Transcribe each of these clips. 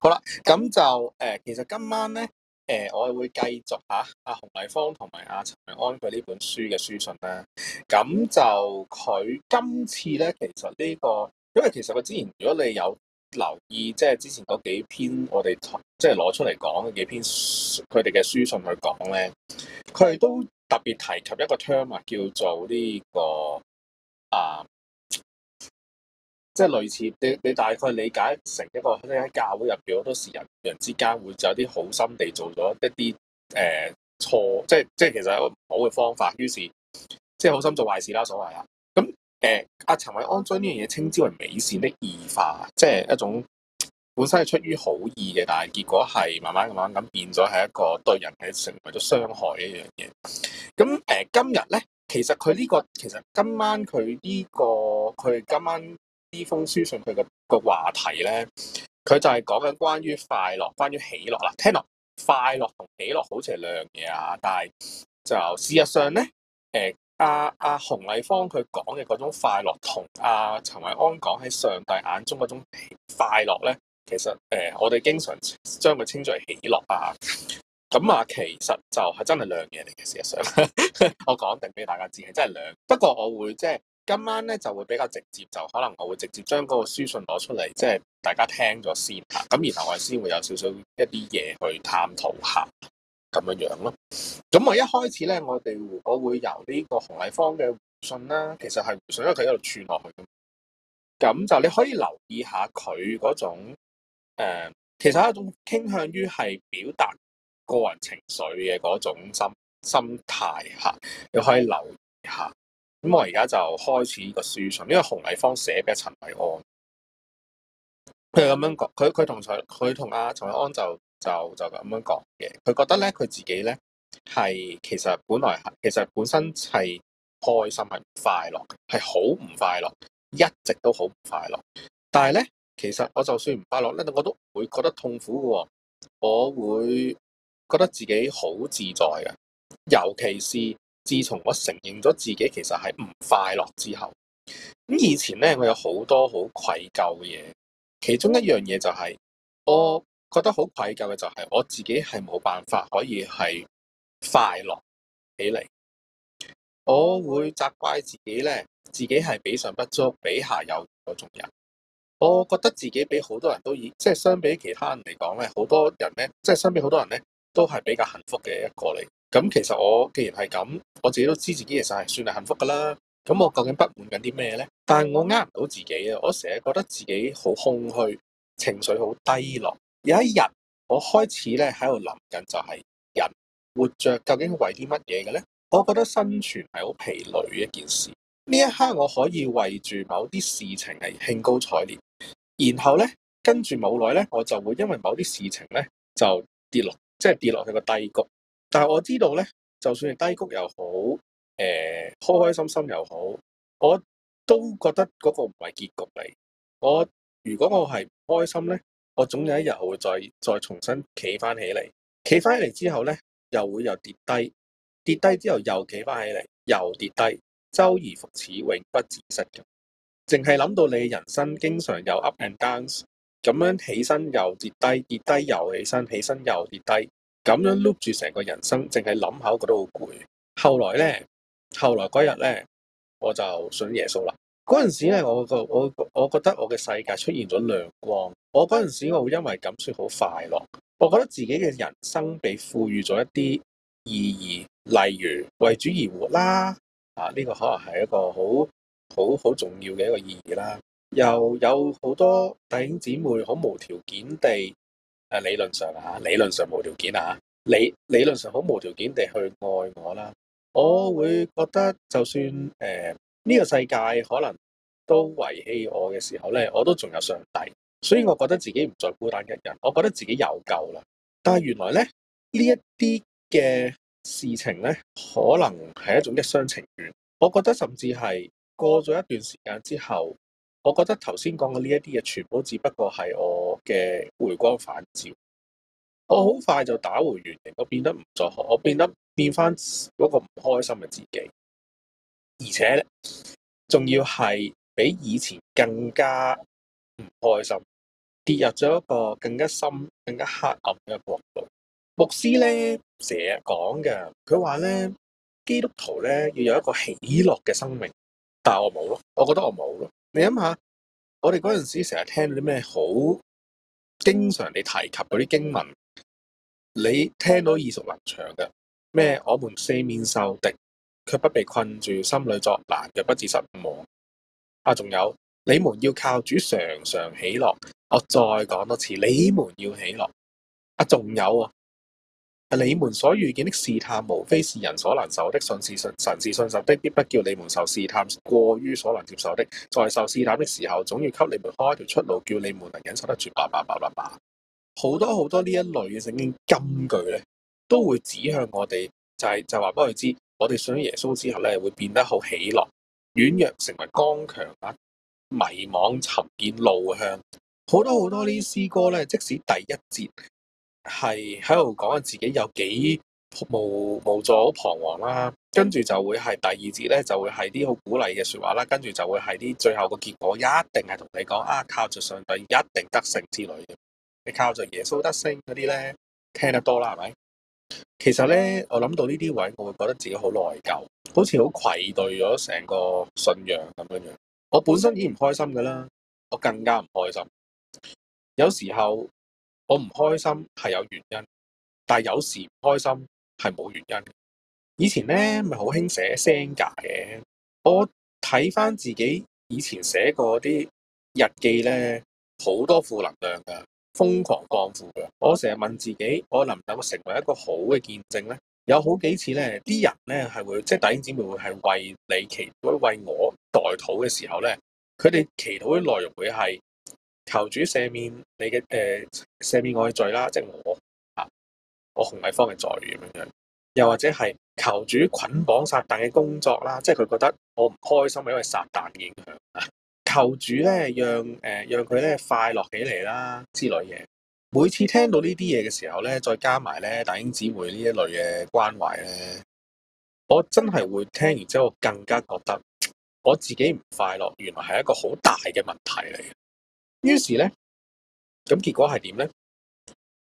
好啦，咁就誒、呃，其實今晚咧，誒、呃，我係會繼續吓阿、啊、洪麗芳同埋阿陳安佢呢本書嘅書信啦。咁、啊、就佢今次咧，其實呢、這個，因為其實佢之前，如果你有留意，即、就、係、是、之前嗰幾篇我哋即係攞出嚟講嘅幾篇佢哋嘅書信去講咧，佢哋都特別提及一個 term、這個、啊，叫做呢個啊。即係類似，你你大概理解成一個，即喺教會入邊，好多時人人之間會有啲好心地做咗一啲誒、呃、錯，即係即係其實係好嘅方法。於是即係好心做壞事啦，所謂啊。咁誒，阿、呃、陳偉安將呢樣嘢稱之為美善的異化，即係一種本身係出於好意嘅，但係結果係慢慢咁樣咁變咗係一個對人係成為咗傷害一樣嘢。咁誒、呃，今日咧，其實佢呢、呢個其實今晚佢呢、呢個佢今晚。呢封書信佢嘅個話題咧，佢就係講緊關於快樂，關於喜樂啦、啊。聽落快樂同喜樂好似係兩嘢啊，但係就事實上咧，誒阿阿洪麗芳佢講嘅嗰種快樂、啊，同阿陳偉安講喺上帝眼中嗰種快樂咧，其實誒、啊、我哋經常將佢稱作喜樂啊。咁啊，其實就係真係兩嘢嚟嘅。事實上， 我講定俾大家知係真係兩。不過我會即係。今晚咧就會比較直接，就可能我會直接將嗰個書信攞出嚟，即係大家聽咗先嚇。咁然後我哋先會有少少一啲嘢去探討下咁樣樣咯。咁我一開始咧，我哋如果會由呢個洪麗芳嘅信啦，其實係唔信，因為佢喺度串落去。咁就你可以留意下佢嗰種、呃、其實係一種傾向於係表達個人情緒嘅嗰種心心態嚇。你可以留意下。咁我而家就開始個書信，因為洪麗芳寫俾陳偉安，佢係咁樣講，佢佢同陳佢同阿陳偉安就就就咁樣講嘅，佢覺得咧，佢自己咧係其實本來係其實本身係開心係唔快樂嘅，係好唔快樂，一直都好唔快樂。但係咧，其實我就算唔快樂咧，我都會覺得痛苦嘅喎，我會覺得自己好自在嘅，尤其是。自從我承認咗自己其實係唔快樂之後，咁以前呢，我有好多好愧疚嘅嘢。其中一樣嘢就係、係，我覺得好愧疚嘅就係、係、我自己係冇辦法可以係快樂起嚟。我會責怪自己呢，自己係比上不足，比下有過眾人比下有餘嗰種人。我覺得自己比好多人都已，即係相比其他人嚟講呢，好多人呢，即係相比好多人呢，都係比較幸福嘅一個嚟。咁其實我既然係咁，我自己都知自己其實係算係幸福噶啦。咁我究竟不滿緊啲咩呢？但係我呃唔到自己啊！我成日覺得自己好空虛，情緒好低落。有一日，我開始咧喺度諗緊，就係人活着究竟為啲乜嘢嘅呢？我覺得生存係好疲累一件事。呢一刻我可以為住某啲事情係興高采烈，然後呢，跟住冇耐呢，我就會因為某啲事情呢就跌落，即係跌落去個低谷。但係我知道咧，就算係低谷又好，誒、欸、開開心心又好，我都覺得嗰個唔係結局嚟。我如果我係唔開心咧，我總有一日我會再再重新企翻起嚟。企翻起嚟之後咧，又會又跌低，跌低之後又企翻起嚟，又跌低，周而復始，永不止息嘅。淨係諗到你人生經常又 up and down，咁樣起身又跌低，跌低又起身，起身又跌低。咁樣碌住成個人生，淨係諗下，我覺得好攰。後來呢，後來嗰日呢，我就信耶穌啦。嗰陣時咧，我個我我覺得我嘅世界出現咗亮光。我嗰陣時我會因為咁算好快樂。我覺得自己嘅人生被賦予咗一啲意義，例如為主而活啦。啊，呢個可能係一個好好好重要嘅一個意義啦。又有好多弟兄姊妹好無條件地，啊、理論上啊，理論上無條件啊。理理論上好無條件地去愛我啦，我會覺得就算誒呢個世界可能都遺棄我嘅時候呢，我都仲有上帝，所以我覺得自己唔再孤單一人，我覺得自己有救啦。但係原來呢，呢一啲嘅事情呢，可能係一種一廂情願。我覺得甚至係過咗一段時間之後，我覺得頭先講嘅呢一啲嘢，全部只不過係我嘅回光返照。我好快就打回原形，我變得唔再學，我變得變翻嗰個唔開心嘅自己，而且咧仲要係比以前更加唔開心，跌入咗一個更加深、更加黑暗嘅國度。牧師咧成日講嘅，佢話咧基督徒咧要有一個喜樂嘅生命，但係我冇咯，我覺得我冇咯。你諗下，我哋嗰陣時成日聽到啲咩好經常你提及嗰啲經文。你聽到耳熟能詳嘅咩？我們四面受敵，卻不被困住，心裏作難，卻不致失望。啊，仲有你們要靠主常常喜樂。我再講多次，你們要喜樂。啊，仲有啊，你們所遇見的試探，無非是人所能受的。信是信，神是信實的，必不叫你們受試探過於所能接受的。在受試探的時候，總要給你們開一條出路，叫你們能忍受得住。吧吧吧吧吧。吧吧好多好多呢一類嘅聖經金句咧，都會指向我哋，就係，就話畀佢知，我哋信耶穌之後咧，會變得好喜樂，軟弱成為剛強啊，迷惘尋見路向。好多好多呢啲詩歌咧，即使第一節係喺度講緊自己有幾無無助，彷徨啦，跟住就會係第二節咧，就會係啲好鼓勵嘅説話啦，跟住就會係啲最後個結果，一定係同你講啊，靠著上帝一定得勝之類嘅。靠著耶穌得勝嗰啲咧聽得多啦，係咪？其實咧，我諗到呢啲位，我會覺得自己好內疚，好似好愧對咗成個信仰咁樣。我本身已經唔開心噶啦，我更加唔開心。有時候我唔開心係有原因，但係有時唔開心係冇原因。以前咧咪好興寫 Xanga 嘅，我睇翻自己以前寫過啲日記咧，好多負能量㗎。瘋狂降負嘅，我成日問自己，我能唔能夠成為一個好嘅見證咧？有好幾次咧，啲人咧係會，即係弟兄姊妹會係為你祈禱，為我代禱嘅時候咧，佢哋祈禱嘅內容會係求主赦免你嘅誒、呃，赦免我嘅罪啦，即係我啊，我洪偉方嘅罪咁樣，又或者係求主捆綁撒但嘅工作啦，即係佢覺得我唔開心因為撒但嘅影響啊。後主咧，讓誒、呃，讓佢咧快樂起嚟啦，之類嘢。每次聽到呢啲嘢嘅時候咧，再加埋咧大英姊妹呢一類嘅關懷咧，我真係會聽完之後更加覺得我自己唔快樂，原來係一個好大嘅問題嚟嘅。於是咧，咁結果係點咧？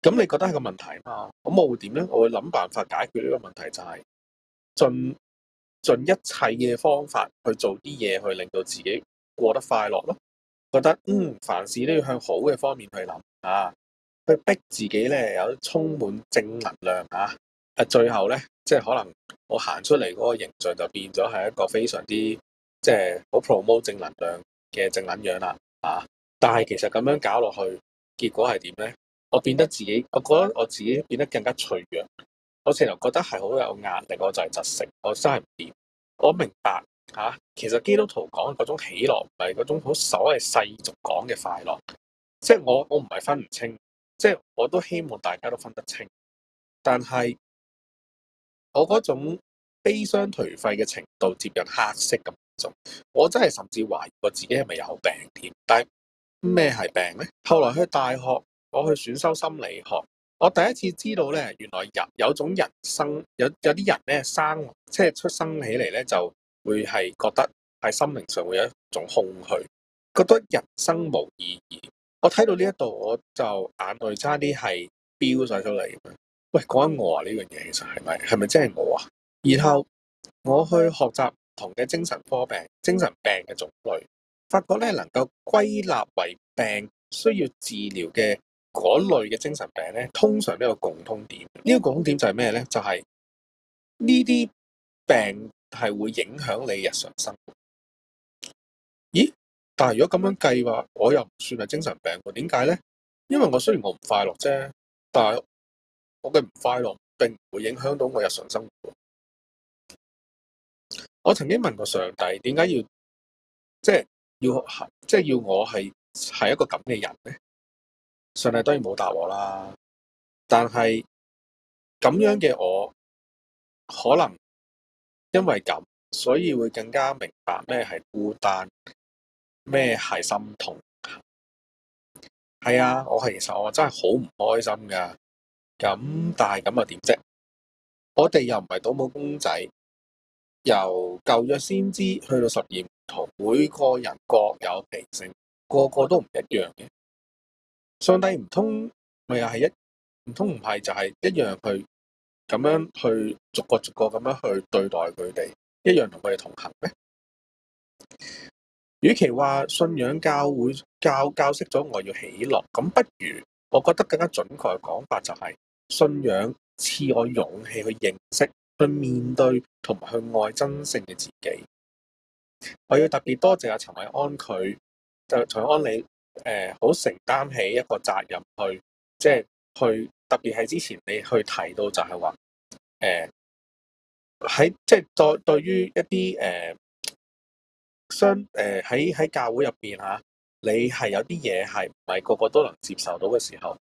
咁你覺得係個問題啊嘛？咁我會點咧？我會諗辦法解決呢個問題，就係盡盡一切嘅方法去做啲嘢，去令到自己。過得快樂咯，覺得嗯凡事都要向好嘅方面去諗啊，去逼自己咧有充滿正能量啊，啊最後咧即係可能我行出嚟嗰個形象就變咗係一個非常之即係好 promote 正能量嘅正能量啦啊，但係其實咁樣搞落去結果係點咧？我變得自己，我覺得我自己變得更加脆弱，我成日覺得係好有壓力，我就係窒息，我真係唔掂，我明白。吓、啊，其實基督徒講嗰種喜樂唔係嗰種好所謂世俗講嘅快樂，即係我我唔係分唔清，即係我都希望大家都分得清。但係我嗰種悲傷頹廢嘅程度接近黑色咁嗰種，我真係甚至懷疑我自己係咪有病添。但係咩係病咧？後來去大學，我去選修心理學，我第一次知道咧，原來人有種人生有有啲人咧生即係、就是、出生起嚟咧就。會係覺得喺心靈上會有一種空虛，覺得人生無意義。我睇到呢一度，我就眼淚差啲係飆晒出嚟。喂，講緊我啊，呢樣嘢其實係咪係咪真係我啊？然後我去學習唔同嘅精神科病、精神病嘅種類，發覺咧能夠歸納為病需要治療嘅嗰類嘅精神病咧，通常都有共通點。呢、這個共通點就係咩咧？就係呢啲病。係會影響你日常生活。咦？但係如果咁樣計話，我又唔算係精神病喎。點解咧？因為我雖然我唔快樂啫，但係我嘅唔快樂並唔會影響到我日常生活。我曾經問過上帝，點解要即係要即係要我係係一個咁嘅人咧？上帝當然冇答我啦。但係咁樣嘅我可能。因為咁，所以會更加明白咩係孤單，咩係心痛。係啊，我其實我真係好唔開心噶。咁但係咁又點啫？我哋又唔係倒模公仔，由舊約先知去到實驗，同每個人各有特性，個個都唔一樣嘅。上帝唔通咪又係一唔通唔係就係一樣去？咁樣去逐個逐個咁樣去對待佢哋，一樣同佢哋同行咩？與其話信仰教會教教識咗我要喜樂，咁不如我覺得更加準確嘅講法就係信仰賜我勇氣去認識、去面對同埋去愛真正嘅自己。我要特別多謝阿陳偉安佢，就陳偉安你、呃、好承擔起一個責任去，即係去特別係之前你去提到就係話。誒喺、呃、即係對對於一啲誒、呃、相誒喺喺教會入邊嚇，你係有啲嘢係唔係個個都能接受到嘅時候，誒、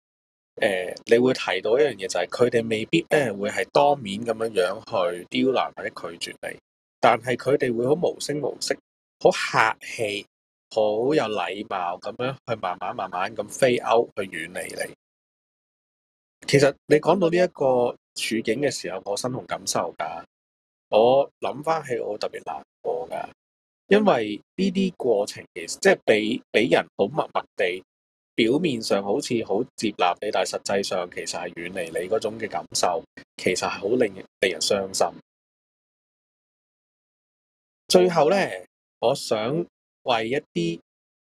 呃、你會提到一樣嘢就係佢哋未必咧會係當面咁樣樣去刁難或者拒絕你，但係佢哋會好無聲無息、好客氣、好有禮貌咁樣去慢慢慢慢咁 fade out 去遠離你。其實你講到呢一個處境嘅時候，我身同感受噶。我諗翻起，我特別難過噶，因為呢啲過程其實即係俾俾人好默默地，表面上好似好接納你，但係實際上其實係遠離你嗰種嘅感受，其實係好令令人傷心。最後咧，我想為一啲。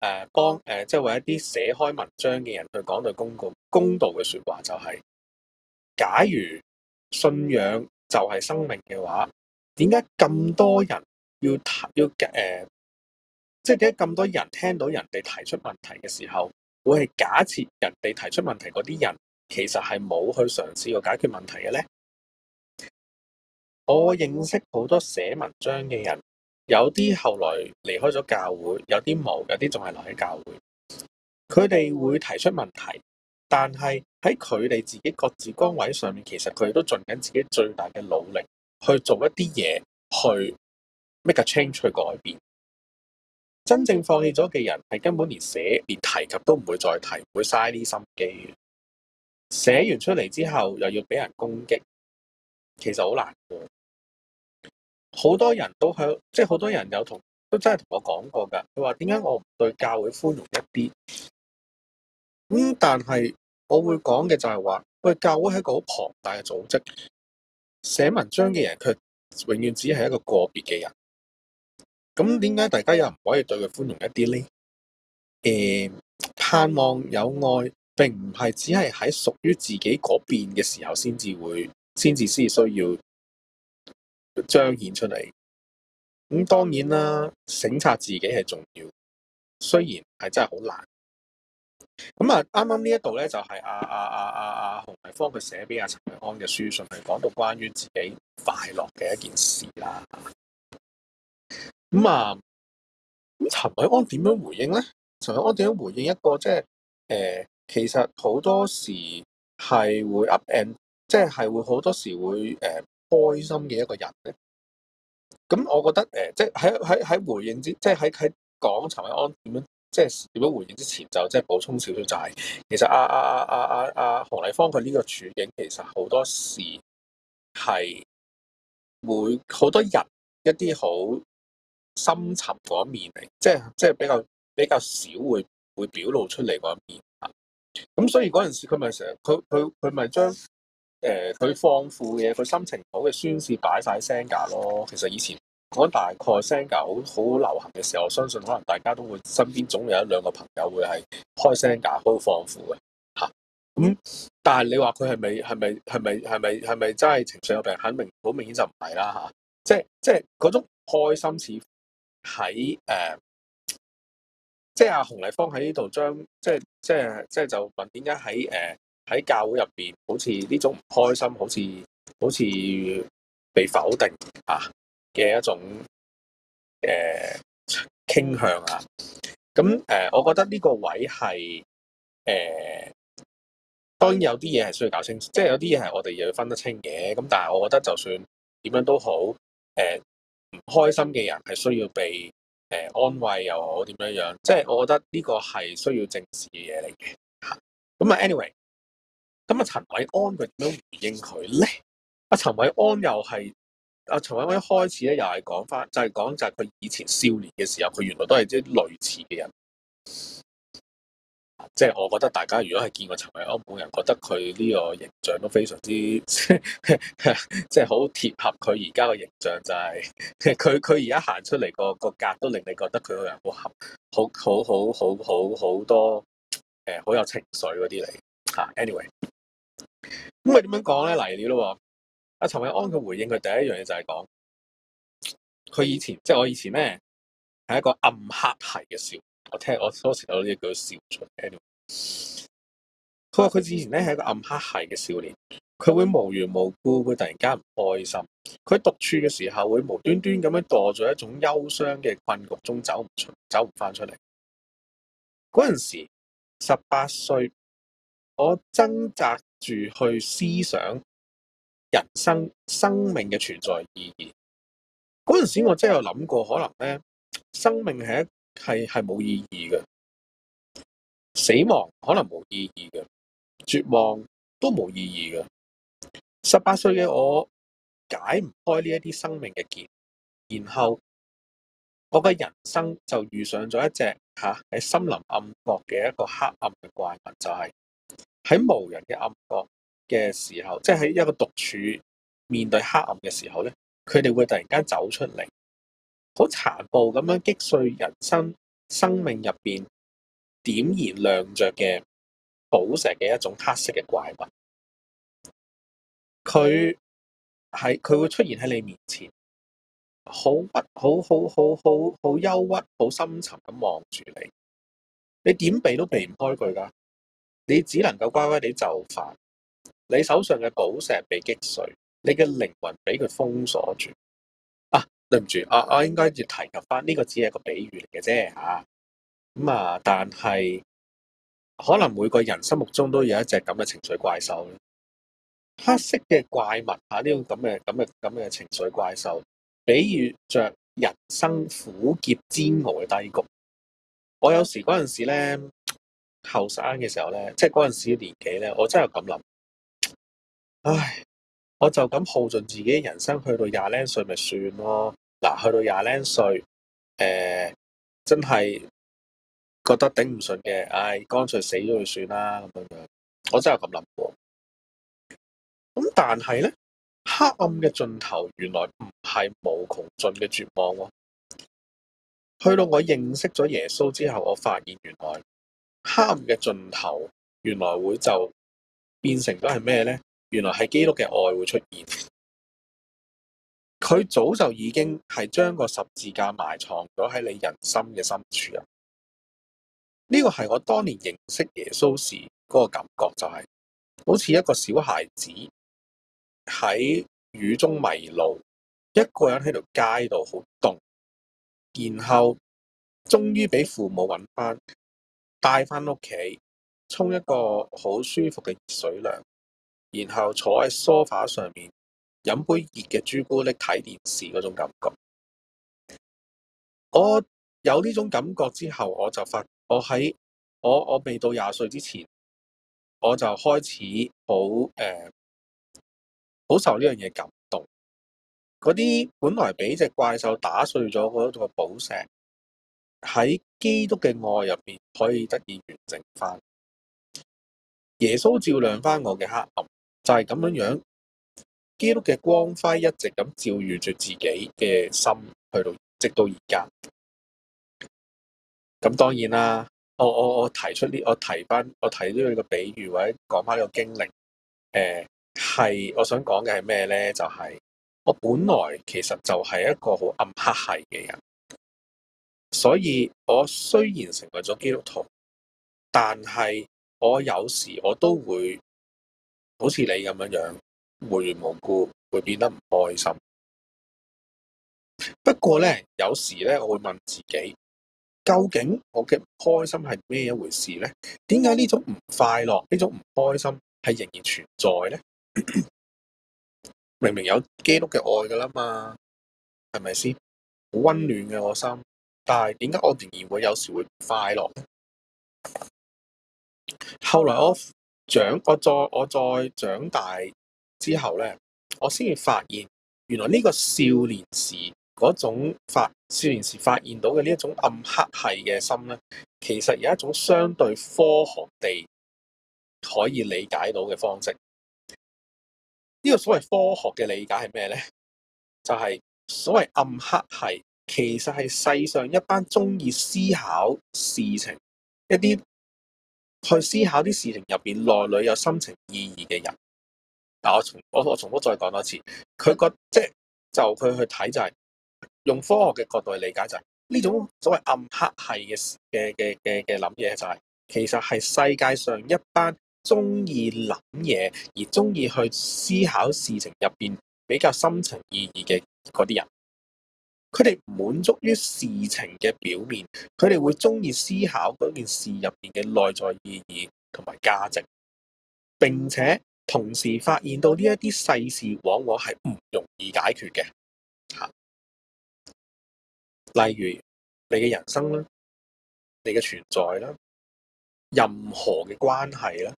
誒幫誒、呃，即係為一啲寫開文章嘅人去講到公共公道嘅説話，就係，就係假如信仰就係生命嘅話，點解咁多人要提要誒？即係點解咁多人聽到人哋提出問題嘅時候，會係假設人哋提出問題嗰啲人其實係冇去嘗試過解決問題嘅咧？我認識好多寫文章嘅人。有啲後來離開咗教會，有啲冇，有啲仲係留喺教會。佢哋會提出問題，但係喺佢哋自己各自崗位上面，其實佢哋都盡緊自己最大嘅努力去做一啲嘢去 make a change 去改變。真正放棄咗嘅人，係根本連寫、連提及都唔會再提，唔會嘥啲心機。寫完出嚟之後，又要俾人攻擊，其實好難過。好多人都喺，即係好多人有同，都真係同我講過㗎。佢話，點解我唔對教會寬容一啲？咁、嗯、但係我會講嘅就係話，喂，教會係一個好龐大嘅組織，寫文章嘅人，佢永遠只係一個個別嘅人。咁點解大家又唔可以對佢寬容一啲咧？誒、嗯，盼望有愛，並唔係只係喺屬於自己嗰邊嘅時候先至會，先至先需要。彰顯出嚟，咁當然啦，省察自己係重要，雖然係真係好難。咁啊，啱啱呢一度咧，就係、是、啊啊啊啊啊，熊維芳佢寫俾阿陳偉安嘅書信，係講到關於自己快樂嘅一件事啦。咁啊，咁陳偉安點樣回應咧？陳偉安點樣回應一個即係誒，其實好多時係會 up and 即係係會好多時會誒。呃開心嘅一個人咧，咁我覺得誒，即係喺喺喺回應之，即係喺喺講陳偉安點樣，即係點樣回應之前，就即係補充少少就係，其實阿阿阿阿阿阿洪麗芳佢呢個處境其實好多時係會好多人一啲好深沉嗰面嚟，即係即係比較比較少會會表露出嚟嗰一面啊。咁所以嗰陣時佢咪成日佢佢佢咪將。誒佢、呃、放負嘅，佢心情好嘅宣泄擺曬 Xanga 咯。其實以前我大概 Xanga 好好流行嘅時候，我相信可能大家都會身邊總有一兩個朋友會係開 Xanga 喺度放負嘅嚇。咁、啊嗯、但係你話佢係咪係咪係咪係咪係咪真係情緒有病？好明好明顯就唔係啦嚇、啊。即係即係嗰種開心似喺誒、呃，即係阿洪麗芳喺呢度將即係即係即係就問點解喺誒？呃喺教會入邊，好似呢種唔開心，好似好似被否定啊嘅一種誒傾向啊。咁誒、呃，我覺得呢個位係誒、呃，當然有啲嘢係需要搞清楚，即係有啲嘢係我哋又要分得清嘅。咁但係，我覺得就算點樣都好，誒、呃、唔開心嘅人係需要被誒、呃、安慰又好，點樣樣，即係我覺得呢個係需要正視嘅嘢嚟嘅。咁啊，anyway。咁啊，陳偉安佢點樣回應佢咧？阿陳偉安又係阿陳偉安一開始咧，又係講翻就係講就係佢以前少年嘅時候，佢原來都係啲類似嘅人。即係我覺得大家如果係見過陳偉安，每人覺得佢呢個形象都非常之即係好貼合佢而家嘅形象，就係佢佢而家行出嚟個個格都令你覺得佢個人好合好好好好好好多誒、呃、好有情緒嗰啲嚟吓。Anyway。咁佢點樣講咧？嚟料咯？阿陳偉安嘅回應，佢第一樣嘢就係講，佢以前即係我以前咩，係一個暗黑系嘅少年。我聽我初時有啲嘢叫笑出嚟。佢話佢以前咧係一個暗黑系嘅少年，佢會無緣無故，佢突然間唔開心，佢獨處嘅時候會無端端咁樣墮咗一種憂傷嘅困局中走唔出，走唔翻出嚟。嗰陣時十八歲，我掙扎。住去思想人生生命嘅存在意義。嗰陣時我真係有諗過，可能咧生命係一係係冇意義嘅，死亡可能冇意義嘅，絕望都冇意義嘅。十八歲嘅我解唔開呢一啲生命嘅結，然後我嘅人生就遇上咗一隻吓喺森林暗角嘅一個黑暗嘅怪物，就係、是。喺無人嘅暗角嘅時候，即係喺一個獨處面對黑暗嘅時候咧，佢哋會突然間走出嚟，好殘暴咁樣擊碎人生生命入邊點燃亮着嘅寶石嘅一種黑色嘅怪物。佢係佢會出現喺你面前，好鬱好好好好好憂鬱，好深沉咁望住你，你點避都避唔開佢噶。你只能夠乖乖地就範，你手上嘅寶石被擊碎，你嘅靈魂俾佢封鎖住。啊，對唔住，啊啊，我應該要提及翻呢、這個只係一個比喻嚟嘅啫吓。咁啊、嗯、啊，但係可能每個人心目中都有一隻咁嘅情緒怪獸，黑色嘅怪物吓，呢、啊、種咁嘅咁嘅咁嘅情緒怪獸，比喻着人生苦澀煎熬嘅低谷。我有時嗰陣、那個、時咧。後生嘅時候咧，即係嗰陣時年紀咧，我真係咁諗，唉，我就咁耗盡自己人生，去到廿零歲咪算咯。嗱，去到廿零歲，誒、呃，真係覺得頂唔順嘅，唉，乾脆死咗佢算啦咁樣樣。我真係咁諗過。咁但係咧，黑暗嘅盡頭原來唔係無窮盡嘅絕望。去到我認識咗耶穌之後，我發現原來。喊嘅盡頭，原來會就變成咗係咩呢？原來係基督嘅愛會出現。佢早就已經係將個十字架埋藏咗喺你人心嘅深處啊！呢、這個係我當年認識耶穌時嗰個感覺、就是，就係好似一個小孩子喺雨中迷路，一個人喺條街度好凍，然後終於俾父母揾翻。帶翻屋企，沖一個好舒服嘅熱水涼，然後坐喺梳化上面，飲杯熱嘅朱古力睇電視嗰種感覺。我有呢種感覺之後，我就發我喺我我未到廿歲之前，我就開始好誒，好，呃、受呢樣嘢感動。嗰啲本來俾隻怪獸打碎咗嗰個寶石。喺基督嘅愛入邊可以得以完整翻，耶穌照亮翻我嘅黑暗，就係咁樣樣。基督嘅光輝一直咁照耀住自己嘅心，去到直到而家。咁當然啦，我我我提出呢，我提翻，我提呢個比喻或者講翻呢個經歷，誒、呃，係我想講嘅係咩咧？就係、是、我本來其實就係一個好暗黑係嘅人。所以，我雖然成為咗基督徒，但係我有時我都會好似你咁樣樣，無緣無故會變得唔開心。不過咧，有時咧，我會問自己，究竟我嘅唔開心係咩一回事咧？點解呢種唔快樂、呢種唔開心係仍然存在咧？ 明明有基督嘅愛噶啦嘛，係咪先？好溫暖嘅我心。但係點解我仍然會有時會唔快樂？後來我長，我再我再長大之後咧，我先至發現，原來呢個少年時嗰種發少年時發現到嘅呢一種暗黑系嘅心咧，其實有一種相對科學地可以理解到嘅方式。呢個所謂科學嘅理解係咩咧？就係所謂暗黑系。其實係世上一班中意思考事情一啲去思考啲事情入邊內裏有深層意義嘅人。但我重我我重複再講多次，佢覺即係就佢去睇就係、是、用科學嘅角度去理解就係、是、呢種所謂暗黑系嘅嘅嘅嘅嘅諗嘢就係、是、其實係世界上一班中意諗嘢而中意去思考事情入邊比較深層意義嘅嗰啲人。佢哋唔滿足於事情嘅表面，佢哋會鍾意思考嗰件事入面嘅內在意義同埋價值，並且同時發現到呢一啲世事往往係唔容易解決嘅。例如你嘅人生啦，你嘅存在啦，任何嘅關係啦，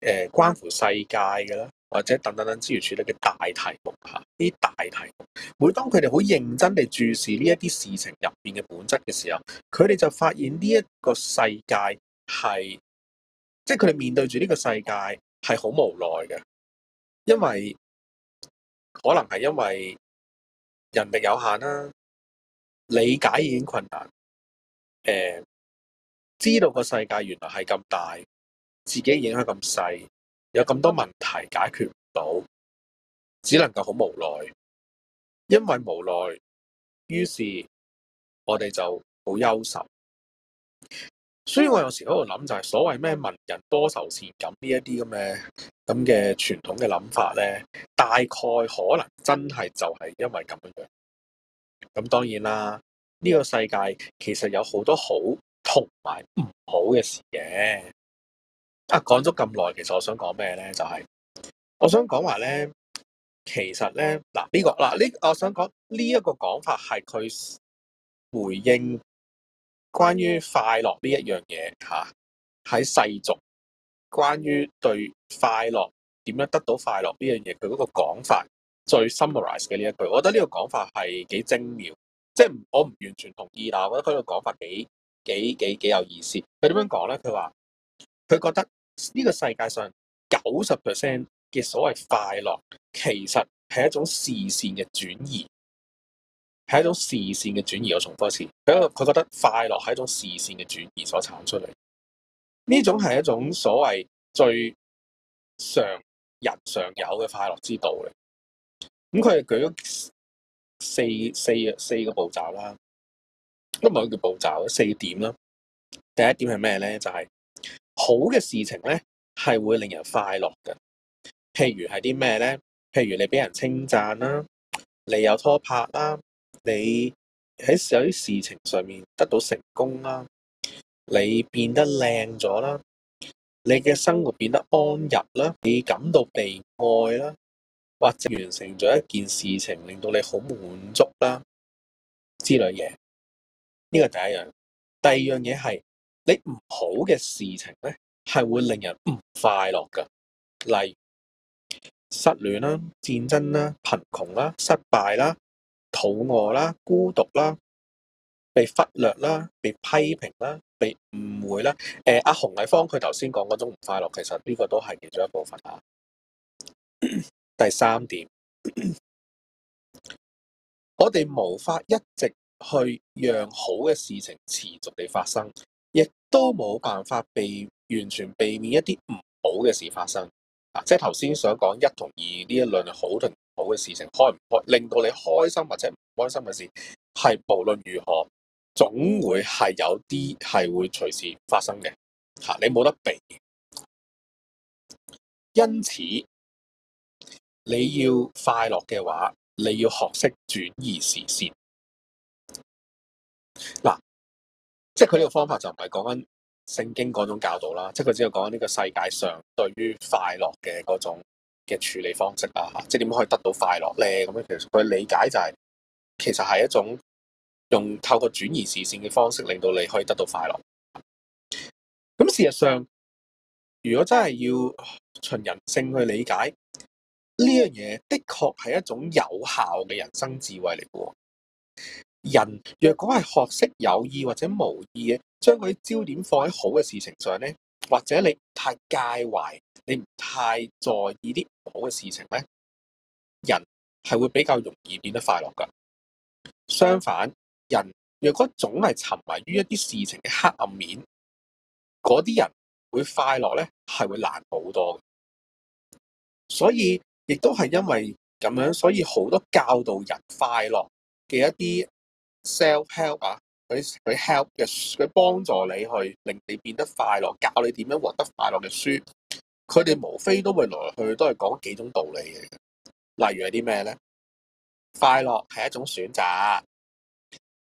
誒、呃，關乎世界嘅啦。或者等等等資源處理嘅大題目嚇，呢啲、啊、大題目，每當佢哋好認真地注視呢一啲事情入邊嘅本質嘅時候，佢哋就發現呢一個世界係，即係佢哋面對住呢個世界係好無奈嘅，因為可能係因為人力有限啦，理解已經困難，誒、呃，知道個世界原來係咁大，自己影響咁細，有咁多問題解決唔到，只能夠好無奈，因為無奈，於是我哋就好憂愁。所以我有時喺度諗就係所謂咩文人多愁善感呢一啲咁嘅咁嘅傳統嘅諗法咧，大概可能真係就係因為咁樣樣。咁當然啦，呢個世界其實有好多好同埋唔好嘅事嘅。啊，講咗咁耐，其實我想講咩咧？就係、是、我想講話咧，其實咧嗱，呢、這個嗱呢、這個，我想講呢一個講法係佢回應關於快樂呢一樣嘢吓，喺、啊、世俗關於對快樂點樣得到快樂呢樣嘢，佢嗰個講法最 summarise 嘅呢一句，我覺得呢個講法係幾精妙，即、就、係、是、我唔完全同意啦。但我覺得佢個講法幾幾幾幾有意思。佢點樣講咧？佢話佢覺得。呢個世界上九十 percent 嘅所謂快樂，其實係一種視線嘅轉移，係一種視線嘅轉移。我重複一次，佢佢覺得快樂係一種視線嘅轉移所產出嚟。呢種係一種所謂最常人常有嘅快樂之道嚟。咁佢係舉咗四四四個步驟啦，都唔係叫步驟啦，四點啦。第一點係咩咧？就係、是。好嘅事情呢係會令人快樂嘅。譬如係啲咩呢？譬如你畀人稱讚啦，你有拖拍啦，你喺有啲事情上面得到成功啦，你變得靚咗啦，你嘅生活變得安逸啦，你感到被愛啦，或者完成咗一件事情，令到你好滿足啦之類嘢。呢個第一樣，第二樣嘢係。你唔好嘅事情咧，係會令人唔快樂噶。例如失戀啦、戰爭啦、貧窮啦、失敗啦、肚餓啦、孤獨啦、被忽略啦、被批評啦、被誤會啦。誒、呃，阿洪麗芳佢頭先講嗰種唔快樂，其實呢個都係其中一部分啊。 第三點， 我哋無法一直去讓好嘅事情持續地發生。都冇辦法避完全避免一啲唔好嘅事發生。啊，即係頭先想講一同二呢一輪好同唔好嘅事情開唔開，令到你開心或者唔開心嘅事，係無論如何總會係有啲係會隨時發生嘅吓、啊，你冇得避。因此你要快樂嘅話，你要學識轉移視線嗱。啊即係佢呢個方法就唔係講緊聖經嗰種教導啦，即係佢只有講緊呢個世界上對於快樂嘅嗰種嘅處理方式啦，即係點樣可以得到快樂咧？咁樣其實佢理解就係、是，其實係一種用透過轉移視線嘅方式，令到你可以得到快樂。咁事實上，如果真係要、呃、循人性去理解呢樣嘢，這個、的確係一種有效嘅人生智慧嚟嘅。人若果係學識有意或者無意嘅，將佢焦點放喺好嘅事情上呢，或者你太介懷，你唔太在意啲唔好嘅事情呢，人係會比較容易變得快樂噶。相反，人若果總係沉迷於一啲事情嘅黑暗面，嗰啲人會快樂呢，係會難好多。所以亦都係因為咁樣，所以好多教導人快樂嘅一啲 self-help 啊，佢佢 help 嘅佢幫助你去令你變得快樂，教你點樣獲得快樂嘅書，佢哋無非都會來去都係講幾種道理嘅，例如係啲咩呢？快樂係一種選擇，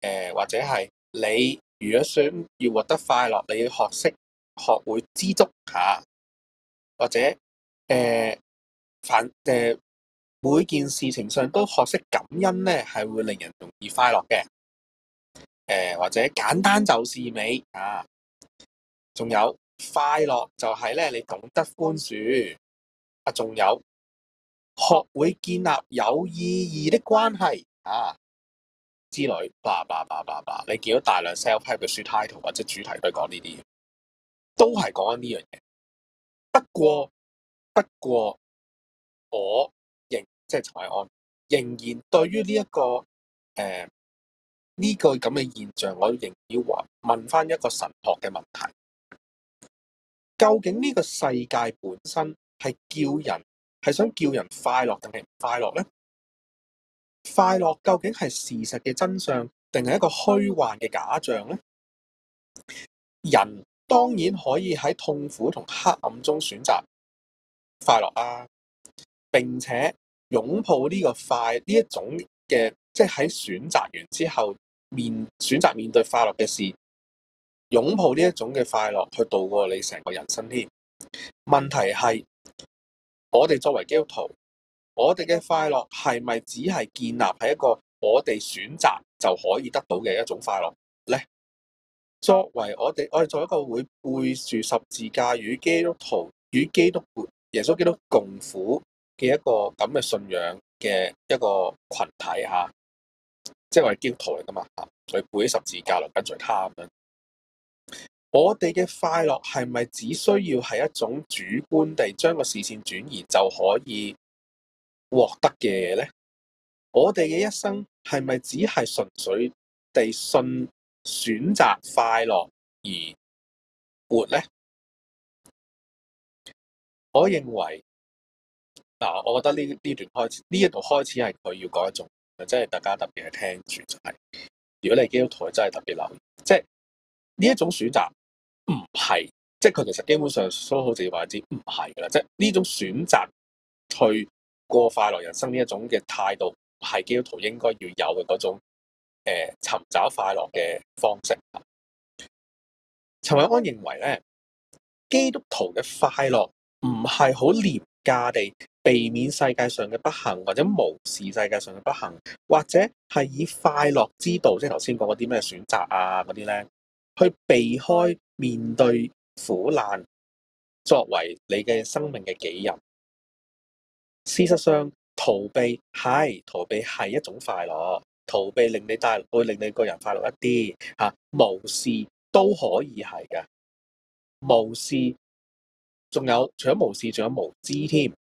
誒或者係你如果想要獲得快樂，你要學識學會知足下或者誒反誒每件事情上都學識感恩呢，係會令人容易快樂嘅。呃、或者簡單就是美啊，仲有快樂就係咧，你懂得寬恕啊，仲有學會建立有意義的關係啊之類，叭叭叭叭叭，你見到大量 self-publish 嘅書 title 或者主題都係講呢啲嘢，都係講緊呢樣嘢。不過，不過我仍即係陳偉安，仍然對於呢一個誒。呃呢個咁嘅現象，我仍要話問翻一個神學嘅問題：究竟呢個世界本身係叫人係想叫人快樂定係唔快樂呢？快樂究竟係事實嘅真相，定係一個虛幻嘅假象呢？人當然可以喺痛苦同黑暗中選擇快樂啊，並且擁抱呢個快呢一種嘅，即係喺選擇完之後。面選擇面對快樂嘅事，擁抱呢一種嘅快樂去度過你成個人生。添問題係，我哋作為基督徒，我哋嘅快樂係咪只係建立喺一個我哋選擇就可以得到嘅一種快樂咧？作為我哋，我哋做一個會背住十字架與基督徒與基督、耶穌基督共苦嘅一個咁嘅信仰嘅一個群體嚇。即係我係基督徒嚟㗎嘛，嚇，所以背十字架嚟跟隨他咁樣。我哋嘅快樂係咪只需要係一種主觀地將個視線轉移就可以獲得嘅嘢咧？我哋嘅一生係咪只係純粹地信選擇快樂而活咧？我認為嗱、啊，我覺得呢呢段開始呢一度開始係佢要講一種。即係大家特別係聽住就係，如果你基督徒真係特別留意，即係呢一種選擇唔係，即係佢其實基本上都好似話知唔係㗎啦，即係呢種選擇去過快樂人生呢一種嘅態度，係基督徒應該要有嘅嗰種誒、呃、尋找快樂嘅方式。陳偉安認為咧，基督徒嘅快樂唔係好廉價地。避免世界上嘅不幸，或者無視世界上嘅不幸，或者係以快樂之道，即係頭先講嗰啲咩選擇啊嗰啲咧，去避開面對苦難作為你嘅生命嘅己任。事實上，逃避係逃避係一種快樂，逃避令你帶會令你個人快樂一啲吓，啊，無視都可以係㗎，無視仲有除咗無視，仲有無知添。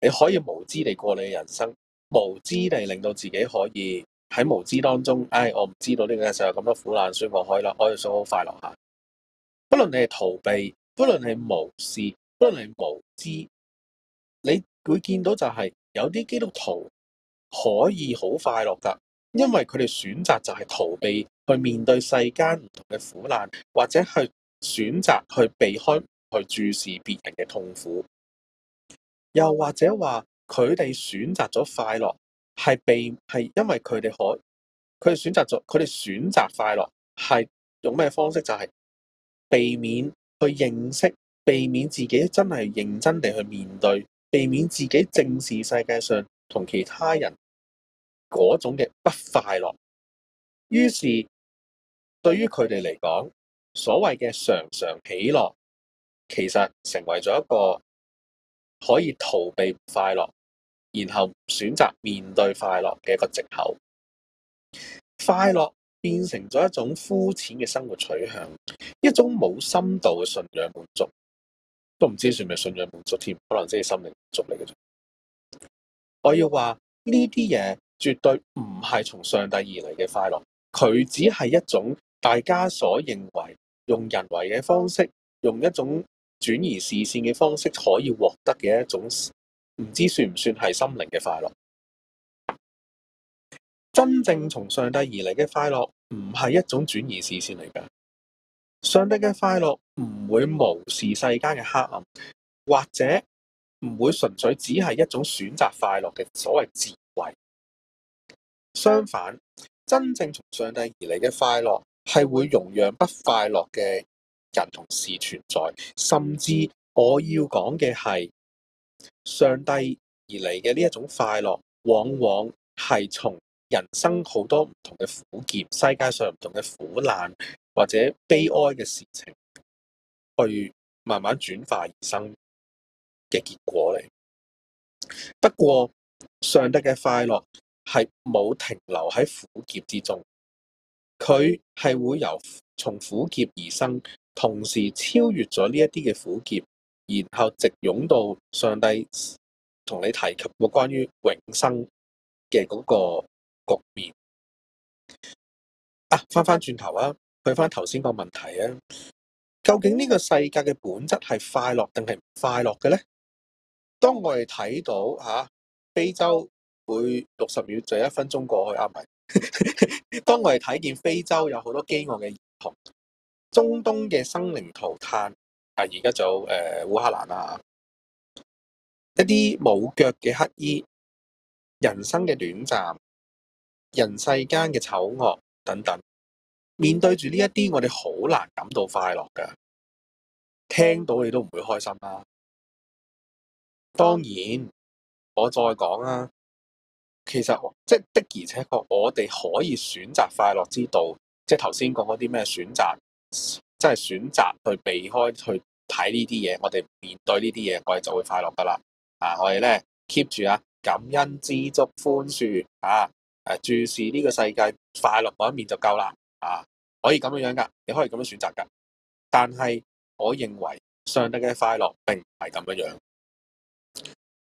你可以無知地過你嘅人生，無知地令到自己可以喺無知當中，唉、哎，我唔知道呢個世上有咁多苦難，所以我可以啦，我要想好快樂下。不論你係逃避，不論你係無視，不論你係無知，你會見到就係有啲基督徒可以好快樂噶，因為佢哋選擇就係逃避去面對世間唔同嘅苦難，或者係選擇去避開去注視別人嘅痛苦。又或者話，佢哋選擇咗快樂，係避係因為佢哋可佢哋選擇咗，佢哋選擇快樂係用咩方式？就係、係、避免去認識，避免自己真係認真地去面對，避免自己正視世界上同其他人嗰種嘅不快樂。於是，對於佢哋嚟講，所謂嘅常常喜樂，其實成為咗一個。可以逃避唔快樂，然後選擇面對快樂嘅一個借口。快樂變成咗一種膚淺嘅生活取向，一種冇深度嘅信仰滿足，都唔知算唔算信仰滿足添，可能即係心靈滿足嚟嘅。我要話呢啲嘢絕對唔係從上帝而嚟嘅快樂，佢只係一種大家所認為用人為嘅方式，用一種。轉移視線嘅方式可以獲得嘅一種，唔知算唔算係心靈嘅快樂？真正從上帝而嚟嘅快樂，唔係一種轉移視線嚟㗎。上帝嘅快樂唔會無視世間嘅黑暗，或者唔會純粹只係一種選擇快樂嘅所謂智慧。相反，真正從上帝而嚟嘅快樂係會容讓不快樂嘅。人同事存在，甚至我要講嘅係上帝而嚟，嘅呢一種快樂，往往係從人生好多唔同嘅苦澀、世界上唔同嘅苦難或者悲哀嘅事情，去慢慢轉化而生嘅結果嚟。不過上帝嘅快樂係冇停留喺苦澀之中，佢係會由從苦澀而生，同時超越咗呢一啲嘅苦澀，然後直湧到上帝同你提及過關於永生嘅嗰個局面。啊，翻翻轉頭啊，去翻頭先個問題啊，究竟呢個世界嘅本質係快樂定係唔快樂嘅咧？當我哋睇到吓、啊，非洲，每六十秒就一分鐘過去啱咪啱？啊、 當我哋睇見非洲有好多飢餓嘅兒童。中東嘅生靈塗炭，呃、啊！而家就誒，烏克蘭啦。一啲冇腳嘅乞衣，人生嘅短暫，人世間嘅醜惡等等，面對住呢一啲，我哋好難感到快樂㗎，聽到你都唔會開心啦、啊。當然，我再講啦、啊，其實即係的而且確，我哋可以選擇快樂之道，即係頭先講嗰啲咩選擇。即係選擇去避開去睇呢啲嘢。我哋面對呢啲嘢，我哋就會快樂噶啦。啊，我哋咧，keep 住啊，感恩、知足、寬恕啊，誒，注視呢個世界快樂嗰一面就夠啦。啊，可以咁樣樣噶，你可以咁樣，咁樣選擇噶但係我認為上帝嘅快樂並唔係咁樣樣。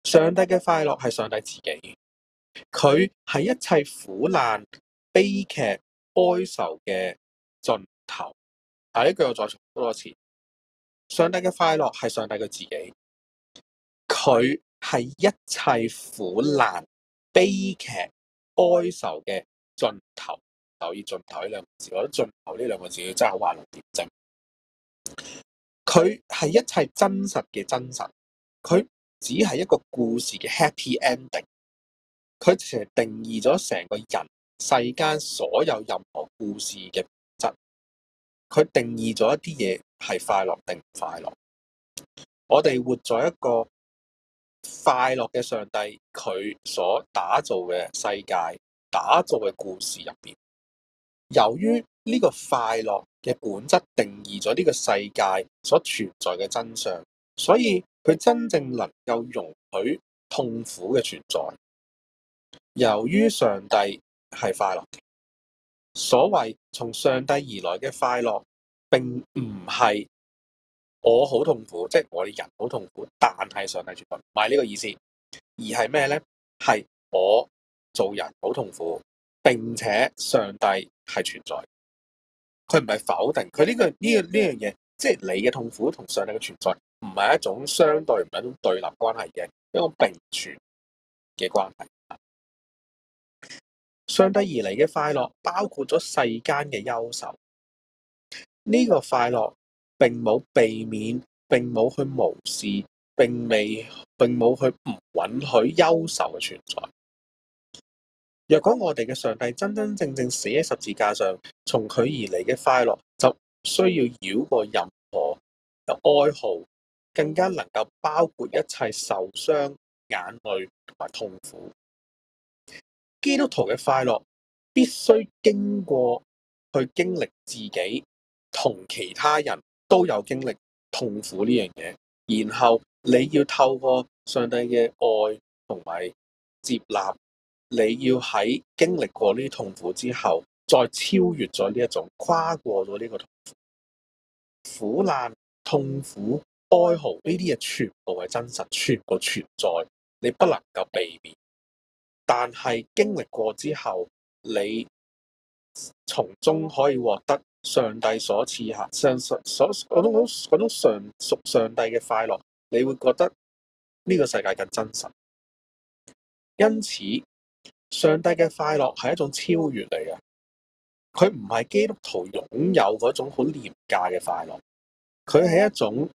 上帝嘅快樂係上帝自己，佢係一切苦難、悲劇、哀愁嘅盡。第一句我再重多次：上帝嘅快樂係上帝佢自己，佢係一切苦難、悲劇、哀愁嘅盡頭。留意“盡頭”呢兩個字，我覺得“盡頭”呢兩個字要真係好話落地。就佢係一切真實嘅真實，佢只係一個故事嘅 happy ending。佢其實定義咗成個人世間所有任何故事嘅。佢定義咗一啲嘢係快樂定唔快樂？我哋活在一個快樂嘅上帝佢所打造嘅世界，打造嘅故事入邊，由於呢個快樂嘅本質定義咗呢個世界所存在嘅真相，所以佢真正能夠容許痛苦嘅存在。由於上帝係快樂嘅。所謂從上帝而來嘅快樂，並唔係我好痛苦，即係我哋人好痛苦，但係上帝存在，唔係呢個意思，而係咩咧？係我做人好痛苦，並且上帝係存在，佢唔係否定佢呢個呢個呢樣嘢，即係你嘅痛苦同上帝嘅存在，唔係一種相對，唔係一種對立關係嘅，一個並存嘅關係。上帝而嚟嘅快樂，包括咗世間嘅憂愁。呢、這個快樂，並冇避免，並冇去無視，並未，並冇去唔允許憂愁嘅存在。若果我哋嘅上帝真真正正死喺十字架上，從佢而嚟嘅快樂，就需要繞過任何哀嚎，更加能夠包括一切受傷、眼淚同埋痛苦。基督徒嘅快樂必須經過，去經歷自己同其他人都有經歷痛苦呢樣嘢，然後你要透過上帝嘅愛同埋接納，你要喺經歷過呢啲痛苦之後，再超越咗呢一種，跨過咗呢個痛苦，苦難、痛苦、哀嚎呢啲嘢，全部係真實，全部存在，你不能夠避免。但係經歷過之後，你從中可以獲得上帝所賜下上屬所嗰種種上屬上，上帝嘅快樂，你會覺得呢個世界更真實。因此，上帝嘅快樂係一種超越嚟嘅，佢唔係基督徒擁有嗰種好廉價嘅快樂，佢係一種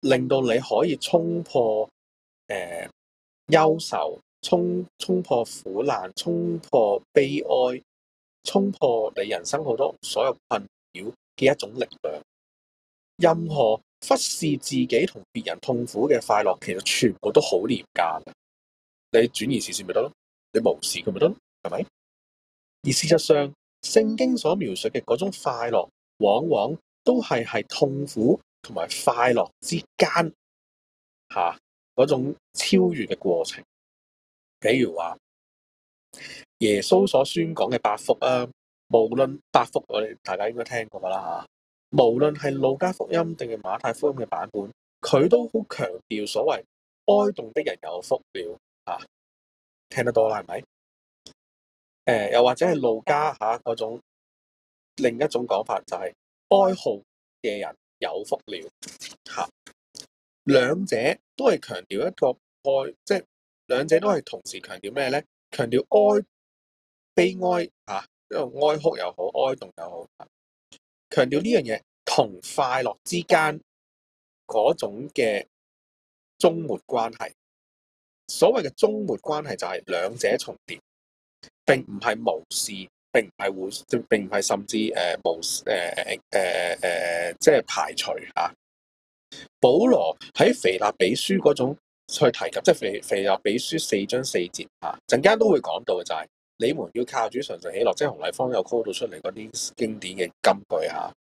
令到你可以衝破誒憂愁。呃優秀衝衝破苦難，衝破悲哀，衝破你人生好多所有困擾嘅一種力量。任何忽視自己同別人痛苦嘅快樂，其實全部都好廉價嘅。你轉移視線咪得咯？你無視佢咪得咯？係咪？而事實上，聖經所描述嘅嗰種快樂，往往都係喺痛苦同埋快樂之間吓嗰、啊、種超越嘅過程。比如話耶穌所宣講嘅八福啊，無論八福我哋大家應該聽過噶啦吓，無論係路加福音定係馬太福音嘅版本，佢都好強調所謂哀慟的人有福了，吓聽得多啦係咪？誒，又或者係路加吓嗰種另一種講法就係哀號嘅人有福了，吓兩者都係強調一個哀，即係。兩者都係同時強調咩咧？強調哀悲哀嚇，即係哀哭又好，哀痛又好。強調呢樣嘢同快樂之間嗰種嘅終末關係。所謂嘅終末關係就係兩者重疊，並唔係無視，並唔係互，並唔係甚至誒無誒誒誒即係排除嚇、啊。保羅喺腓立比書嗰種。去提及，即係腓腓立比書四章四節嚇，陣間都會講到嘅就係、是、你們要靠主常常喜樂，即係洪麗芳有 call 到出嚟嗰啲經典嘅金句嚇。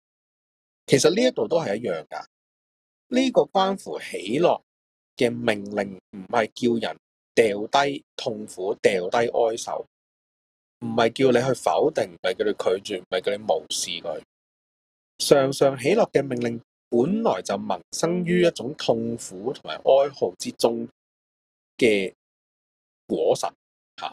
其實呢一度都係一樣㗎，呢、這個關乎喜樂嘅命令，唔係叫人掉低痛苦，掉低哀愁，唔係叫你去否定，唔係叫你拒絕，唔係叫你無視佢。常常喜樂嘅命令。本來就萌生於一種痛苦同埋哀嚎之中嘅果實，吓，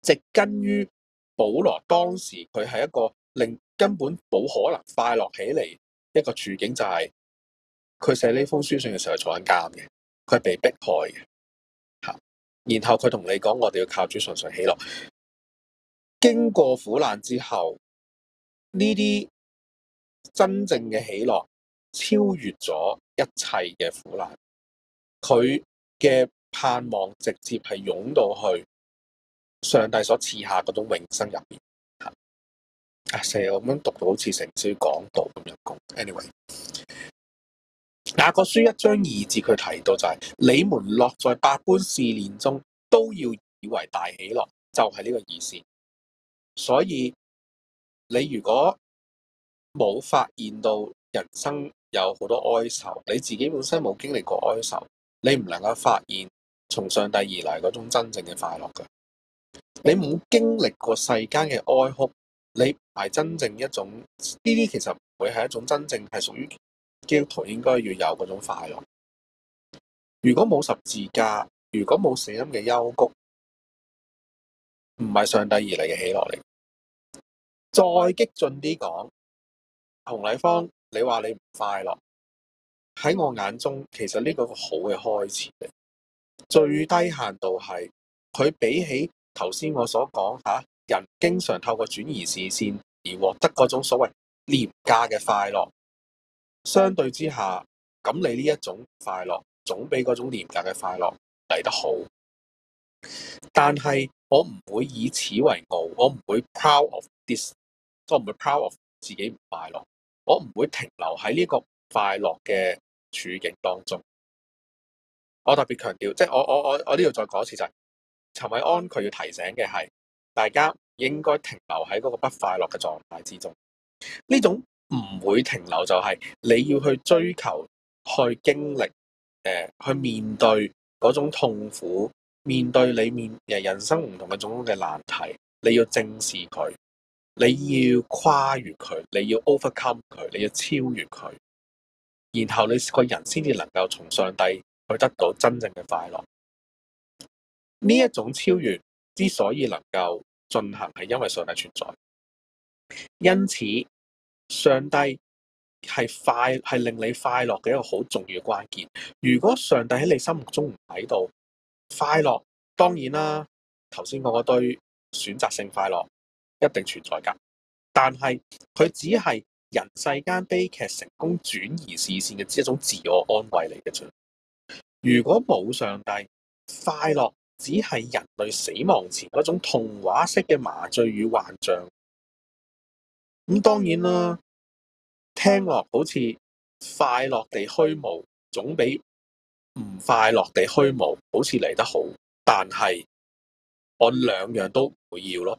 植根於保羅當時佢係一個令根本冇可能快樂起嚟一個處境，就係、是、佢寫呢封書信嘅時候坐緊監嘅，佢係被迫害嘅，吓。然後佢同你講：我哋要靠主，純粹喜樂。經過苦難之後，呢啲真正嘅喜樂。超越咗一切嘅苦難，佢嘅盼望直接係湧到去上帝所賜下嗰種永生入邊。啊，成日我咁樣讀到好似成書講道咁樣講。Anyway，雅各書一章二節，佢提到就係、是：你們落在百般試煉中，都要以為大喜樂。就係、是、呢個意思。所以你如果冇發現到人生，有好多哀愁，你自己本身冇經歷過哀愁，你唔能夠發現從上帝而嚟嗰種真正嘅快樂嘅。你冇經歷過世間嘅哀哭，你唔係真正一種呢啲其實唔會係一種真正係屬於基督徒應該要有嗰種快樂。如果冇十字架，如果冇死蔭嘅幽谷，唔係上帝而嚟嘅喜樂嚟。再激進啲講，洪麗芳。你話你唔快樂喺我眼中，其實呢個好嘅開始，最低限度係佢比起頭先我所講，人經常透過轉移視線而獲得嗰種所謂廉價嘅快樂，相對之下，咁你呢一種快樂總比嗰種廉價嘅快樂嚟得好。但係我唔會以此為傲，我唔會 proud of this，我唔會 proud of 自己唔快樂。我唔會停留喺呢個快樂嘅處境當中。我特別強調，即係我我我我呢度再講一次就係陳韋安佢要提醒嘅係，大家應該停留喺嗰個不快樂嘅狀態之中。呢種唔會停留就係你要去追求、去經歷、誒、呃、去面對嗰種痛苦，面對你面人生唔同嘅種嘅難題，你要正視佢。你要跨越佢，你要 overcome 佢，你要超越佢，然後你個人先至能夠從上帝去得到真正嘅快樂。呢一種超越之所以能夠進行，係因為上帝存在。因此，上帝係快係令你快樂嘅一個好重要關鍵。如果上帝喺你心目中唔喺度，快樂當然啦。頭先講嗰堆選擇性快樂。一定存在噶，但係佢只係人世間悲劇成功轉移視線嘅一種自我安慰嚟嘅啫。如果冇上帝，快樂只係人類死亡前嗰種童話式嘅麻醉與幻象。咁、嗯、當然啦，聽落好似快樂地虛無，總比唔快樂地虛無好似嚟得好。但係我兩樣都唔會要咯。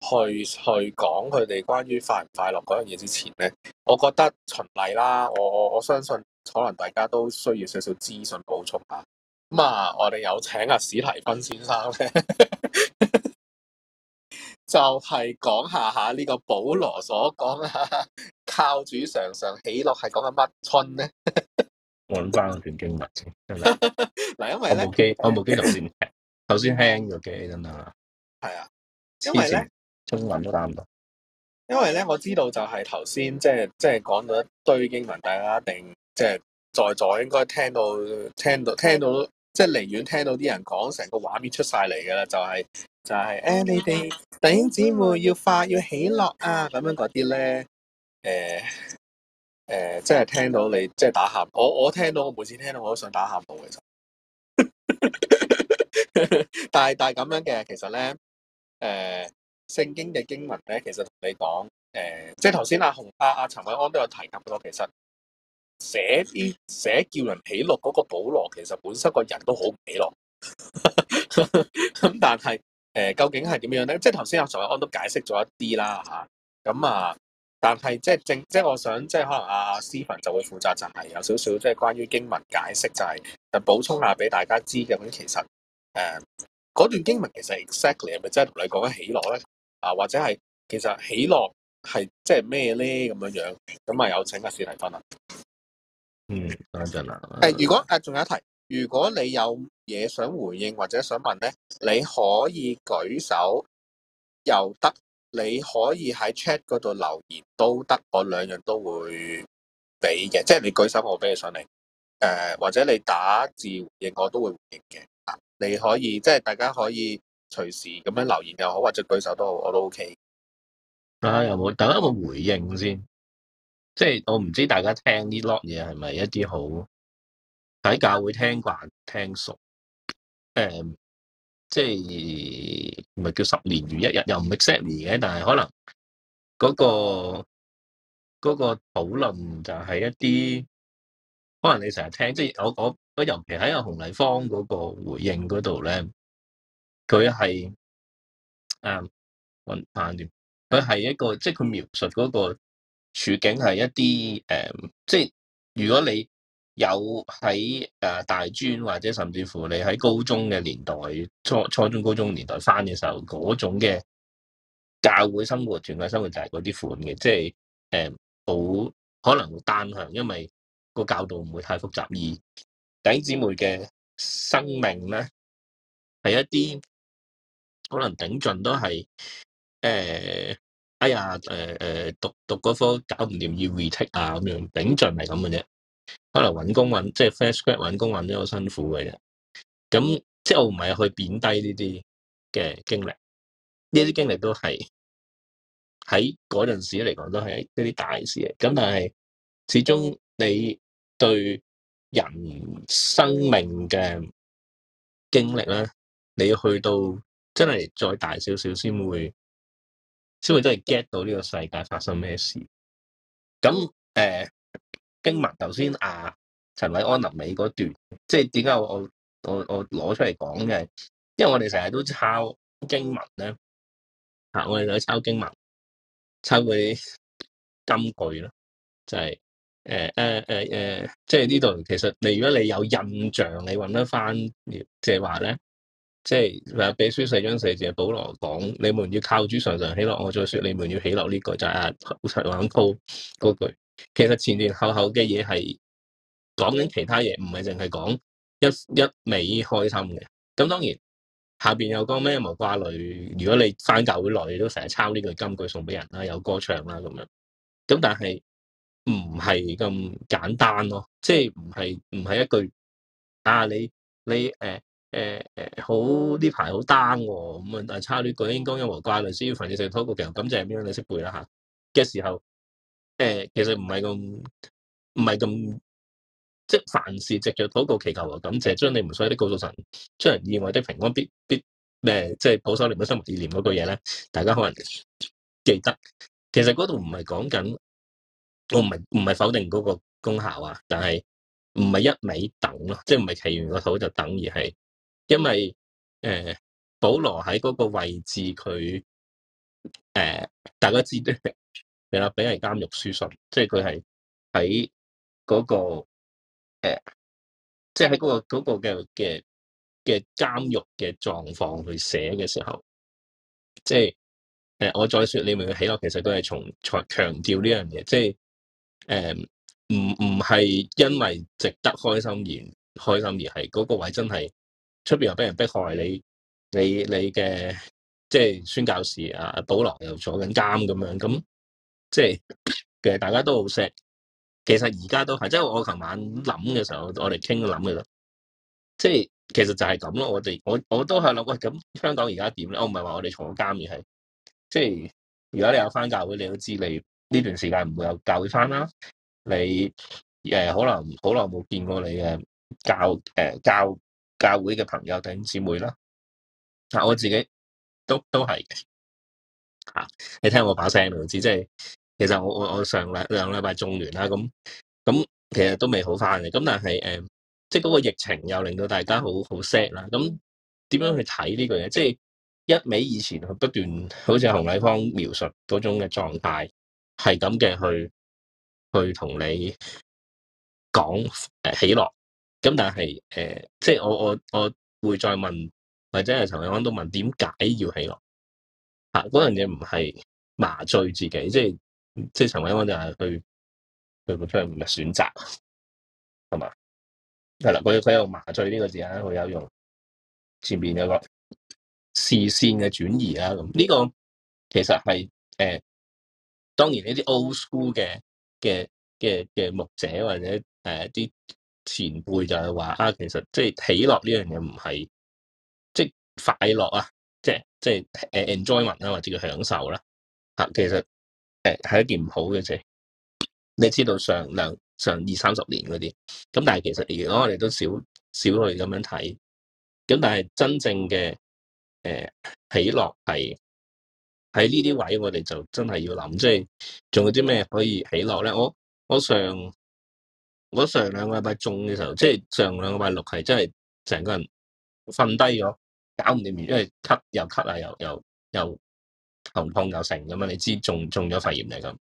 去去講佢哋關於快唔快樂嗰樣嘢之前咧，我覺得循例啦，我我，我相信可能大家都需要少少資訊補充下。咁啊，我哋有請阿、啊、史提芬先生咧， 就係講下講下呢個保羅所講啊，靠主常常喜樂係講緊乜春咧？搵翻嗰段經文先。嗱，因為咧，我部機，我部機頭先，頭先輕咗嘅等等啦，係啊，因為中文都打唔到，因為咧，我知道就係頭先即係即係講咗一堆英文，大家一定即係在座應該聽到聽到聽到，即係離遠聽到啲、就是、人講成個畫面出晒嚟噶啦，就係、是、就係、是、誒、哎、你哋弟兄姊妹要快要喜樂啊咁樣嗰啲咧，誒、呃、誒，即、呃、係聽到你即係打喊，我我聽到我每次聽到我都想打喊號嘅，就但係但係咁樣嘅，其實咧誒。 聖經嘅經文咧，其實同你講，誒、呃，即係頭先阿洪阿阿陳偉安都有提及過。其實寫啲寫叫人喜樂嗰個保羅，其實本身個人都好唔喜樂。咁 但係誒、呃，究竟係點樣咧？即係頭先阿陳偉安都解釋咗一啲啦，吓咁啊。但係即係正，即係我想，即係可能阿思文就會負責就係有少少即係關於經文解釋，就係、就、補充下俾大家知嘅。咁。其實誒，嗰、呃、段經文其實 exactly 係咪真係同你講緊喜樂咧？啊，或者係其實喜樂係即係咩咧咁樣樣，咁啊有請阿史提芬啦。嗯，等陣啦。誒，如果誒仲、啊、有一題，如果你有嘢想回應或者想問咧？你可以舉手又得，你可以喺 chat 嗰度留言都得，我兩樣都會俾嘅。即係你舉手，我俾你上嚟。誒、呃，或者你打字回應，我都會回應嘅。啊，你可以，即係大家可以。隨時咁樣留言又好，或者舉手都好，我都 OK。啊，有冇等一等我回應先？即係我唔知大家聽呢 lot 嘢係咪一啲好喺教會聽慣、聽熟？誒、嗯，即係咪叫十年如一日，又唔係 exactly 嘅，但係可能嗰個嗰個討論就係一啲，可能你成日聽，即係我我，尤其喺阿洪麗芳嗰個回應嗰度咧。佢係誒穩返啲，佢係一個即係佢描述嗰個處境係一啲誒、嗯，即係如果你有喺誒大專或者甚至乎你喺高中嘅年代，初初中、高中年代返嘅時候嗰種嘅教會生活、團體生活就係嗰啲款嘅，即係誒好可能單向，因為個教導唔會太複雜而弟兄姊妹嘅生命咧係一啲。可能頂盡都係誒、呃、哎呀、誒、呃、誒，讀讀嗰科搞唔掂要 retake 啊，咁樣頂盡係咁嘅啫。可能搵工搵，即係 fresh grad 搵工搵都好辛苦嘅啫。咁即係我唔係去貶低呢啲嘅經歷，呢啲經歷都係喺嗰陣時嚟講都係一啲大事嚟。咁但係始終你對人生命嘅經歷咧，你要去到。真係再大少少先會，先會真係 get 到呢個世界發生咩事。咁誒、呃、經文頭先亞陳偉安臨尾嗰段，即係點解我我我攞出嚟講嘅？因為我哋成日都抄經文咧，嚇、啊、我哋就抄經文，抄佢金句咯，就係誒誒誒誒，即係呢度其實你如果你有印象，你揾得翻，即係話咧。即係話俾書四章四節，保羅講，你們要靠主常常喜樂，我再說你們要喜樂呢、這、句、個、就係七碗鋪嗰句。其實前前後後嘅嘢係講緊其他嘢，唔係淨係講一一味開心嘅。咁當然下邊有個咩無掛慮。如果你返教會來，都成日抄呢句金句送畀人啦，有歌唱啦咁樣。咁但係唔係咁簡單咯，即係唔係唔係一句啊你你誒。呃誒、呃，好呢排好 down 喎，咁啊，但係差呢個應該一無掛慮，所以凡事着禱告祈求感謝，咁樣你識背啦吓嘅時候，誒、呃，其實唔係咁，唔係咁，即、就、係、是、凡事藉着禱告祈求和感謝，將你唔需要的告訴神，出人意外的平安必，必必咩、呃，即係保守你們心懷意念嗰個嘢咧，大家可能記得，其實嗰度唔係講緊，我唔係唔係否定嗰個功效啊，但係唔係一味等咯，即係唔係祈完個禱就等而係。因為誒、呃、保羅喺嗰個位置佢誒、呃、大家知的，係啦俾人監獄書信，即係佢係喺嗰個誒、呃、即係喺嗰個嗰、嗰個嘅嘅嘅監獄嘅狀況去寫嘅時候，即係誒、呃、我再說裏面，你明嘅喜樂其實都係從強強調呢樣嘢，即係誒唔唔係因為值得開心而開心而係嗰、嗰個位真係。出邊又俾人逼害你，你你嘅即係宣教士啊，保羅又坐緊監咁樣，咁即係其實大家都好錫。其實而家都係，即係我琴晚諗嘅時候，我哋傾都諗嘅咯。即係其實就係咁咯。我哋我我都係諗喂，咁香港而家點咧？我唔係話我哋坐監而係，即係如果你有翻教會，你都知你呢段時間唔會有教會翻啦。你誒可能好耐冇見過你嘅教誒教。呃教教會嘅朋友、弟兄姊妹啦，啊，我自己都都係嘅，啊，你聽我把聲啊，即係，其實我我我上兩兩禮拜中完啦，咁、嗯、咁、嗯、其實都未好翻，嘅，咁、嗯、但係誒、嗯，即係嗰個疫情又令到大家好好 sad 啦，咁點樣去睇呢個嘢？即係一味以前不斷好似洪禮芳描述嗰種嘅狀態係咁嘅，去去同你講誒喜樂。呃起落咁但係誒、呃，即係我我我會再問，或者係陳韋安都問，點解要喜樂？吓、啊，嗰樣嘢唔係麻醉自己，即係即係陳韋安就係去去做出嚟唔係選擇，係嘛？係啦，佢佢用麻醉呢個字咧，好有用。前面有個視線嘅轉移啦，咁呢個其實係誒、呃，當然呢啲 old school 嘅嘅嘅嘅牧者或者誒一啲。呃前輩就係話啊，其實即係喜樂呢樣嘢唔係即係快樂啊，即係即係誒 enjoyment 啊，或者叫享受啦。嚇，其實誒係一件唔好嘅事。你知道上兩上二三十年嗰啲，咁但係其實如果我哋都少少去咁樣睇。咁但係真正嘅誒、呃、喜樂係喺呢啲位，我哋就真係要諗，即係仲有啲咩可以喜樂咧？我我上。我上兩個禮拜中嘅時候，即係上兩個禮拜六係真係成個人瞓低咗，搞唔掂，因為咳又咳啊，又又又頭痛又成咁啊！你知中中咗肺炎嚟咁，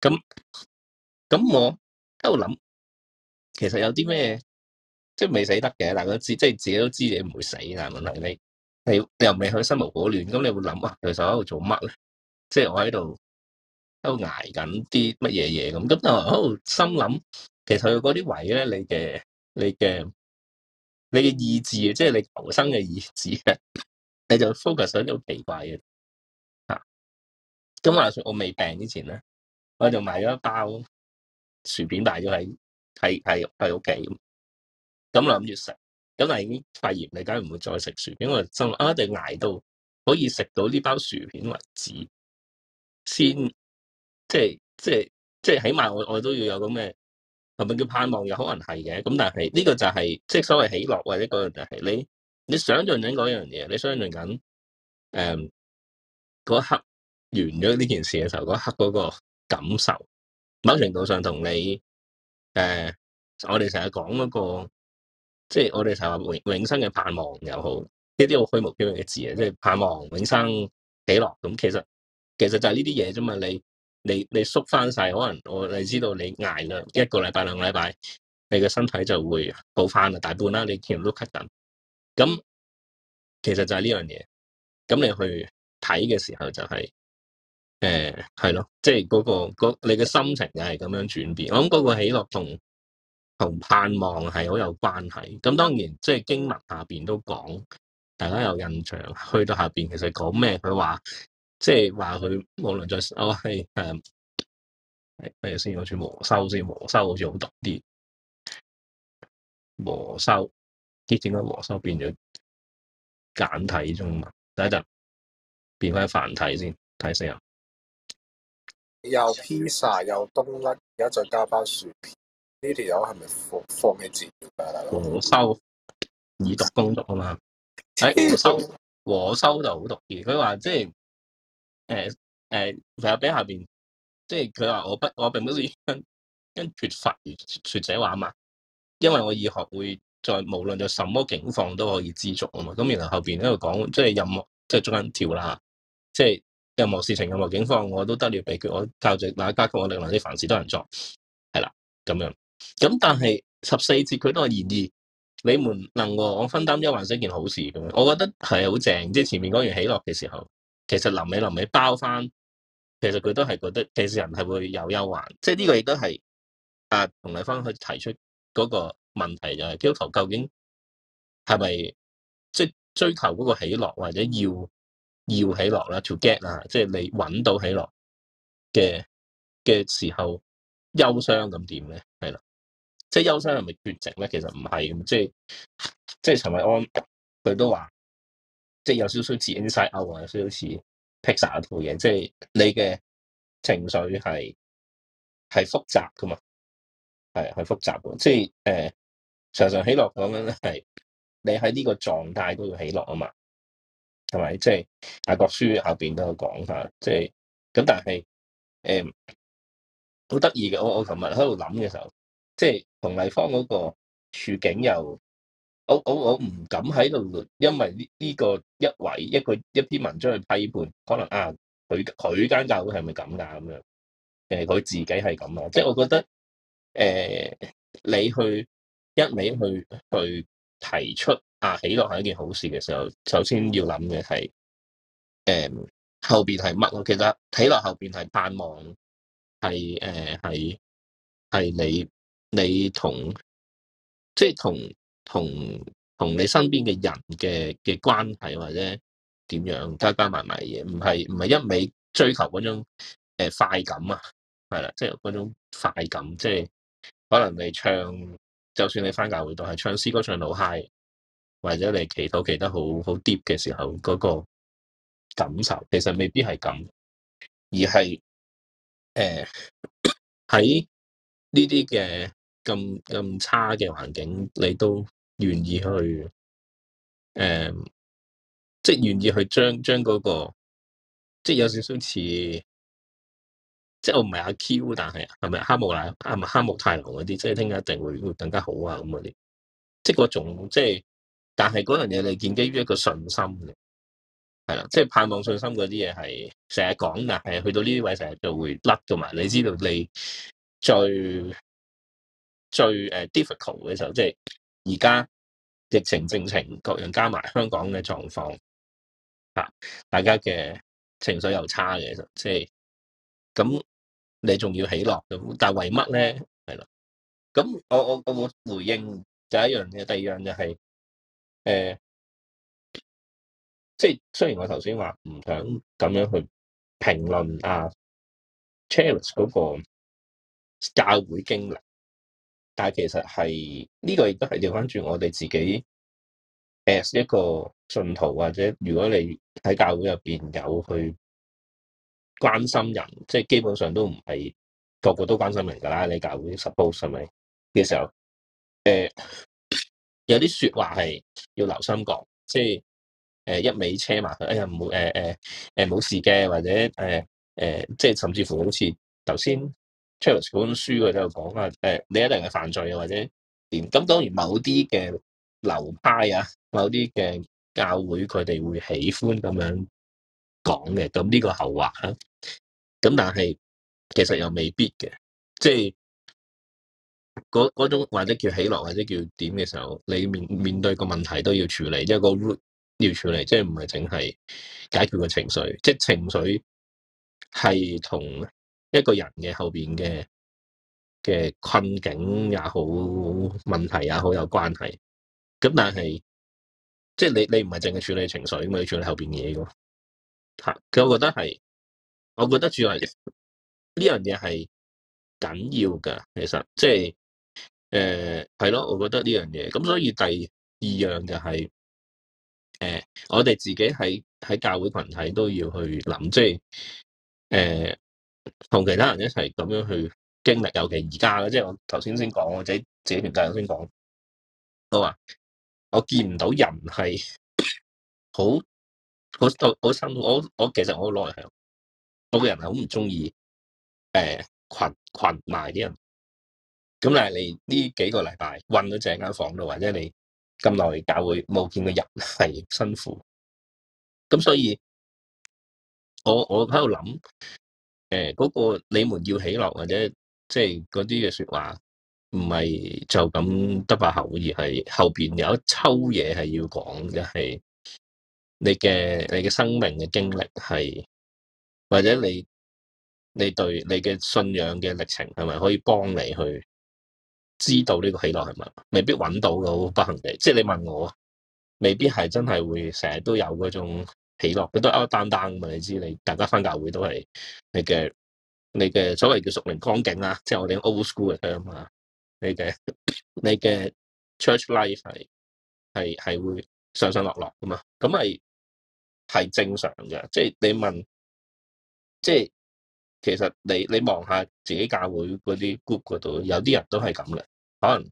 咁咁我喺度諗，其實有啲咩即係未死得嘅。大家都知，即係自己都知自己唔會死，但係問題你你又未去心無掛戀，咁你會諗啊？其實我喺度做乜咧？即係我喺度喺度挨緊啲乜嘢嘢咁，咁就喺度心諗。其實佢嗰啲位咧，你嘅、你嘅、你嘅意志即係、就是、你求生嘅意志 你就 focus 上啲好奇怪嘅啊。咁話說，我未病之前咧，我就買咗一包薯片，擺咗喺喺喺喺屋企咁，咁諗住食。咁但係肺炎，你梗係唔會再食薯片。我就係啊，一定挨到可以食到呢包薯片為止，先即係即係即係，起碼我我都要有個咩。係咪叫盼望？有可能係嘅。咁但係呢、這個就係、是、即係所謂喜樂或者嗰樣嘢，係你你想象緊嗰樣嘢，你想象緊誒嗰一刻完咗呢件事嘅時候，嗰一刻嗰個感受，某程度上同你誒、呃、我哋成日講嗰個即係我哋成日永永生嘅盼望又好，呢啲好虛無縹緲嘅字啊，即係盼望永生喜樂，咁、嗯、其實其實就係呢啲嘢啫嘛，你。你你縮翻晒，可能我你知道你捱兩一個禮拜兩禮拜，你嘅身體就會好翻啦，大半啦，你全部都 cut 緊。咁其實就係呢樣嘢。咁你去睇嘅時候就係、是，誒係咯，即係、那、嗰個你嘅心情又係咁樣轉變。我諗嗰個喜樂同同盼望係好有關係。咁當然即係經文下邊都講，大家有印象。去到下邊其實講咩？佢話。即係話佢無論再我係誒係先要轉磨收，先磨收好似好毒啲磨收，啲點解磨收變咗簡體中文？等一陣變翻繁體先睇下先啊！有披薩有冬甩，而家再加包薯片是是呢條友係咪放放咩字噶？磨收以毒攻毒啊嘛！喺、哎、磨收，磨 收就好毒啲，佢話即係。誒誒，腓立比下邊，即係佢話我不我並不是跟跟缺乏說這話嘛，因為我已學會在無論在什麼境況都可以知足啊嘛，咁然後後邊喺度講，即係任何即係中間跳啦，即係任何事情任何境況我都得了秘訣。我靠著大家共我哋能啲凡事都能作，係啦咁樣，咁但係十四節佢都係願意，你們能我，我分擔憂患是一件好事，咁我覺得係好正，即係前面講完喜樂嘅時候。其實臨尾臨尾包翻，其實佢都係覺得，其實人係會有憂患，即係呢個亦都係啊。同你返去提出嗰個問題就係、是，是是就是、追求究竟係咪即係追求嗰個喜樂或者要要喜樂啦？To get 啊，即、就、係、是、你搵到喜樂嘅嘅時候憂傷，憂傷咁點咧？係啦，即係憂傷係咪絕跡咧？其實唔係，即係即係陳偉安佢都話。即係有少少似 inside out 啊，少少似 p i 披薩嘅套嘢。即係你嘅情緒係係複雜嘅嘛，係係複雜嘅。即係誒、呃，常常喜樂講緊咧，係你喺呢個狀態都要喜樂啊嘛，係咪？即係《阿國書》後邊都有講下，即係咁。但係誒、呃，好得意嘅，我我琴日喺度諗嘅時候，即係同麗芳嗰個處境又。我我我唔敢喺度因為呢呢個一位一個一啲文章去批判，可能啊佢佢間教會係咪咁噶咁樣？誒佢自己係咁啊。即係我覺得誒、呃，你去一味去去提出啊喜樂係一件好事嘅時候，首先要諗嘅係誒後邊係乜？我其實喜樂後邊係盼望，係誒係係你你同即係同。同同你身邊嘅人嘅嘅關係或者點樣加加埋埋嘢，唔係唔係一味追求嗰種誒快感啊，係啦，即係嗰種快感，即係可能你唱就算你返教會度係唱詩歌唱到嗨，或者你祈禱祈得好好 deep 嘅時候嗰個感受，其實未必係咁，而係誒喺呢啲嘅。呃 咁咁差嘅環境，你都願意去？誒、嗯，即係願意去將將嗰個，即係有少少似，即係我唔係阿 Q，但係係咪哈姆乃，係咪哈姆太郎嗰啲？即係聽日一定會會更加好啊！咁嗰啲，即係嗰種，即係，但係嗰樣嘢你建基於一個信心嘅，係啦，即係盼望信心嗰啲嘢係成日講，但係去到呢啲位成日就會甩噶嘛？你知道你最最誒 difficult 嘅時候即係而家疫情政情，各樣加埋香港嘅狀況，嚇大家嘅情緒又差嘅時候，即係咁你仲要喜樂。咁，但係為乜咧？係啦，咁我我我回應就一樣嘅，第二樣就係、是、誒，即、呃、係、就是、雖然我頭先話唔想咁樣去評論啊 Charles 嗰個教會經歷。但係其實係呢、這個亦都係調返轉我哋自己 as 一個信徒，或者如果你喺教會入邊有去關心人，即係基本上都唔係個個都關心人噶啦。你教會 suppose 係咪嘅時候？誒、呃，有啲說話係要留心講，即係誒一味車埋去。哎呀，冇誒誒誒冇事嘅，或者誒誒，即、呃、係、呃呃呃呃呃呃、甚至乎好似頭先。Charles 本書佢就講啊，誒、欸，你一定係犯罪嘅，或者連咁當然某啲嘅流派啊，某啲嘅教會佢哋會喜歡咁樣講嘅，咁呢個後話啊。咁但係其實又未必嘅，即係嗰種或者叫喜樂，或者叫點嘅時候，你面面對個問題都要處理，因為個 root 要處理，即係唔係淨係解決個情緒，即係情緒係同。一個人嘅後邊嘅嘅困境也好，問題也好，有關係。咁但係即係你你唔係淨係處理情緒，咁啊要處理後邊嘢噶。吓，咁我覺得係，我覺得主要係呢樣嘢係緊要噶。其實即係誒係咯，我覺得呢樣嘢。咁所以第二樣就係誒，我哋自己喺喺教會群體都要去諗，即係誒。呃同其他人一齊咁樣去經歷，尤其而家咯，即係我頭先先講我自自己團隊，頭先講。都話我見唔到人係好好好辛苦，我我其實我好內向，我個人係好唔中意誒群群埋啲人。咁但係，你呢幾個禮拜困咗成間房度，或者你咁耐教會冇見過人係辛苦。咁所以我，我我喺度諗。誒，嗰個你們要喜樂，或者即係嗰啲嘅說話，唔係就咁得把口，而係後邊有一抽嘢係要講嘅，係、就是、你嘅你嘅生命嘅經歷係，或者你你對你嘅信仰嘅歷程係咪可以幫你去知道呢個喜樂係咪？未必揾到到不幸地，即係你問我，未必係真係會成日都有嗰種。起落佢都一擔擔嘛？你知你大家翻教會都係你嘅你嘅所謂叫屬靈光景啦，即係我哋 old school 嘅咁啊，你嘅你嘅 church life 係係係會上上落落噶嘛？咁係係正常嘅，即係你問，即係其實你你望下自己教會嗰啲 group 嗰度，有啲人都係咁嘅，可能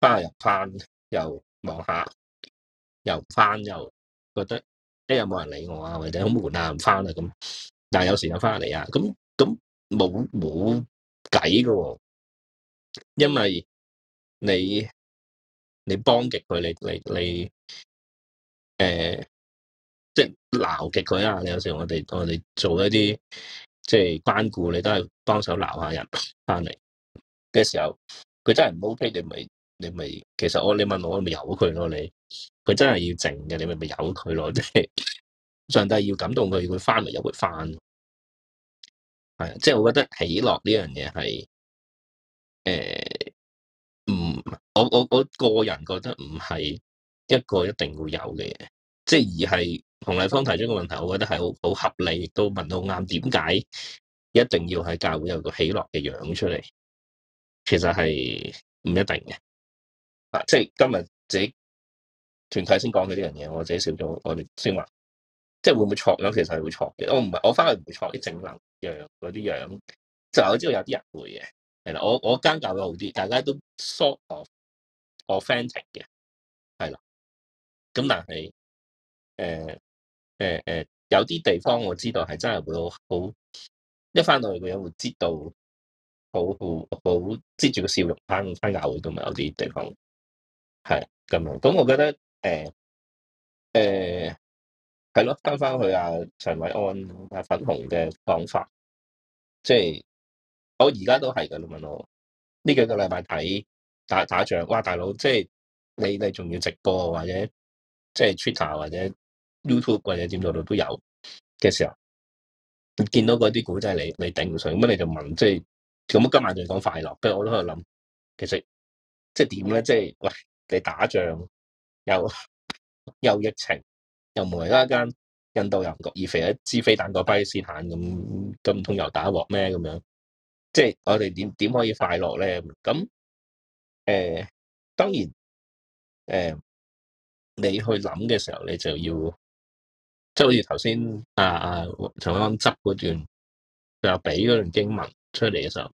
翻下又翻，又望下又翻又覺得。一日冇人理我啊，或者好悶啊，唔翻啊咁。但係有時又翻嚟啊，咁咁冇冇計噶？因為你你幫極佢，你你你誒、呃，即係鬧極佢啊！你有時我哋我哋做一啲即係關顧，你都係幫手鬧下人翻嚟嘅時候，佢真係唔 o p 你。咪？你咪，其實我你問我咪，由佢咯。你佢真係要靜嘅，你咪咪由佢咯。即 係上帝要感動佢，佢翻咪由佢翻。係啊，即係我覺得喜樂呢樣嘢係誒，唔、欸、我我我個人覺得唔係一個一定會有嘅嘢，即係而係洪麗芳提出個問題，我覺得係好好合理，亦都問到啱。點解一定要喺教會有個喜樂嘅樣出嚟？其實係唔一定嘅。即係今日自己團體先講到呢樣嘢，我自己少咗我哋先話，即係會唔會錯咁？其實係會錯嘅。我唔係，我翻去唔會錯正能量嗰啲樣，就我知道有啲人會嘅。係啦，我我間教會好啲，大家都 soft or fainting 嘅，係啦。咁但係誒誒誒，有啲地方我知道係真係會好好一翻到去，個人會知道，好好好擠住個笑容翻翻教會度咪有啲地方。係咁啊！咁我覺得誒誒係咯，跟翻去阿陳偉安阿、啊、粉紅嘅講法，即係我而家都係噶。你問我呢幾個禮拜睇打打仗，哇！大佬，即係你哋仲要直播或者即係 Twitter 或者 YouTube 或者點度度都有嘅時候，見到嗰啲古仔你你頂唔順咁，你就問即係咁今晚就講快樂。跟住我都喺度諗，其實即係點咧？即係喂～你打仗又又疫情又無家間，印度又唔覺，而肥一支飛彈過巴基斯坦，咁咁唔通又打禍咩咁樣？即係我哋點點可以快樂咧？咁誒、欸、當然誒、欸，你去諗嘅時候，你就要即係好似頭先啊啊陳、啊、安執嗰段就俾嗰段經文出嚟嘅時候，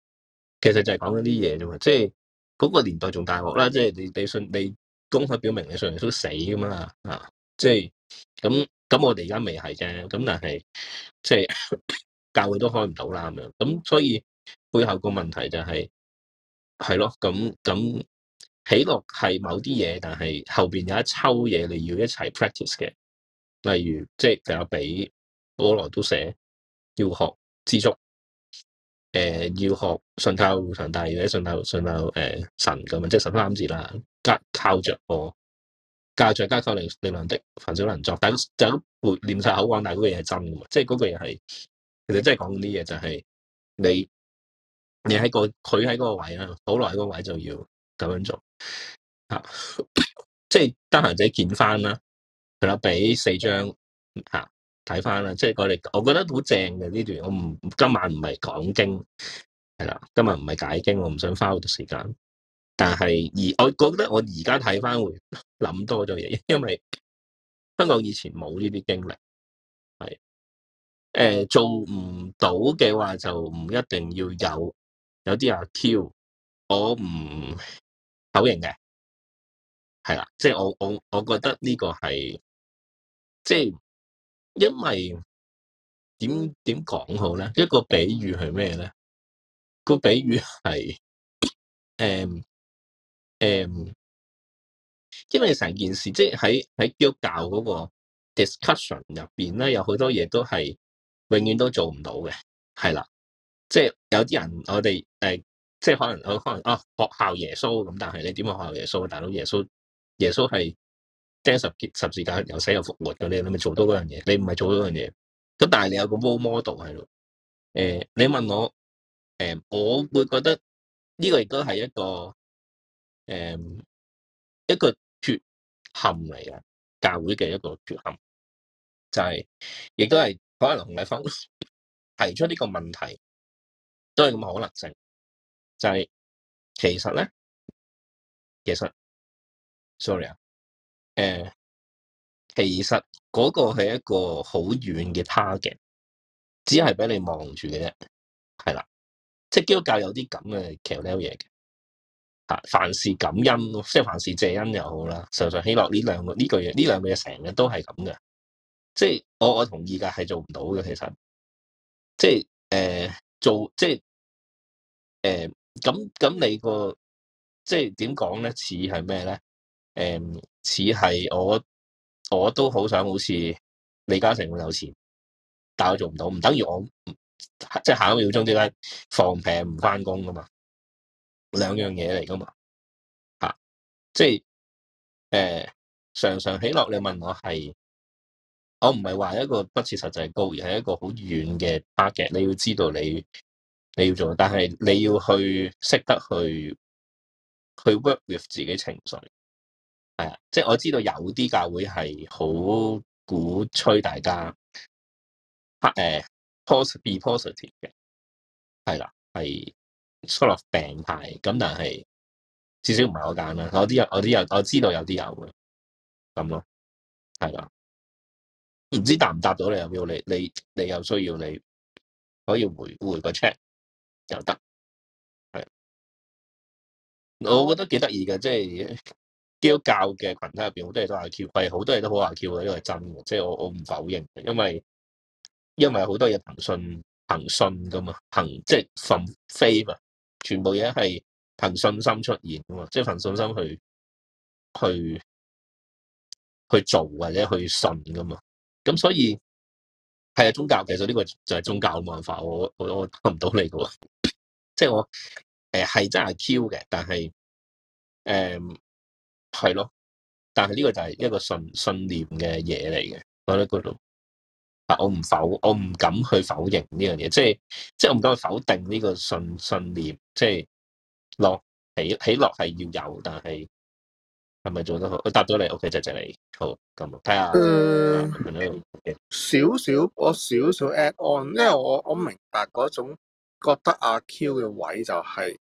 其實就係講緊啲嘢啫嘛，即係。嗰個年代仲大鑊啦，即係你你信你公開表明你上嚟都死噶嘛，啊，即係咁咁我哋而家未係啫，咁但係即係教會都開唔到啦咁樣，咁所以背後個問題就係係咯，咁咁喜樂係某啲嘢，但係後邊有一抽嘢你要一齊 practice 嘅，例如即係就有俾保羅都寫要學知足。誒、呃，要學信靠上帝，或者信靠信靠誒、呃、神咁啊，即係十三字啦。加靠着我，加上加上力力量的凡小能作，但就念晒口講，但嗰個嘢係真噶嘛？即係嗰個嘢係，其實真係講啲嘢就係、是、你你喺個佢喺嗰個位，個位啊，好耐嗰個位就要咁樣做啊！即係得閒者見翻啦，係啦，俾四張啊。睇翻啦，即係我哋，我覺得好正嘅呢段。我唔今晚唔係講經，係啦，今晚唔係解經，我唔想花好多時間。但係而我覺得我而家睇翻會諗多咗嘢，因為香港以前冇呢啲經歷，係誒、呃、做唔到嘅話就唔一定要有有啲阿 Q，我唔否認嘅係啦，即係我我我覺得呢個係即係。因為點點講好咧？一個比喻係咩咧？個比喻係誒誒，因為成件事即係喺喺教教嗰個 discussion 入邊咧，有好多嘢都係永遠都做唔到嘅，係啦。即係有啲人我哋誒、呃，即係可能我可能啊，學下耶穌咁，但係你點話學下耶穌？大佬耶穌耶穌係。即係釘十字架又死又復活嘅你你咪做到嗰樣嘢，你唔係做到嗰樣嘢，咁但係你有個 role model 喺度。誒、呃，你問我，誒、呃，我會覺得呢個亦都係一個，誒、呃，一個缺陷嚟噶，教會嘅一個缺陷，就係、是、亦都係可能洪麗芳提出呢個問題，都係咁嘅可能性，就係其實咧，其實，其實，sorry 啊。誒、呃，其實嗰個係一個好遠嘅 target 嘅，只係畀你望住嘅啫，係啦。即係基督教有啲咁嘅 parallel 嘢嘅，吓、啊、凡事感恩，即係凡事謝恩又好啦。常常喜樂呢兩呢句嘢，呢兩嘢成日都係咁嘅。即係我我同意噶，係做唔到嘅。其實即係誒、呃、做即係誒咁咁你個即係點講咧？似係咩咧？誒，似係、um, 我我都好想好似李嘉誠咁有錢，但係我做唔到，唔等於我即係下一秒鐘點解放平唔翻工噶嘛，兩樣嘢嚟噶嘛，吓、啊，即係誒、呃，常常起落，你問我係，我唔係話一個不切實際嘅 goal，而係一個好遠嘅 project，你要知道你你要做，但係你要去識得去去 work with 自己情緒。係啊，即係我知道有啲教會係好鼓吹大家，誒、uh,，be positive 嘅，係啦，係 sort of 病態咁，但係至少唔係我揀啦，我啲有，我啲有，我知道有啲有嘅咁咯，係啦，唔知答唔答到你有要你你你有需要，你可以回回個 check 就得，係，我覺得幾得意嘅，即係。基督教嘅群體入邊，好多嘢都係阿 Q，係，好多嘢都好阿 Q 嘅，呢個係真嘅，即係我我唔否認，因為因為好多嘢憑信憑信噶嘛，憑即係信飛嘛，全部嘢係憑信心出現噶嘛，即係憑信心去去去，去做或者去信噶嘛。咁所以係啊，宗教其實呢個就係宗教嘅辦法，我我我答唔到你嘅喎。即係我誒係真係阿 Q 嘅，但係誒。嗯係咯，但係呢個就係一個信信念嘅嘢嚟嘅，我覺得嗰度。但我唔否，我唔敢去否認呢樣嘢，即係即係我唔敢去否定呢個信信念，即係落起起落係要有，但係係咪做得好？我答咗你，OK，謝謝你，okay, like、好咁啊。睇下，誒、嗯，少少、嗯 okay。我少少 add on，因為我我明白嗰種覺得阿 Q 嘅位就係、是。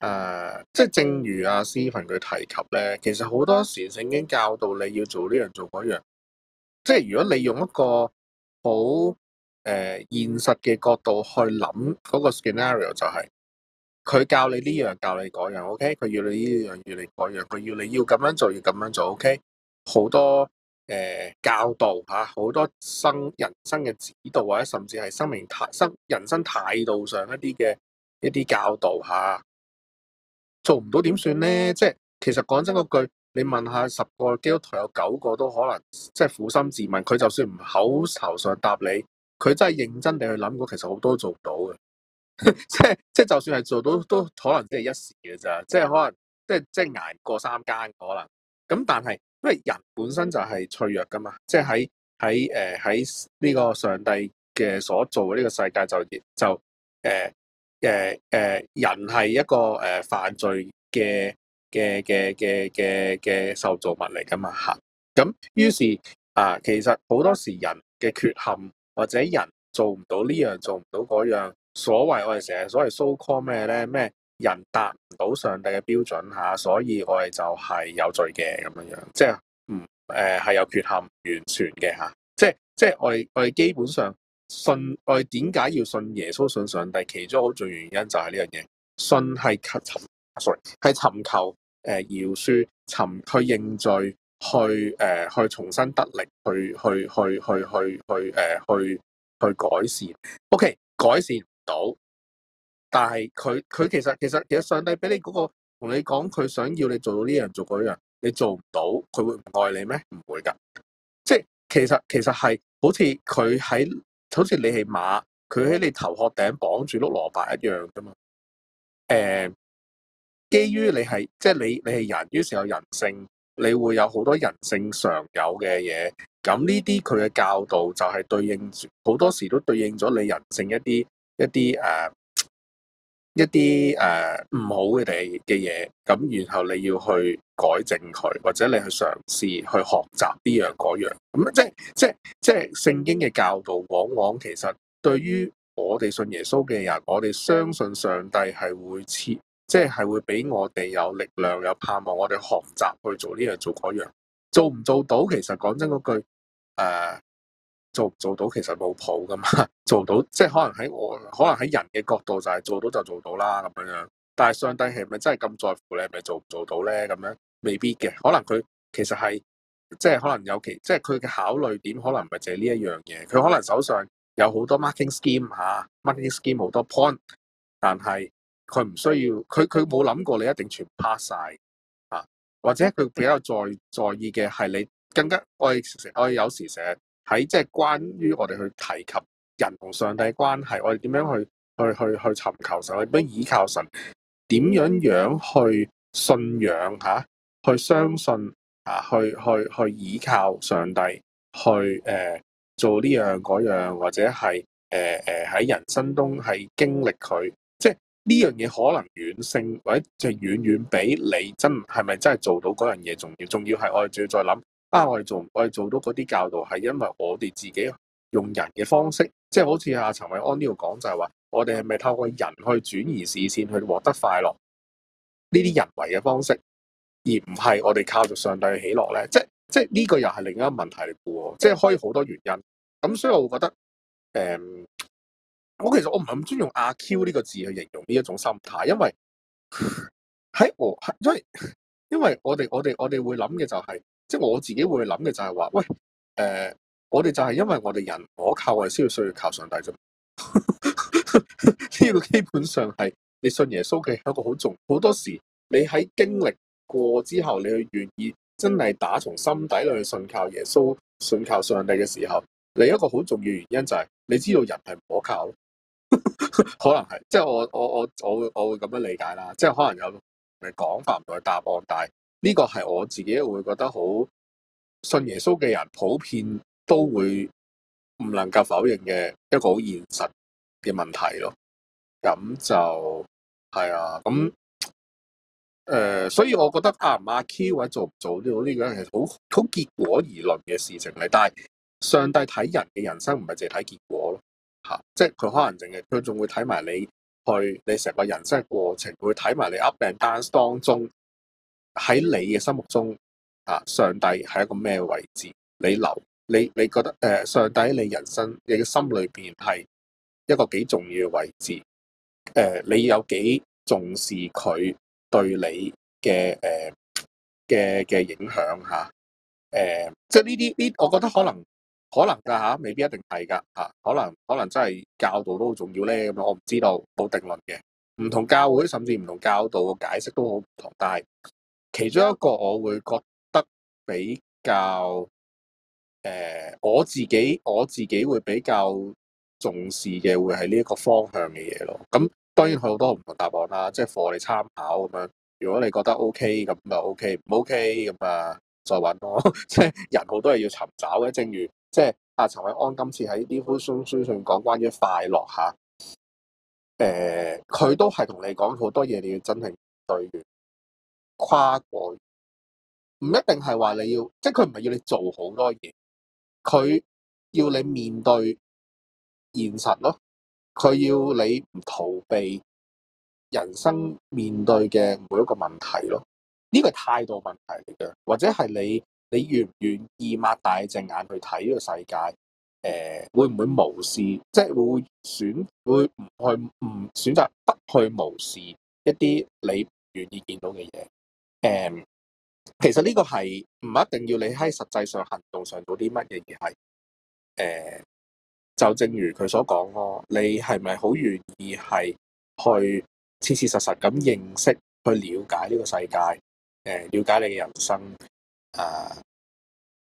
誒，uh, 即係正如阿、啊、Stephen 佢提及咧，其實好多時聖經教導你要做呢樣做嗰樣，即係如果你用一個好誒、呃、現實嘅角度去諗嗰個 scenario 就係、是、佢教你呢樣教你嗰樣，OK？佢要你呢樣要你嗰樣，佢要你要咁樣做要咁樣做，OK？好多誒、呃、教導吓，好、啊、多生人生嘅指導或者甚至係生命態生人生態度上一啲嘅一啲教導吓。啊做唔到點算咧？即係其實講真嗰句，你問下十個基督徒有九個都可能，即係苦心自問。佢就算唔口頭上答你，佢真係認真地去諗過。其實好多都做唔到嘅， 即係即係就算係做到，都可能即係一時嘅咋。即係可能，即係即係捱過三間可能。咁但係，因為人本身就係脆弱噶嘛。即係喺喺誒喺呢個上帝嘅所做嘅呢個世界就就誒。呃誒誒，人係一個誒犯罪嘅嘅嘅嘅嘅嘅受造物嚟噶嘛吓，咁、嗯、於是啊，其實好多時人嘅缺陷或者人做唔到呢、這、樣、個、做唔到嗰、那、樣、個，所謂我哋成日所謂 so called 咩咧咩，人達唔到上帝嘅標準吓、啊，所以我哋就係有罪嘅咁樣樣，即係唔誒係有缺陷完全嘅吓，即係即係我哋我哋基本上。信我哋點解要信耶穌信上帝？其中好重要原因就係呢樣嘢，信係尋，係尋求誒，饒恕，尋，尋，尋去認罪，去誒、呃，去重新得力，去去去去去去誒，去去，去，去、呃、去，去，去，去改善。O.K. 改善唔到，但係佢佢其實其實其實上帝俾你嗰、嗰個同你講，佢想要你做到呢樣做嗰樣，你做唔到，佢會唔愛你咩？唔會㗎，即係其實其實係好似佢喺。好似你係馬，佢喺你頭殼頂綁住碌蘿蔔一樣㗎嘛？誒、嗯，基於你係即係你，你係人，於是有人性，你會有好多人性常有嘅嘢。咁呢啲佢嘅教導就係對應住好多時都對應咗你人性一啲一啲誒。嗯一啲誒唔好嘅嘅嘢，咁然後你要去改正佢，或者你去嘗試去學習呢樣嗰樣，咁即係即係即係聖經嘅教導，往往其實對於我哋信耶穌嘅人，我哋相信上帝係會賜，即係係會俾我哋有力量、有盼望，我哋學習去做呢樣、做嗰樣，做唔做到其實講真嗰句誒。呃做唔做到其實冇譜噶嘛，做到即係可能喺我，可能喺人嘅角度就係做到就做到啦咁樣樣。但係上帝係咪真係咁在乎你？係咪做唔做到咧？咁樣未必嘅。可能佢其實係即係可能有其即係佢嘅考慮點，可能唔係就係呢一樣嘢。佢可能手上有好多 marking scheme 吓、啊、marking scheme 好多 point，但係佢唔需要，佢佢冇諗過你一定全 pass 晒，啊。或者佢比較在在意嘅係你更加我有時寫。喺即係關於我哋去提及人同上帝嘅關係，我哋點樣去去去去尋求神，點樣依靠神，點樣樣去信仰嚇、啊，去相信啊，去去去依靠上帝，去誒、呃、做呢樣嗰樣，或者係誒誒喺人生中係經歷佢，即係呢樣嘢可能遠勝，或者即係遠遠比你真係咪真係做到嗰樣嘢重要，仲要係我哋仲要再諗。啊！我哋做我哋做到嗰啲教導，係因為我哋自己用人嘅方式，即係好似阿陳偉安呢度講，就係、是、話我哋係咪透過人去轉移視線去獲得快樂呢啲人為嘅方式，而唔係我哋靠住上帝去喜樂咧？即係即係呢個又係另一個問題嚟嘅喎，即係可以好多原因。咁所以我會覺得，誒、嗯，我其實我唔係咁中意用阿 Q 呢個字去形容呢一種心態，因為喺 我，因為因為我哋我哋我哋會諗嘅就係、是。即係我自己會諗嘅就係話，喂，誒、呃，我哋就係因為我哋人唔可靠，我哋先要需要靠上帝啫。呢 個基本上係你信耶穌嘅一個好重，好多時你喺經歷過之後，你去願意真係打從心底裏去信靠耶穌、信靠上帝嘅時候，另一個好重要原因就係、是、你知道人係唔可靠咯。 可能係，即係我我我我會我會咁樣理解啦。即係可能有説講法唔同嘅答案，但係。呢個係我自己會覺得好信耶穌嘅人普遍都會唔能夠否認嘅一個好現實嘅問題咯。咁就係啊，咁誒、呃，所以我覺得啊阿 Q 或者做唔做都好，呢樣係好好結果而論嘅事情嚟。但係上帝睇人嘅人生唔係淨係睇結果咯，吓、啊，即係佢可能淨係佢仲會睇埋你去你成個人生嘅過程，會睇埋你 up and dance 當中。喺你嘅心目中，啊，上帝係一個咩位置？你留你你覺得誒、呃，上帝喺你人生你嘅心裏邊係一個幾重要嘅位置？誒、呃，你有幾重視佢對你嘅誒嘅嘅影響吓？誒、呃，即係呢啲呢，我覺得可能可能噶吓、啊，未必一定係噶吓，可能可能真係教導都好重要咧咁樣。我唔知道冇定論嘅，唔同教會甚至唔同教導嘅解釋都好唔同，但係。其中一個我會覺得比較誒，我自己我自己會比較重視嘅，會係呢一個方向嘅嘢咯。咁當然佢好多唔同答案啦，即係畀你哋參考咁樣。如果你覺得 OK，咁咪 OK；唔 OK，咁啊再揾我。即係人好多嘢要尋找嘅。正如即係阿陳偉安今次喺呢本書上講關於快樂嚇，誒佢都係同你講好多嘢，你要真係對。跨過唔一定係話你要，即係佢唔係要你做好多嘢，佢要你面對現實咯，佢要你唔逃避人生面對嘅每一個問題咯。呢個係態度問題嚟嘅，或者係你你願唔願意擘大隻眼去睇呢個世界？誒、呃，會唔會無視？即係會選會唔去唔選擇不去無視一啲你唔願意見到嘅嘢？誒，um, 其實呢個係唔一定要你喺實際上行動上做啲乜嘢，而係誒，uh, 就正如佢所講咯，你係咪好願意係去切切實實咁認識、去了解呢個世界？誒，uh, 了解你嘅人生？誒，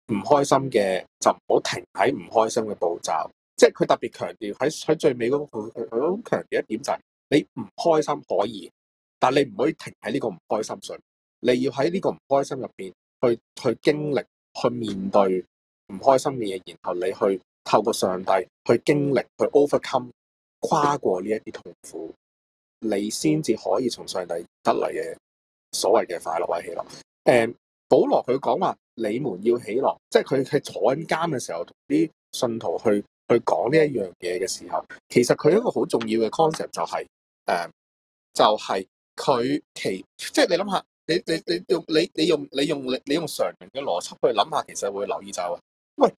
唔開心嘅就唔好停喺唔開心嘅步驟。即係佢特別強調喺喺最尾嗰個，佢好強調一點就係，你唔開心可以，但你唔可以停喺呢個唔開心上。你要喺呢個唔開心入邊去去經歷、去面對唔開心嘅嘢，然後你去透過上帝去經歷、去 overcome、跨過呢一啲痛苦，你先至可以從上帝得嚟嘅所謂嘅快樂或者喜樂，嗯。保羅佢講話你們要喜樂，即係佢係坐緊監嘅時候，同啲信徒去去講呢一樣嘢嘅時候，其實佢一個好重要嘅 concept 就係、是、誒、嗯，就係佢其即係你諗下。你你你，你用你你用你用你用常人嘅邏輯去諗下，其實會留意就係，喂，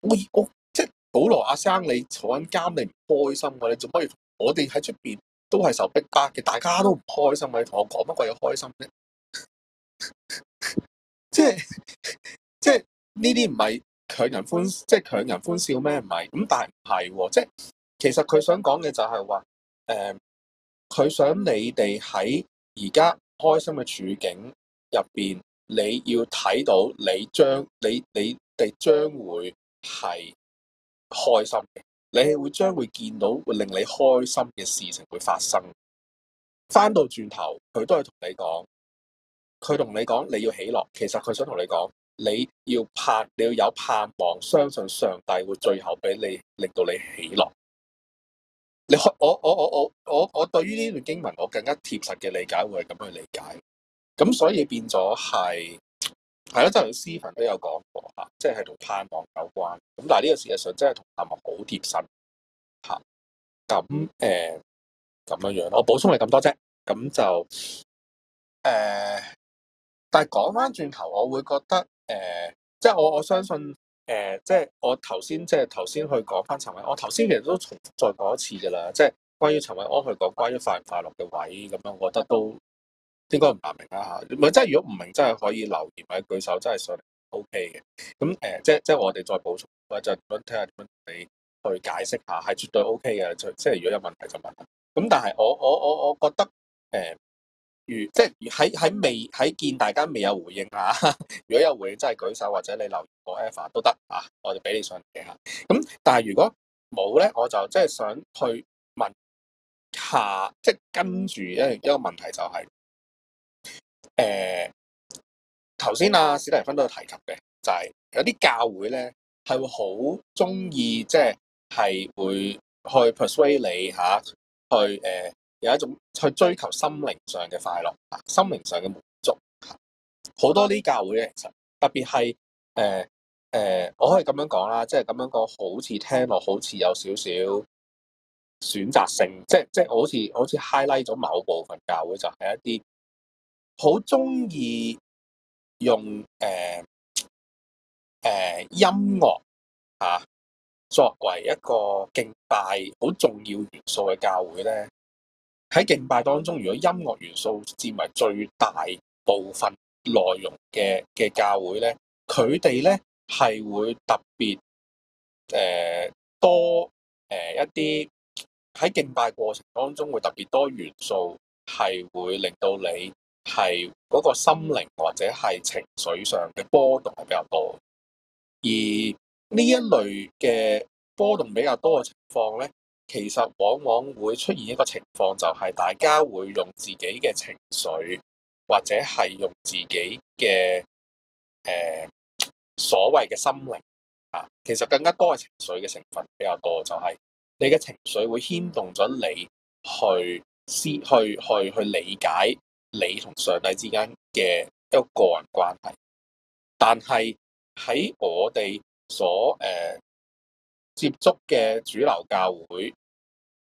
我我即係、就是、保羅阿生，你坐緊監你唔開心嘅，你做乜要？我哋喺出邊都係受逼迫嘅，大家都唔開心，你同我講乜鬼嘢開心咧？即係即係呢啲唔係強人歡，即係強人歡笑咩？唔係咁，但係唔係，即、就、係、是、其實佢想講嘅就係話，誒、嗯，佢想你哋喺而家。開心嘅處境入邊，你要睇到你將你你哋將會係開心嘅，你將會將會見到會令你開心嘅事情會發生。返到轉頭，佢都係同你講，佢同你講你要喜樂。其實佢想同你講你要盼，你要有盼望，相信上帝會最後俾你令到你喜樂。你我我我我我對於呢段經文，我更加貼實嘅理解會係咁去理解，咁所以變咗係係咯，即係同 Stephen 都有講過吓，即係同盼望有關。咁但係呢個事實上真係同盼望好貼身。吓、啊。咁誒咁樣、啊、樣，我補充你咁多啫。咁就誒、啊，但係講翻轉頭，我會覺得誒、啊，即係我我相信。誒、呃，即係我頭先，即係頭先去講翻陳偉，我頭先其實都重複再講一次噶啦，即係關於陳偉安去講關於快唔快樂嘅位咁樣，我覺得都應該唔難明啦吓，係即係如果唔明，真係可以留言或者舉手真、OK，真係上嚟 OK 嘅。咁、呃、誒，即係即係我哋再補充或陣，咁聽下點樣你去解釋下，係絕對 OK 嘅。即係如果有問題就問題。咁但係我我我我覺得誒。呃如即係喺喺未喺見大家未有回應啊。如果有回應真係舉手或者你留言個 ever 都得啊，我就俾你上嚟嘅吓。咁、嗯、但係如果冇咧，我就即係想去問下，即係跟住一一個問題就係、是、誒頭先阿史蒂芬都有提及嘅，就係、是、有啲教會咧係會好中意即係係會去 persuade 你吓、啊、去誒。呃有一種去追求心靈上嘅快樂，心靈上嘅滿足。好多呢教會其實特別係誒誒，我可以咁樣講啦，即係咁樣講，好似聽落好似有少少選擇性，即即我好似好似 highlight 咗某部分教會，就係、是、一啲好鍾意用誒誒、呃呃、音樂嚇、啊、作為一個敬拜好重要元素嘅教會咧。喺敬拜當中，如果音樂元素佔為最大部分內容嘅嘅教會咧，佢哋咧係會特別誒、呃、多誒、呃、一啲喺敬拜過程當中會特別多元素係會令到你係嗰個心靈或者係情緒上嘅波動係比較多，而呢一類嘅波動比較多嘅情況咧。其實往往會出現一個情況，就係大家會用自己嘅情緒，或者係用自己嘅誒、呃、所謂嘅心靈啊。其實更加多係情緒嘅成分比較多，就係你嘅情緒會牽動咗你去思、去去去理解你同上帝之間嘅一個個人關係。但係喺我哋所誒。呃接觸嘅主流教會，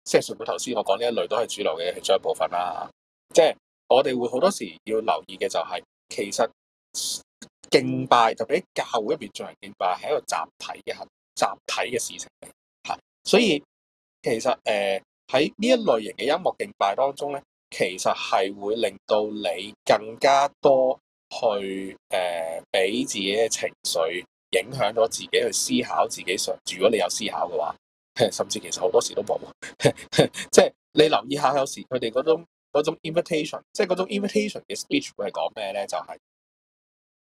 即係上邊頭先我講呢一類都係主流嘅其中一部分啦。即、就、係、是、我哋會好多時要留意嘅就係、是，其實敬拜特別，喺教會入邊進行敬拜，係一個集體嘅行，集體嘅事情嚟吓。所以其實誒喺呢一類型嘅音樂敬拜當中咧，其實係會令到你更加多去誒俾、呃、自己嘅情緒。影響咗自己去思考自己上，如果你有思考嘅話，甚至其實好多時都冇。即 係你留意下，有時佢哋嗰種 invitation，即係嗰種 invitation 嘅 speech 會係講咩咧？就係、是、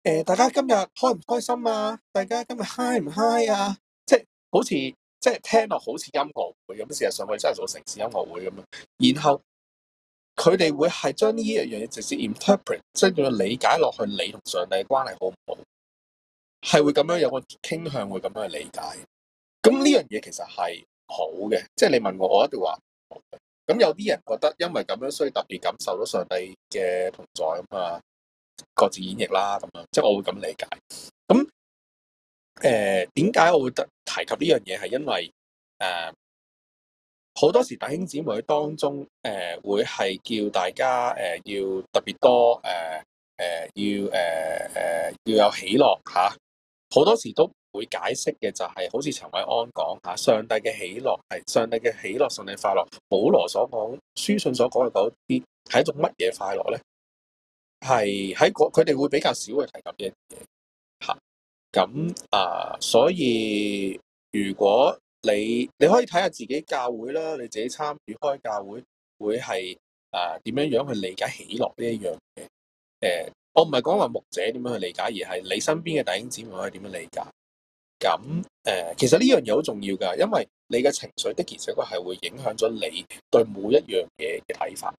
誒、呃，大家今日開唔開心啊？大家今日 high 唔 high 啊？即、就、係、是、好似即係聽落好似音樂會咁，事實上佢真係做城市音樂會咁樣。然後佢哋會係將呢一樣嘢直接 interpret，即係佢理解落去你同上帝嘅關係好唔好？係會咁樣有個傾向，會咁樣去理解。咁呢樣嘢其實係好嘅，即係你問我，我一定話。咁有啲人覺得，因為咁樣，所以特別感受到上帝嘅同在啊嘛。各自演繹啦，咁啊，即係我會咁理解。咁，誒、呃，點解我會提及呢樣嘢？係因為誒，好、呃、多時弟兄姊妹當中，誒、呃，會係叫大家誒、呃，要特別多，誒、呃，誒、呃，要誒，誒、呃呃，要有喜樂吓。好多時都唔會解釋嘅就係、是，好似陳偉安講嚇，上帝嘅喜樂係上帝嘅喜樂，上帝快樂。保羅所講書信所講嘅嗰啲係一種乜嘢快樂咧？係喺佢哋會比較少去提及啲嘢嚇。咁啊、呃，所以如果你你可以睇下自己教會啦，你自己參與開教會會係啊點樣樣去理解喜樂呢一樣嘢？誒、呃？我唔係講話牧者點樣去理解，而係你身邊嘅弟兄姊妹可以點樣理解？咁誒、呃，其實呢樣嘢好重要㗎，因為你嘅情緒的而且確係會影響咗你對每一樣嘢嘅睇法。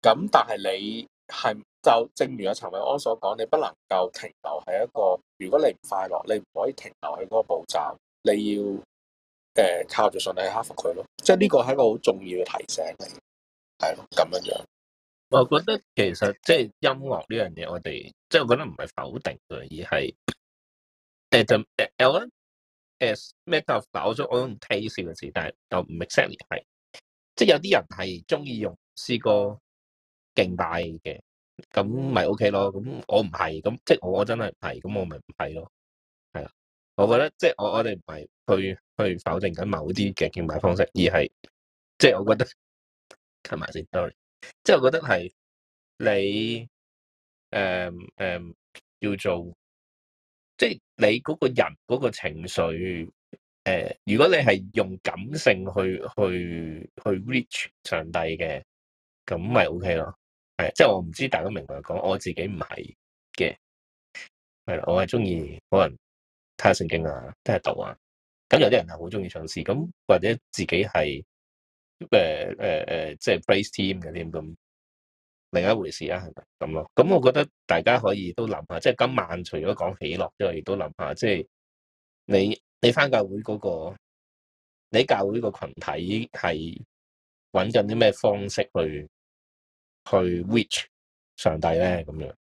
咁但係你係就正如阿陳偉安所講，你不能夠停留喺一個，如果你唔快樂，你唔可以停留喺嗰個步驟，你要誒、呃、靠住上帝去克服佢咯。即係呢個係一個好重要嘅提醒嚟，係咯，咁樣樣。我覺得其實即係音樂呢樣嘢，我哋即係我覺得唔係否定佢，而係誒就誒，我誒咩都搞咗，我都唔睇少嘅事，但係又唔 exactly 係，即係有啲人係中意用詩歌敬拜嘅，咁咪 OK 咯。咁我唔係，咁即係我我真係係，咁我咪唔係咯。係啊，我覺得即係我我哋唔係去去否定緊某啲嘅敬拜方式，而係即係我覺得，睇埋先，sorry。即係我覺得係你誒誒、呃呃、叫做即係你嗰個人嗰、嗰個情緒誒、呃，如果你係用感性去去去 reach 上帝嘅，咁咪 O K 咯。係，即係我唔知大家明唔明講，我自己唔係嘅。係啦，我係中意可能睇下聖經啊，睇下道啊。咁有啲人係好中意唱詩，咁或者自己係。誒誒誒，即係 play team 嗰啲咁，另一回事啊，係咪咁咯？咁我覺得大家可以都諗下，即係今晚除咗講喜樂之外，亦都諗下，即係你你翻教會嗰個，你教會個群體係揾緊啲咩方式去去 reach 上帝咧？咁樣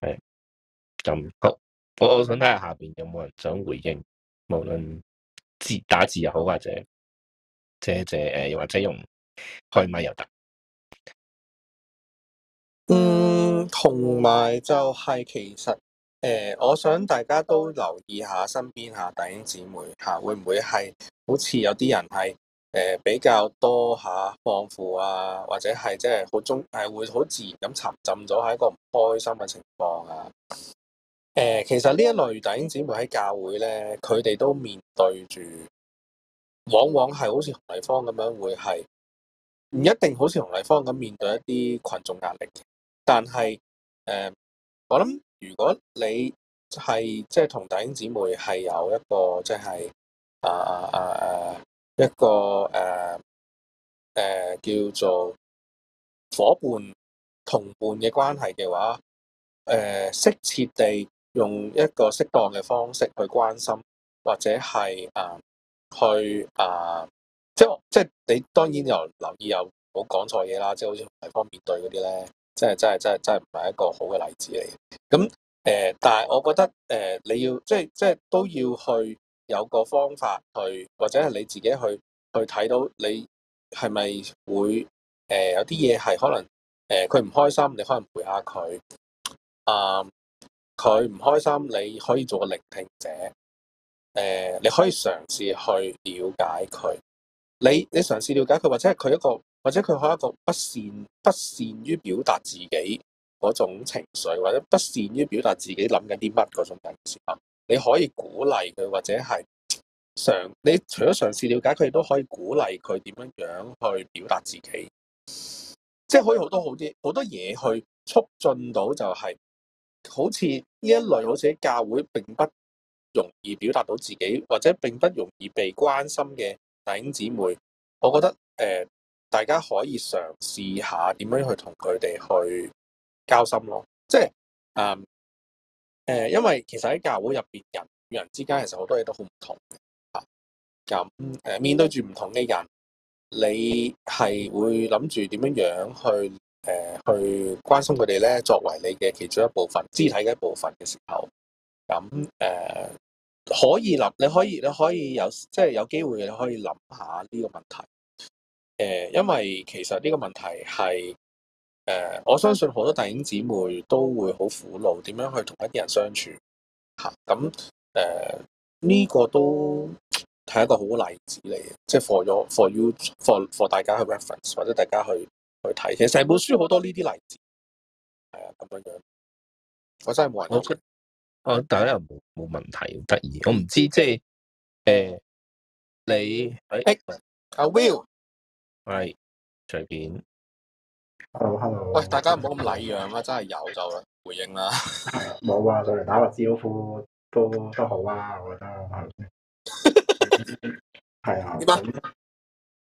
係唔好。我我想睇下下邊有冇人想回應，無論字打字又好或者，即係誒，又或者用開咪又得。嗯，同埋就係其實誒、呃，我想大家都留意下身邊下弟兄姊妹吓、啊，會唔會係好似有啲人係誒、呃、比較多下、啊、放負啊，或者係即係好中係會好自然咁沉浸咗喺一個唔開心嘅情況啊？誒、呃，其實呢一類弟兄姊妹喺教會咧，佢哋都面對住。往往係好似洪麗芳咁樣，會係唔一定好似洪麗芳咁面對一啲群眾壓力但。但係誒，我諗如果你係即係同弟兄姊妹係有一個即係、就是、啊啊啊啊一個誒誒、啊啊、叫做夥伴同伴嘅關係嘅話，誒、呃、適切地用一個適當嘅方式去關心或者係啊。去啊、呃，即係即係你當然有留意有冇講錯嘢啦，即係好似牌方面對嗰啲咧，即係真係真係真係唔係一個好嘅例子嚟。咁、嗯、誒、呃，但係我覺得誒、呃，你要即係即係都要去有個方法去，或者係你自己去去睇到你係咪會誒、呃、有啲嘢係可能誒佢唔開心，你可能陪下佢。啊、呃，佢唔開心，你可以做個聆聽者。誒，你可以嘗試去了解佢。你你嘗試了解佢，或者係佢一個，或者佢係一個不善不善於表達自己嗰種情緒，或者不善於表達自己諗緊啲乜嗰種時候，你可以鼓勵佢，或者係嘗。你除咗嘗試了解佢，亦都可以鼓勵佢點樣樣去表達自己，即係可以好多好啲好多嘢去促進到、就是，就係好似呢一類，好似教會並不。容易表達到自己，或者並不容易被關心嘅弟兄姊妹，我覺得誒、呃，大家可以嘗試下點樣去同佢哋去交心咯。即係誒、呃、因為其實喺教會入邊人與人之間，其實好多嘢都好唔同咁誒、啊，面對住唔同嘅人，你係會諗住點樣樣去誒、呃、去關心佢哋呢？作為你嘅其中一部分、肢體嘅一部分嘅時候，咁、啊、誒。呃可以諗，你可以，你可以有即係有機會，你可以諗下呢個問題。誒、呃，因為其實呢個問題係誒、呃、我相信好多弟兄姊妹都會好苦惱點樣去同一啲人相處吓，咁誒呢個都係一個好例子嚟，嘅，即係 for 咗 for you for for 大家去 reference 或者大家去去睇。其實成本書好多呢啲例子係啊，咁樣樣，我真係冇人。Okay. 大家又冇冇問題，得意。我唔知即係誒、呃，你誒，阿 Will 喂隨便。Hello、Hello。喂、哎，大家唔好咁禮讓啊！真係有就回應啦。冇啊，就嚟、啊、打個招呼都都，都好啊，我覺得。係啊，咁啊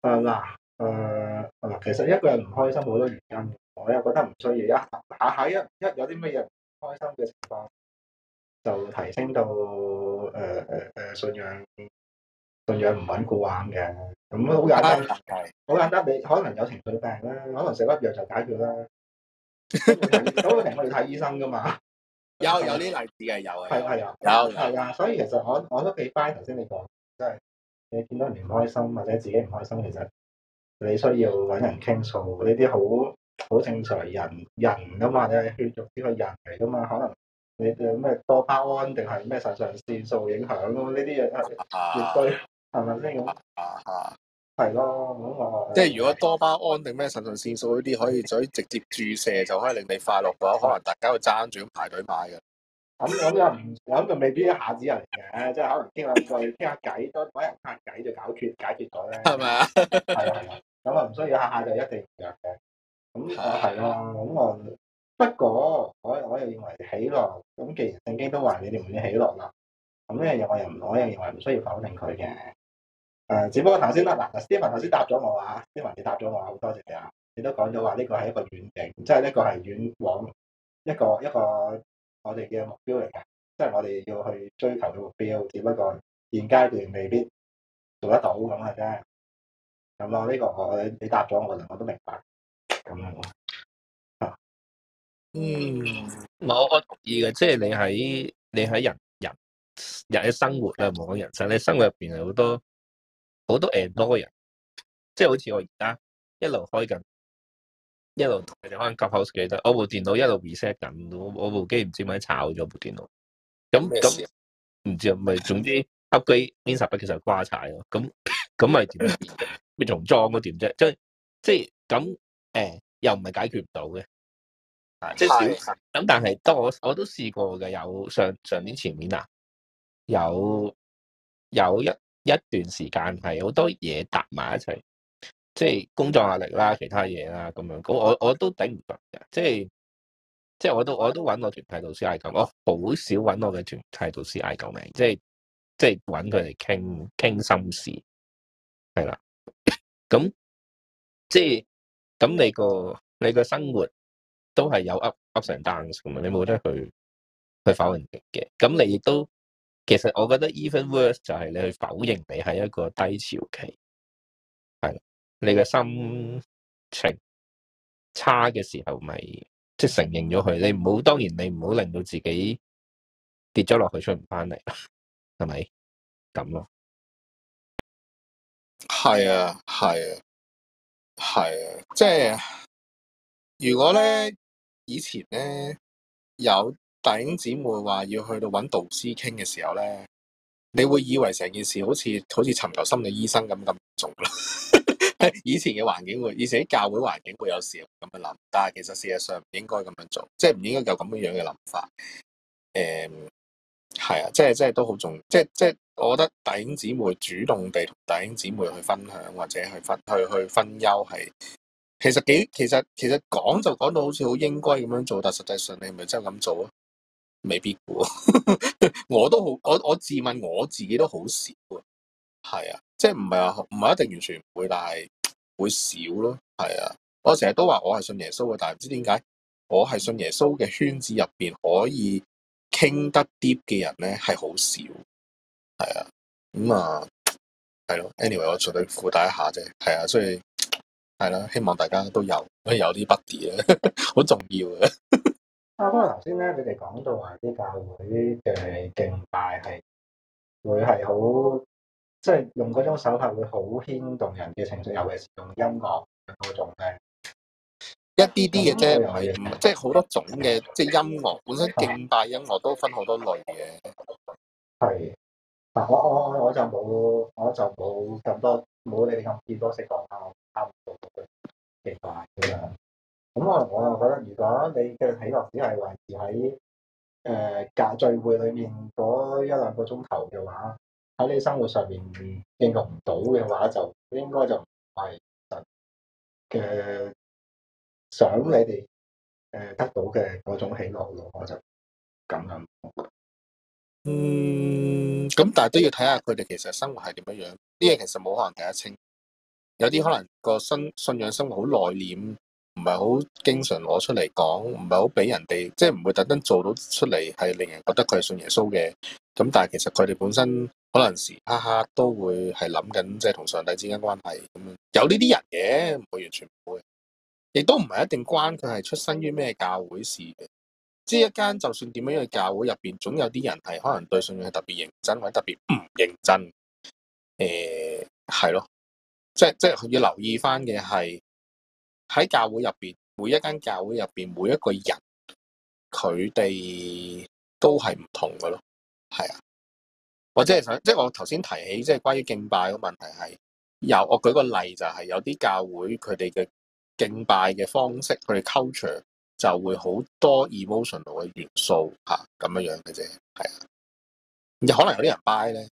嗱，誒、呃、誒、呃呃，其實一個人唔開心好多原因，我又覺得唔需要一。一下下一一下有啲咩嘢唔開心嘅情況。就提升到誒誒誒，信仰信仰唔穩固硬嘅？咁好簡單，好的簡單。你可能有情緒病啦，可能食粒藥就解決啦。咁啊，其實我哋睇醫生噶嘛。 有 有啲例子嘅，的有係啊，係啊，有係啊。所以其實我我都俾翻頭先你講，即係你見到人唔開心或者自己唔開心，其實你需要搵人傾訴，呢啲好好正常。人人噶嘛，你係血肉呢個人嚟噶嘛，人 é. 人 é 人可能。你哋咩多巴胺定係咩腎上腺素影響咯？呢啲嘢係絕對係咪先咁？啊啊，係咯， 咁我即係如果多巴胺定咩腎上腺素呢啲可以嘴直接注射，就可以令你快樂嘅話，的可能大家會爭住咁排隊買嘅。咁咁又咁就未必一下子人嘅， 即係可能傾下句、傾下偈，多揾人傾下偈就搞決解決解決咗咧。係咪啊？係係。 都話你哋唔要喜樂啦，咁呢樣我又唔，我又認為唔需要否定佢嘅。誒、呃，只不過頭先啦，嗱，Steven 頭先答咗我話，Steven 你答咗我話，好多謝你啊，你都講咗話呢個係一個遠景，即係呢個係遠往，一個一個我哋嘅目標嚟嘅，即係我哋要去追求嘅目標。只不過現階段未必做得到咁嘅啫。咁我呢個我你答咗我啦，我都明白。咁樣咯，嗯。冇，我同意嘅，即係你喺你喺人人人喺生活啊，冇講人生你生活入邊係好多好多誒多人，即係好似我而家一路開緊，一路同你哋可能夾口記得，我部電腦一路 reset 緊，我部機唔知咪炒咗部電腦，咁咁唔知係咪，總之 up 機 insert 筆其實瓜柴咯，咁咁咪點？咪重裝個點啫，即係即係咁誒，又唔係解決唔到嘅。即係咁，小但係多，我都試過嘅。有上上年前面啊，有有一一段時間係好多嘢搭埋一齊，即係工作壓力啦，其他嘢啦咁樣。我我我都頂唔住嘅，即係即係我都我都揾我團體導師嗌救命，我好少揾我嘅團體導師嗌救命，即係即係揾佢哋傾傾心事係啦。咁即係咁你個你個生活。都係有 up up 成 down 咁嘛，你冇得去去否認嘅。咁你亦都其實我覺得 even worse 就係你去否認你係一個低潮期，係你嘅心情差嘅時候咪即係承認咗佢。你唔好當然你唔好令到自己跌咗落去出唔翻嚟，係咪咁咯？係啊，係啊，係啊，啊，即係如果咧。以前咧有弟兄姊妹話要去到揾導師傾嘅時候咧，你會以為成件事好似好似尋求心理醫生咁咁嚴重啦。以前嘅環境會，以前啲教會環境會有時咁樣諗，但係其實事實上唔應該咁樣做，即係唔應該有咁樣樣嘅諗法。誒、um，係、就、啊、是，即係即係都好重要，即係即係我覺得弟兄姊妹主動地同弟兄姊妹去分享或者去分去去分憂係。其實幾，其實其實講就講到好似好應該咁樣做，但實際上你係咪真係咁做啊？未必噶， 我都好，我我自問我自己都好少，係啊，即係唔係話，唔係一定完全唔會，但係會少咯，係啊。我成日都話我係信耶穌嘅，但係唔知點解我係信耶穌嘅圈子入邊可以傾得 deep 嘅人咧，係好少，係啊。咁、嗯、啊，係咯、啊。Anyway，我純粹附帶一下啫，係啊，所以。係啦，希望大家都有，所有啲 buddy 啊，好 重要嘅。 啊，不過頭先咧，你哋講到話啲教會嘅敬拜係會係好，即係用嗰種手法會好牽動人嘅情緒，尤其是用音樂嗰種咧。一啲啲嘅啫，唔係唔係，即係好多種嘅，即係音樂本身敬拜音樂都分好多類嘅。係。嗱，我我我就冇，我就冇咁多。冇你哋咁見多識廣啦，差唔多嘅，奇怪㗎啦。咁我我又覺得，如果你嘅喜樂只係維持喺誒夾聚會裏面嗰一兩個鐘頭嘅話，喺你生活上面應用唔到嘅話，就應該就唔係神嘅想你哋誒得到嘅嗰種喜樂咯，我就咁諗。嗯。咁但係都要睇下佢哋其實生活係點樣樣，呢嘢其實冇可能睇得清。有啲可能個信信仰生活好內斂，唔係好經常攞出嚟講，唔係好俾人哋即係唔會特登做到出嚟，係令人覺得佢係信耶穌嘅。咁但係其實佢哋本身可能時刻刻都會係諗緊即係同上帝之間關係咁樣，有呢啲人嘅，唔會完全唔會。亦都唔係一定關佢係出身於咩教會事嘅。即一間就算點樣嘅教會入邊，總有啲人係可能對信仰係特別認真，或者特別唔認真。誒、呃，係咯，即係即係要留意翻嘅係喺教會入邊，每一間教會入邊，每一個人佢哋都係唔同嘅咯。係啊，或者係想，即係我頭先提起，即係關於敬拜嘅問題係有。我舉個例就係、是、有啲教會佢哋嘅敬拜嘅方式，佢哋 culture 就會好多 emotional 嘅元素嚇咁樣樣嘅啫，係啊，亦可能有啲人 buy 咧，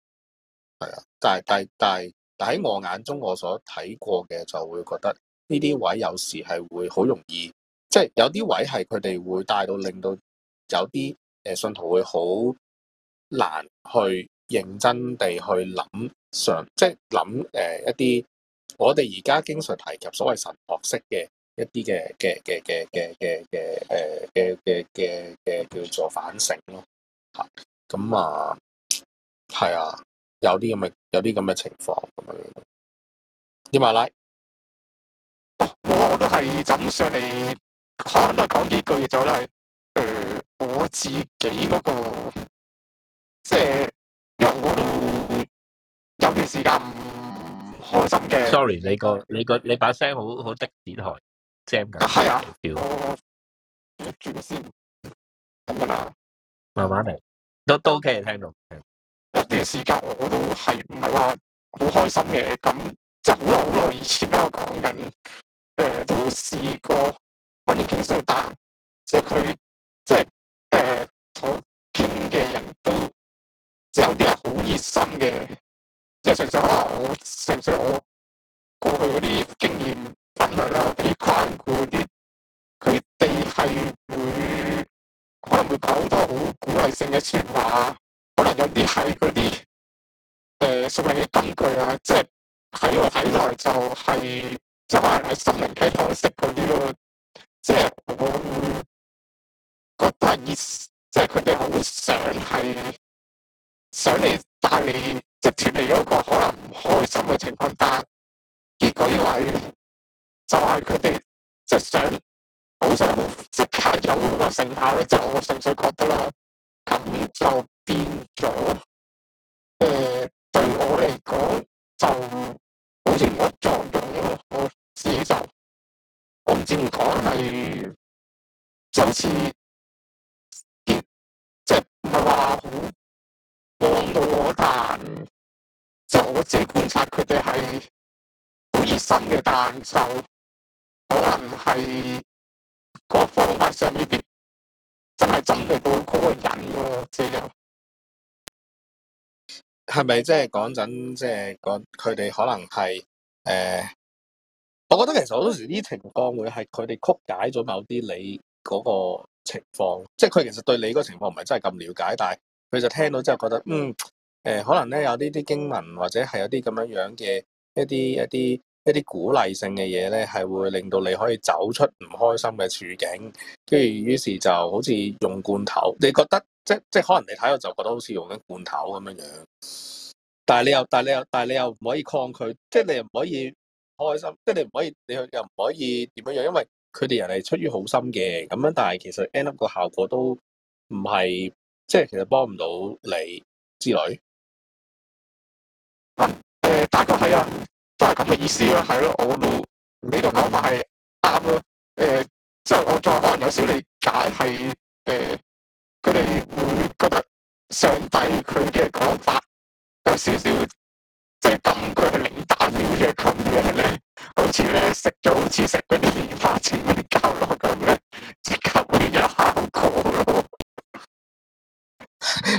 係啊，但係但係但係，喺我眼中我所睇過嘅就會覺得呢啲位有時係會好容易，即係有啲位係佢哋會帶到令到有啲誒信徒會好難去認真地去諗上，即係諗誒一啲我哋而家經常提及所謂神學式嘅。一啲嘅嘅嘅嘅嘅嘅嘅誒嘅嘅嘅嘅叫做反省咯，吓，咁啊，係啊，有啲咁嘅，有啲咁嘅情況咁樣，啲馬拉，我我都係想上嚟可能講幾句，就係誒我自己嗰個即係有有段時間唔開心嘅。 Sorry，你個你個，你，個你把聲好好的士台。即係啊，調轉跳先，慢慢嚟，都都 OK，聽到。啲時間我都係唔係話好開心嘅，咁就好耐好耐以前咧，我講緊誒都試過揾啲傾訴達，即係佢即係誒同傾嘅人都即係有啲係好熱心嘅，即係純粹話我純粹我過去嗰啲經驗，分享啦，啲佢哋係會可能會講多好鼓勵性嘅説話，可能有啲係嗰啲誒所謂嘅金句啊，即係喺我睇來就係、是、就係係成人嘅方式嗰啲咯，即係我覺得而即係佢哋好想係想嚟帶你直接嚟一個可能唔開心嘅情況，但結果以為。就係佢哋即想好想即刻有個成效嘅。就我純粹覺得啦。咁，就變咗誒、呃，對我嚟講就好似冇作用咯。我自己就唔知唔講係，就似即係唔係話好幫到我，但就我自己觀察佢哋係好熱心嘅，但就～可能係、那個方法上呢邊真係針對到嗰個人喎、啊，即係。係咪即係講真、就是，即係個佢哋可能係誒、呃？我覺得其實好多時啲情況會係佢哋曲解咗某啲你嗰個情況，即係佢其實對你嗰個情況唔係真係咁了解，但係佢就聽到之後覺得嗯誒、呃，可能咧有呢啲經文或者係有啲咁樣樣嘅一啲一啲。一啲鼓勵性嘅嘢咧，係會令到你可以走出唔開心嘅處境，跟住於是就好似用罐頭。你覺得即即可能你睇到就覺得好似用緊罐頭咁樣樣，但係你又但係你又但係你又唔可以抗拒，即係你又唔可以開心，即係你唔可以你又唔可以點樣樣，因為佢哋人係出於好心嘅咁樣，但係其實 end up 個效果都唔係即係其實幫唔到你之類。誒，大哥，係啊。呃都係咁嘅意思咯，係咯，我唔呢度嘅諗法係啱咯。誒，即係我再可能有少理解係誒，佢哋會覺得上帝佢嘅講法有少少，即係咁佢係領教完嘅經驗咧，好似咧食咗好似食嗰啲煙花錢膠咁樣，即刻會有效果咯。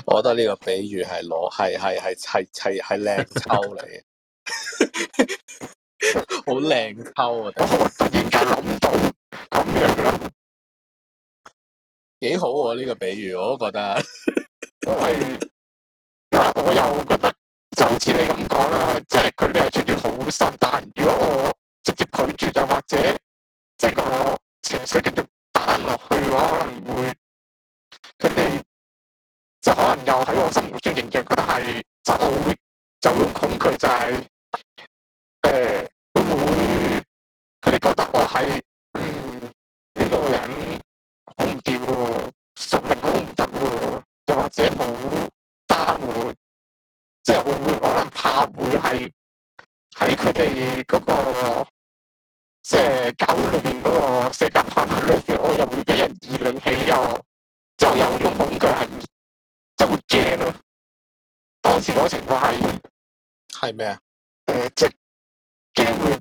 我覺得呢個比喻係攞係係係係係靚抽嚟。 好靚抽啊！突然間諗到咁樣，幾 好啊！呢、這個比喻我都覺得，因為我又覺得就好似你咁講啦，即係佢哋係處住好心。但如果我直接拒絕，又或者即係、就是、我情緒繼續彈落去嘅話，我可能會佢哋即係可能又喺我心目中形象覺得係就會就會恐懼就係、是。就是誒、欸，會佢哋覺得我係呢、嗯這個人好唔掂喎，實力好唔得又或者好單喎，即係會唔會可怕會係喺佢哋嗰個即係搞裏邊嗰個社交範圍裏邊，我又會俾人議論起，又就有種恐懼係，就會驚咯。當時嗰個情況係係咩啊？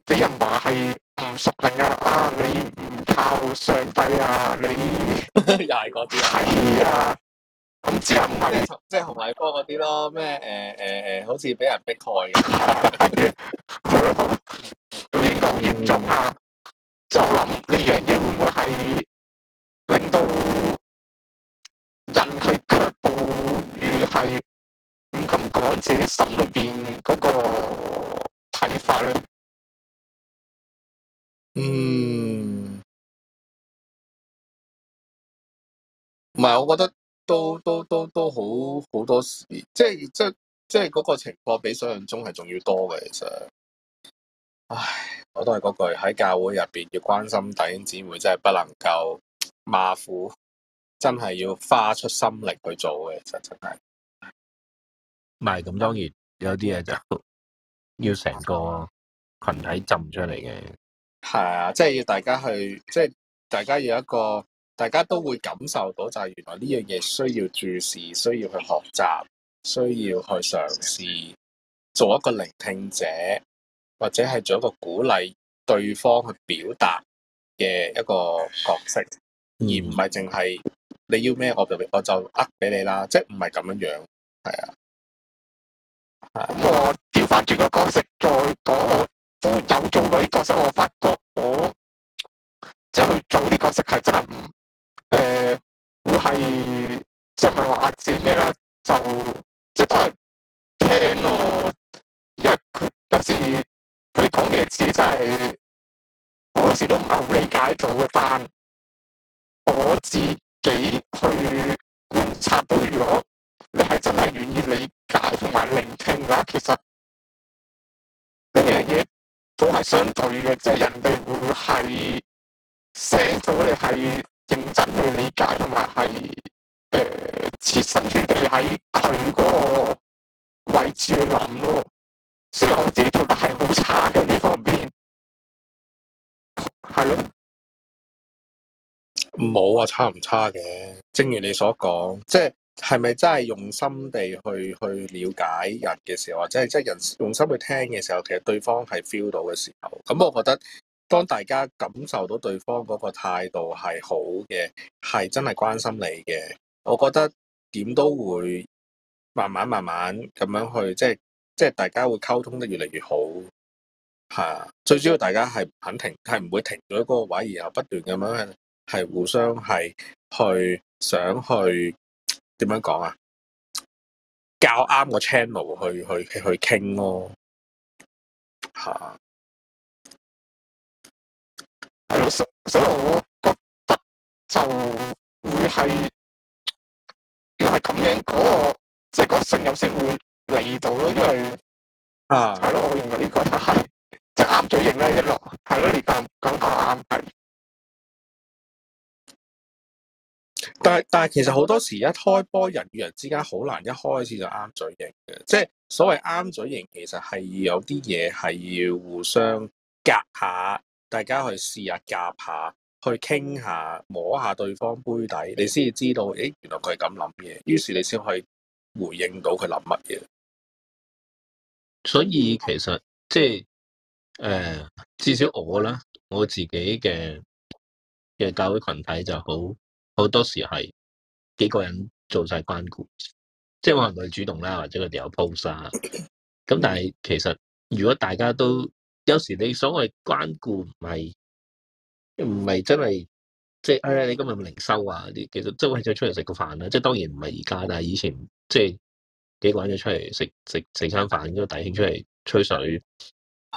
啲人話係唔熟信啊！你唔靠上帝啊！你 又係嗰啲係啊！嗯、就即係即係洪偉光嗰啲咯，咩誒誒誒，好似俾人逼害嘅，咁嚴重啊！就諗呢樣嘢會唔會係令到人去卻步？而係咁改自己心裡邊嗰個睇法咧？嗯，唔係，我覺得都都都都好好多事，即係即係即係嗰個情況比想象中係仲要多嘅。其實，唉，我都係嗰句，喺教會入邊要關心弟兄姊妹，真係不能夠馬虎，真係要花出心力去做嘅。其實真係，唔係咁，當然有啲嘢就要成個群體浸出嚟嘅。係啊，即係要大家去，即係大家有一個，大家都會感受到就係原來呢樣嘢需要注視，需要去學習，需要去嘗試做一個聆聽者，或者係做一個鼓勵對方去表達嘅一個角色，嗯、而唔係淨係你要咩，我就我就呃俾你啦，即係唔係咁樣樣，係啊。咁我調翻轉個角色，再講 做呢角色，我發覺我即去做呢角色係真係誒、呃，會係即係唔係話壓制咩啦？就即係聽咯，因為佢有時佢講嘅字真係我好似都唔係好理解到嘅，但我自己去觀察到如果你係真係願意理解同埋聆聽嘅話，其實，都係相對嘅，即係人哋會係寫到你係認真去理解，同埋係誒、設身處地喺佢個位置去諗咯。雖然我自己做得係好差嘅呢方面，係咯，冇啊，差唔差嘅，正如你所講，即係。係咪真係用心地去去了解人嘅時候，或者係即係人用心去聽嘅時候，其實對方係 feel 到嘅時候，咁我覺得當大家感受到對方嗰個態度係好嘅，係真係關心你嘅，我覺得點都會慢慢慢慢咁樣去，即係即係大家會溝通得越嚟越好。係呀，最主要大家係肯停，係唔會停咗個位，然後不斷咁樣係互相係去想去。點樣講啊？較啱個 channel 去去去傾咯，嚇！所以所以，我覺得就會係要係咁樣講，即係嗰性有時會嚟到咯，因為啊，係咯，我用過呢個係即係啱咗型咧，一落係咯，你咁咁講啱。但係，但係，其實好多時一開波，人與人之間好難一開始就啱嘴型嘅。即係所謂啱嘴型，其實係有啲嘢係要互相夾下，大家去試下夾下，去傾下，摸下對方杯底，你先至知道，誒、欸，原來佢係咁諗嘅。於是你先可以回應到佢諗乜嘢。所以其實即係誒、呃，至少我啦，我自己嘅嘅教會群體就好。好多時係幾個人做晒關顧，即係可能佢主動啦，或者佢哋有 post 啊。咁但係其實如果大家都有時你所謂關顧唔係唔係真係即係哎呀，你今日冇零收啊啲？其實即係為咗出嚟食個飯啦。即係當然唔係而家，但係以前即係幾個人就出嚟食食食餐飯，咁大興出嚟吹水，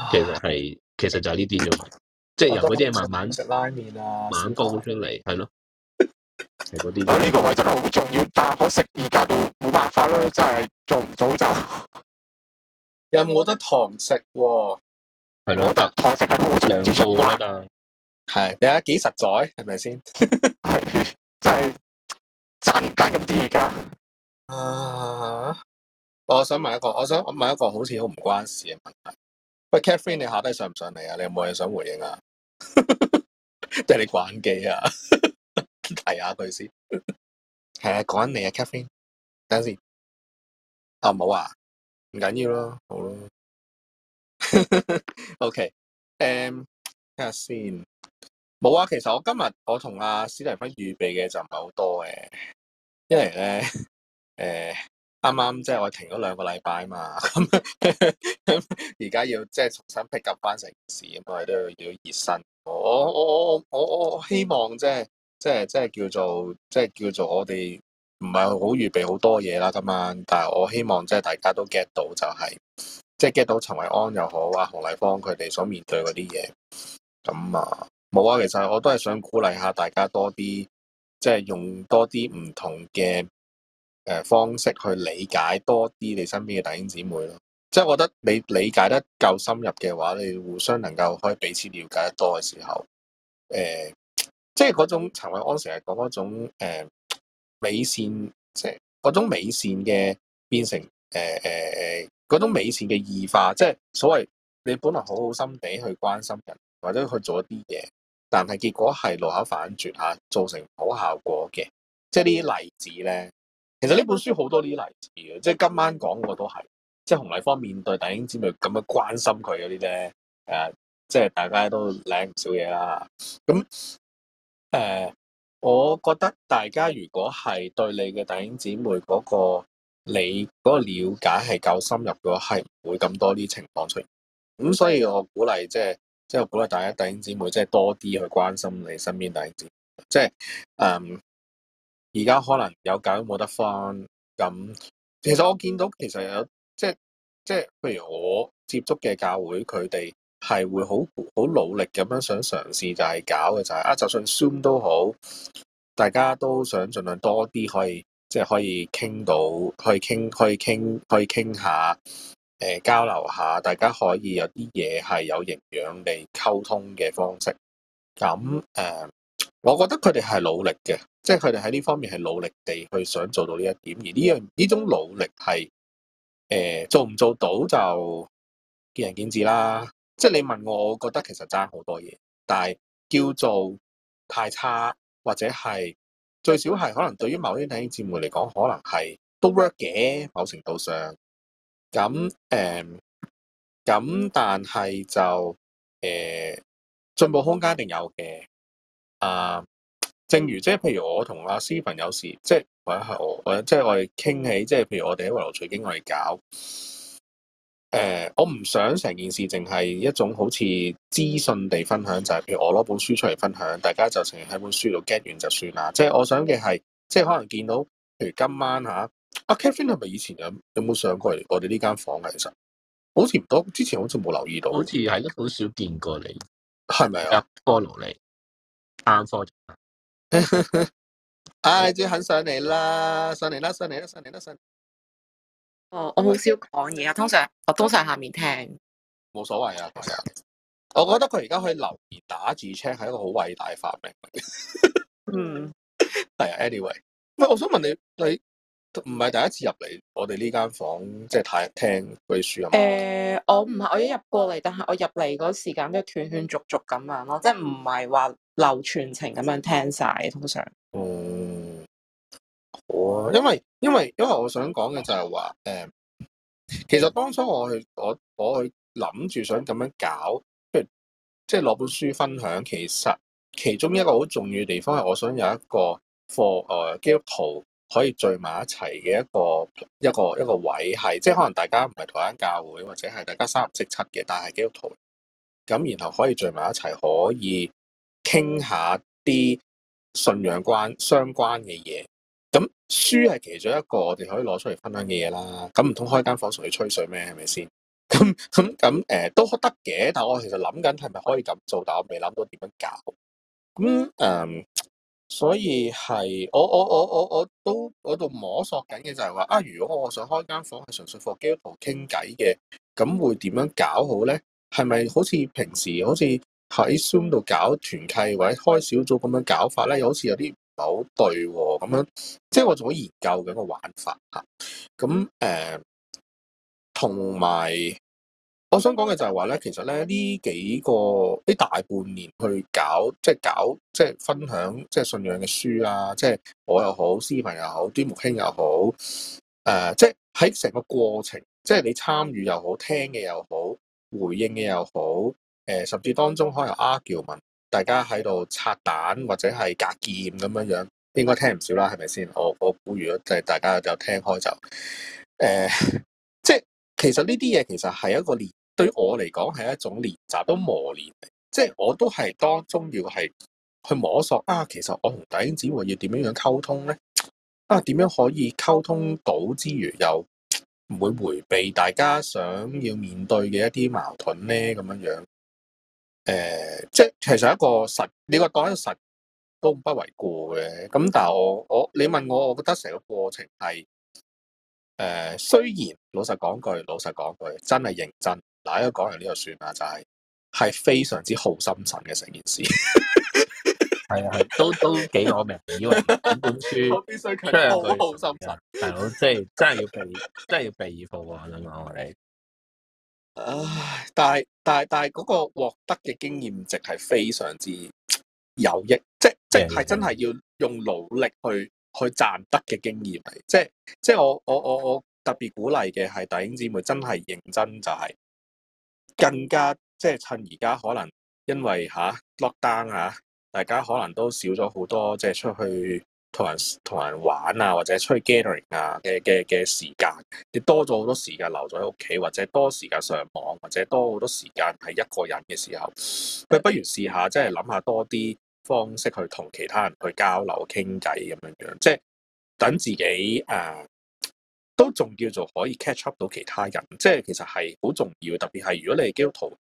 其實係其實就係呢啲啫嘛。即係由嗰啲嘢慢慢食拉慢慢高出嚟，係咯。係啲，呢個位真係好重要，但係可惜而家都冇辦法咯，真係做唔到就有冇得堂食喎，啊，係咯嗎，但係堂食都好搶鋪啦，係睇下幾實在係咪先，真係真係咁啲而家啊！我想問一個，我想問一個好似好唔關事嘅問題，喂，Catherine 你下低上唔上嚟啊？你有冇嘢想回應啊？即 係你關機啊？ 提下佢先，係 啊，講緊你啊 Catherine，等下先，啊冇啊，唔緊要咯，好咯，OK，誒，聽下先，冇啊，其實我今日我同阿史提芬預備嘅就唔係好多嘅，因為咧，誒，啱啱即係我停咗兩個禮拜啊嘛，咁而家要即係重新 pick up 翻成件事，咁我哋都要要熱身。我我我我我希望即係。即係即係叫做，即係叫做我哋唔係好預備好多嘢啦，今晚。但係我希望即係大家都 get 到，就是，就係即係 get 到陳韋安又好啊，洪麗芳佢哋所面對嗰啲嘢。咁啊，冇啊，其實我都係想鼓勵下大家多啲，即係用多啲唔同嘅誒方式去理解多啲你身邊嘅弟兄姊妹咯。即係我覺得你理解得夠深入嘅話，你互相能夠可以彼此了解得多嘅時候，誒、欸。即係嗰種陳偉安成日講嗰種、呃、美善，即係嗰種美善嘅變成誒誒誒嗰種美善嘅異化。即係所謂你本來好好心地去關心人，或者去做一啲嘢，但係結果係路口反轉嚇，造成唔好效果嘅。即係呢啲例子咧，其實呢本書好多呢啲例子嘅，即係今晚講過都係，即係洪麗芳面對大英之女咁樣關心佢嗰啲咧，誒、呃，即係大家都領唔少嘢啦。咁、嗯誒，uh, 我覺得大家如果係對你嘅弟兄姊妹嗰、那個你嗰個了解係夠深入嘅話，係唔會咁多啲情況出現。咁所以我鼓勵即係即係鼓勵大家弟兄姊妹即係、就是、多啲去關心你身邊弟兄姊妹。即係誒、而、嗯、家可能有教都冇得返。咁其實我見到其實有即係即係，就是就是、譬如我接觸嘅教會，佢哋。係會好好努力咁樣想嘗試，就係搞嘅就係啊，就算 Zoom 都好，大家都想盡量多啲可以，即係可以傾到，可以傾，可以傾，可以傾下，誒、呃，交流下，大家可以有啲嘢係有營養地溝通嘅方式。咁誒、呃，我覺得佢哋係努力嘅，即係佢哋喺呢方面係努力地去想做到呢一點。而呢樣呢種努力係誒、呃、做唔做到就見仁見智啦。即係你問我，我覺得其實爭好多嘢，但係叫做太差，或者係最少係可能對於某啲弟兄姊妹嚟講，可能係都 work 嘅，某程度上。咁誒，咁但係就誒進步空間一定有嘅。啊，正如即係譬如我同阿思 t 有時，即係或者係我或者即係我哋傾起，即係譬如我哋喺華僑取京我哋搞。誒、呃，我唔想成件事淨係一種好似資訊地分享，就係、是、譬如我攞本書出嚟分享，大家就成日喺本書度 get 完就算啦。即係我想嘅係，即係可能見到，譬如今晚吓，阿 Kevin 係咪以前有有冇上過嚟我哋呢間房嘅？其實好似唔多，之前好似冇留意到，好似係都好少見過你，係咪啊？follow 你，暗 follow。 哎，你肯上嚟啦，上嚟啦，上嚟啦，上嚟啦，上。上哦，我好少講嘢啊，通常我通常下面聽，冇所謂啊，我覺得佢而家可以留言打字 check 係一個好偉大發明嚟嘅， 嗯，係啊 ，anyway，唔我想問你，你唔係第一次入嚟我哋呢間房，即係聽嗰啲書啊？誒、呃，我唔係，我一入過嚟，但係我入嚟嗰時間都斷斷續續咁樣咯，即係唔係話留全程咁樣聽晒，通常哦。嗯因為因為因為我想講嘅就係話，誒、呃，其實當初我去我我去諗住想咁樣搞，即係即係攞本書分享。其實其中一個好重要地方係，我想有一個課誒、呃，基督徒可以聚埋一齊嘅一個一個一個位，係即係可能大家唔係同一間教會，或者係大家三唔識七嘅，但係基督徒咁，然後可以聚埋一齊，可以傾下啲信仰關相關嘅嘢。咁書係其中一個我哋可以攞出嚟分享嘅嘢啦，咁唔通開間房上去吹水咩？係咪先？咁咁咁誒，都得嘅。但係我其實諗緊係咪可以咁做，但我未諗到點樣搞。咁誒、呃，所以係我我我我我，我都喺度摸索緊嘅，就係話啊，如果我想開間房係純粹 for group 傾偈嘅，咁會點樣搞好咧？係咪好似平時好似喺 Zoom 度搞團契或者開小組咁樣搞法咧？又好似有啲。好對，咁、啊、樣即係我仲好研究咁個玩法嚇，咁誒同埋我想講嘅就係話咧，其實咧呢幾個呢大半年去搞，即係搞即係分享，即係信仰嘅書啊，即係我又好，師父又好，端木興又好，誒、呃，即係喺成個過程，即係你參與又好，聽嘅又好，回應嘅又好，誒、呃，甚至當中可能有 argue 問。大家喺度拆彈或者係隔劍咁樣樣，應該聽唔少啦，係咪先？我我估如果即係大家有聽開就，誒、呃，即係其實呢啲嘢其實係一個練，對於我嚟講係一種練習，都磨練嚟。即係我都係當中要係去摸索啊，其實我同弟兄姊妹要點樣樣溝通咧？啊，點樣可以溝通到之餘又唔會迴避大家想要面對嘅一啲矛盾咧？咁樣樣。誒，即係、uh，嗯、其實一個實，你話講實都不為過嘅。咁但係我我你問我，我覺得成個過程係誒、呃，雖然老實講句，老實講句，真係認真。嗱，一講完呢度算啦，就係、是、係非常之好心神嘅成件事。係啊， 係都都幾攞命，因為呢本書出嚟好心神，係咯，即係真係要備，真係要備課啊！真係我哋。唉，但係但係但係嗰個獲得嘅經驗值係非常之有益，即係即係真係要用努力去去賺得嘅經驗嚟，即係即係我我我我特別鼓勵嘅係弟兄姊妹真係認真就係、是、更加即係趁而家可能因為吓落單啊，lockdown，大家可能都少咗好多即係出去。同人同人玩啊，或者出去 gathering 啊嘅嘅嘅時間，你多咗好多時間留咗喺屋企，或者多，多時間上網，或者多好多時間係一個人嘅時候，咁不如試下即係諗下多啲方式去同其他人去交流傾偈咁樣樣，即係等自己誒、呃、都仲叫做可以 catch up 到其他人，即係其實係好重要，特別係如果你係基督徒，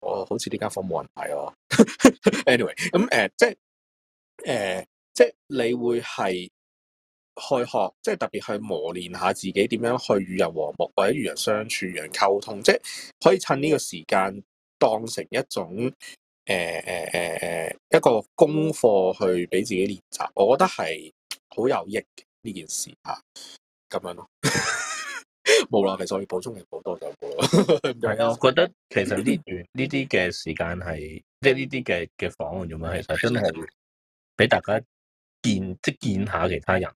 哦，好似呢間房冇人睇 anyway 咁誒，即係誒。呃即係你會係開學，即係特別去磨練下自己點樣去與人和睦，或者與人相處、與人溝通。即係可以趁呢個時間當成一種誒誒誒誒一個功課去俾自己練習。我覺得係好有益嘅呢件事吓，咁樣咯。冇啦，其實我要補充嘅好多就冇啦。係 啊，我覺得其實呢段呢啲嘅時間係即係呢啲嘅嘅訪問咁樣，其實真係俾大家。見即見下其他人，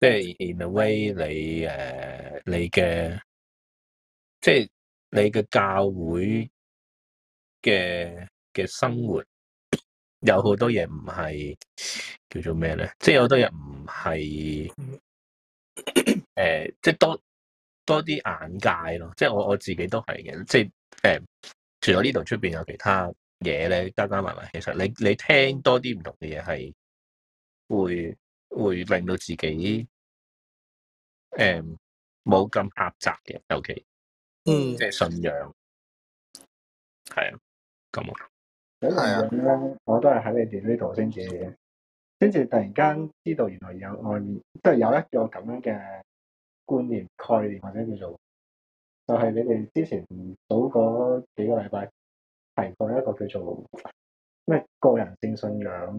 即係 in a way 你、誒、呃，你嘅即係你嘅教會嘅嘅生活，有好多嘢唔係叫做咩咧？即係有好多嘢唔係誒，即係多多啲眼界咯。即係我我自己都係嘅，即係誒、呃，除咗呢度，出邊有其他嘢咧，加加埋埋。其實你你聽多啲唔同嘅嘢係。會會令到自己誒冇咁狹窄嘅，尤、OK? 其嗯，即係信仰係啊咁啊，係啊、嗯！嗯、我都係喺你哋呢度先嘅，跟住突然間知道原來有外面，都係有一個咁樣嘅觀念概念，或者叫做就係、是、你哋之前早嗰幾個禮拜提過一個叫做咩個人性信仰。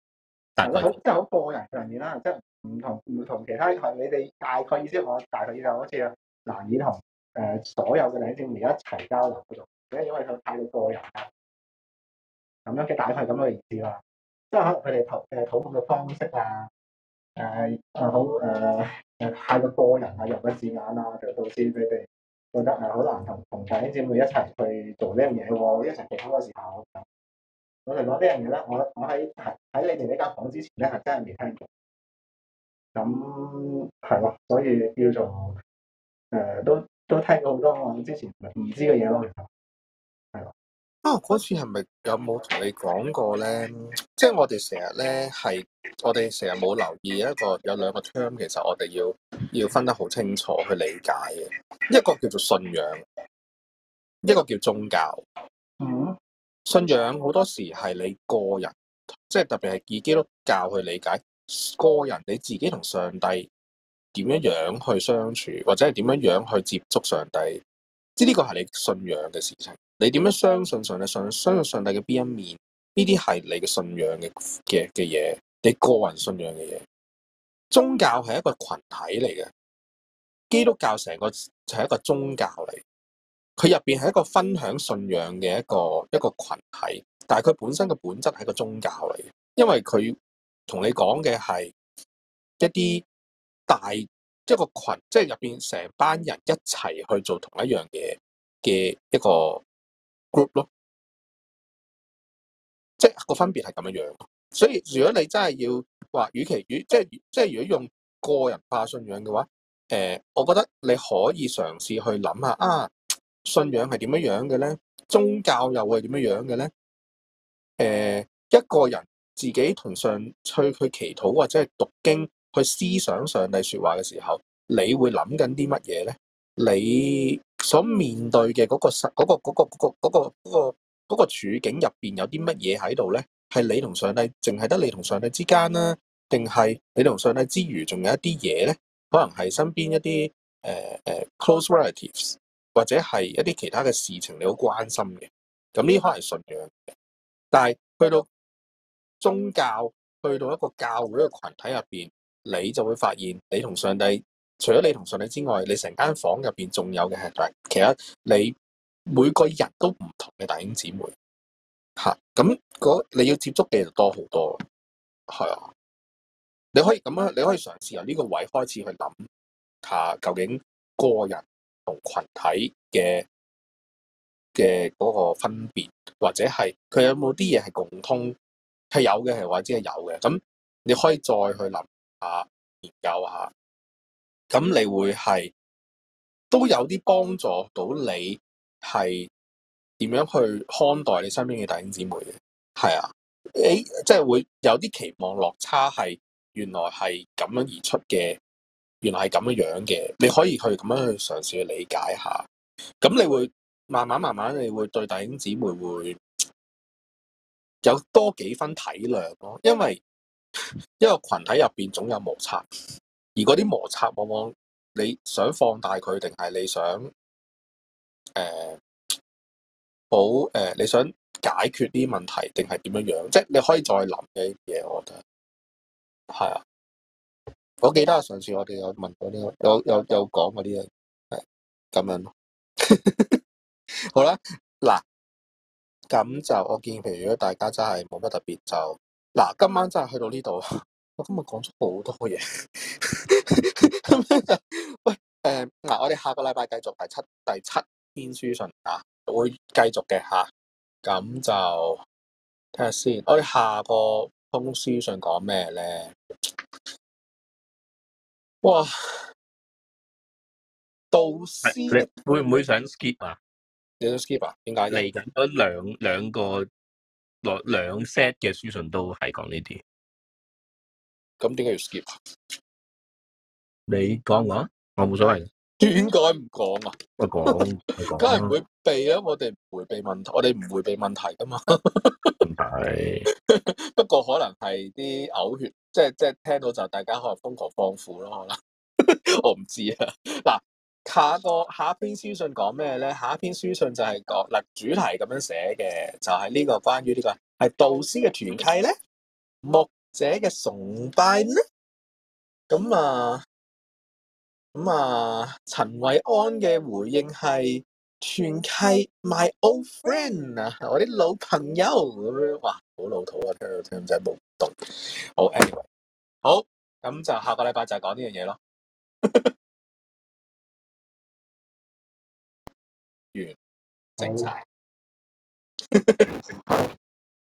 係即係好個人上面啦，即係唔同唔同其他台，你哋大概意思，我大概意思好似難以同誒、呃、所有嘅弟兄姊妹一齊交流嗰種，因為佢太過個人啦，咁樣嘅大概係咁嘅意思啦。即係可能佢哋討誒討論嘅方式啊，誒誒好誒誒太過個人啊，入咗字眼啊，就導致佢哋覺得誒好難同弟兄姊妹一齊去做呢樣嘢喎，一齊藉口嘅時候。我哋講呢樣嘢咧，我我喺喺你哋呢間房之前咧，係真係未聽過。咁係咯，所以叫做誒、呃，都都聽過好多我之前唔知嘅嘢咯。係咯。啊、哦，嗰次係咪有冇同你講過咧？即、就、係、是、我哋成日咧係，我哋成日冇留意一個有兩個 term，其實我哋要要分得好清楚去理解嘅。一個叫做信仰，一個叫宗教。嗯。信仰好多時係你個人，即係特別係以基督教去理解個人你自己同上帝點樣樣去相處，或者係點樣樣去接觸上帝。即係呢個係你信仰嘅事情。你點樣相信上帝？信相信上帝嘅邊一面？呢啲係你嘅信仰嘅嘅嘅嘢，你個人信仰嘅嘢。宗教係一個群體嚟嘅，基督教成個就係一個宗教嚟。佢入邊係一個分享信仰嘅一個一個群體，但係佢本身嘅本質係個宗教嚟嘅，因為佢同你講嘅係一啲大一個群，即係入邊成班人一齊去做同一樣嘢嘅一個 group 咯，即係個分別係咁樣樣。所以如果你真係要話，與其與即係即係如果用個人化信仰嘅話，誒、呃，我覺得你可以嘗試去諗下啊。信仰係點樣樣嘅咧？宗教又係點樣樣嘅咧？誒，一個人自己同上去去祈禱或者係讀經去思想上帝說話嘅時候，你會諗緊啲乜嘢咧？你所面對嘅嗰、嗰個實、嗰個、嗰個、嗰個、嗰個、嗰個、嗰個嗰個嗰個嗰個嗰個處境入邊有啲乜嘢喺度咧？係你同上帝淨係得你同上帝之間啦、啊，定係你同上帝之餘仲有一啲嘢咧？可能係身邊一啲誒誒 close relatives。或者係一啲其他嘅事情你好關心嘅，咁呢個係信仰。但係去到宗教，去到一個教會一個羣體入邊，你就會發現，你同上帝除咗你同上帝之外，你成間房入邊仲有嘅係其實你每個人都唔同嘅弟兄姊妹。嚇！咁你要接觸嘅就多好多。係啊，你可以咁樣，你可以嘗試由呢個位開始去諗下、啊、究竟個人。同群體嘅嘅嗰個分別，或者係佢有冇啲嘢係共通，係有嘅，係或者係有嘅。咁你可以再去諗下、研究下，咁你會係都有啲幫助到你係點樣去看待你身邊嘅弟兄姊妹嘅。係啊，你即係會有啲期望落差，係原來係咁樣而出嘅。原來係咁樣樣嘅，你可以去咁樣去嘗試去理解下，咁你會慢慢慢慢你會對大英姊妹會有多幾分體諒咯。哦，因為一個群體入邊總有摩擦，而嗰啲摩擦往往你想放大佢，定係你想誒，好、呃、誒、呃，你想解決啲問題，定係點樣樣？即係你可以再諗嘅一啲嘢，我覺得係啊。我記得上次我哋有問過啲，有有有講嗰啲嘢，係咁樣。 好啦，嗱，咁就我見，譬如果大家真係冇乜特別，就嗱，今晚真係去到呢度，我今日講咗好多嘢。喂、 嗯，誒，嗱，我哋下個禮拜繼續第七第七篇書信啊，會繼續嘅吓，咁就睇下先，我哋下個通書信講咩咧？哇，到時，你會唔會想 skip 啊？你想 skip 啊？點解？嚟緊嗰兩兩個兩 set 嘅書信都係講呢啲，咁點解要 skip？啊、你講講，我冇所謂。點解唔講啊？不講，梗係唔會避啊！我哋唔回避問題，我哋唔回避問題噶嘛。係， 不過可能係啲嘔血，即係即係聽到就大家可能瘋狂放苦咯，可能我唔知啊。嗱， 下個下一篇書信講咩咧？下一篇書信就係講嗱，主題咁樣寫嘅，就係、是、呢個關於、這個、呢個係導師嘅團契咧，牧者嘅崇拜咧，咁啊。咁啊，陳韋、嗯、安嘅回應係：，團契，my old friend 啊，我啲老朋友咁樣話，好老土啊，聽嚟聽唔使懵懂。好，anyway，好，咁就下個禮拜就講呢樣嘢咯。 完，剩整晒。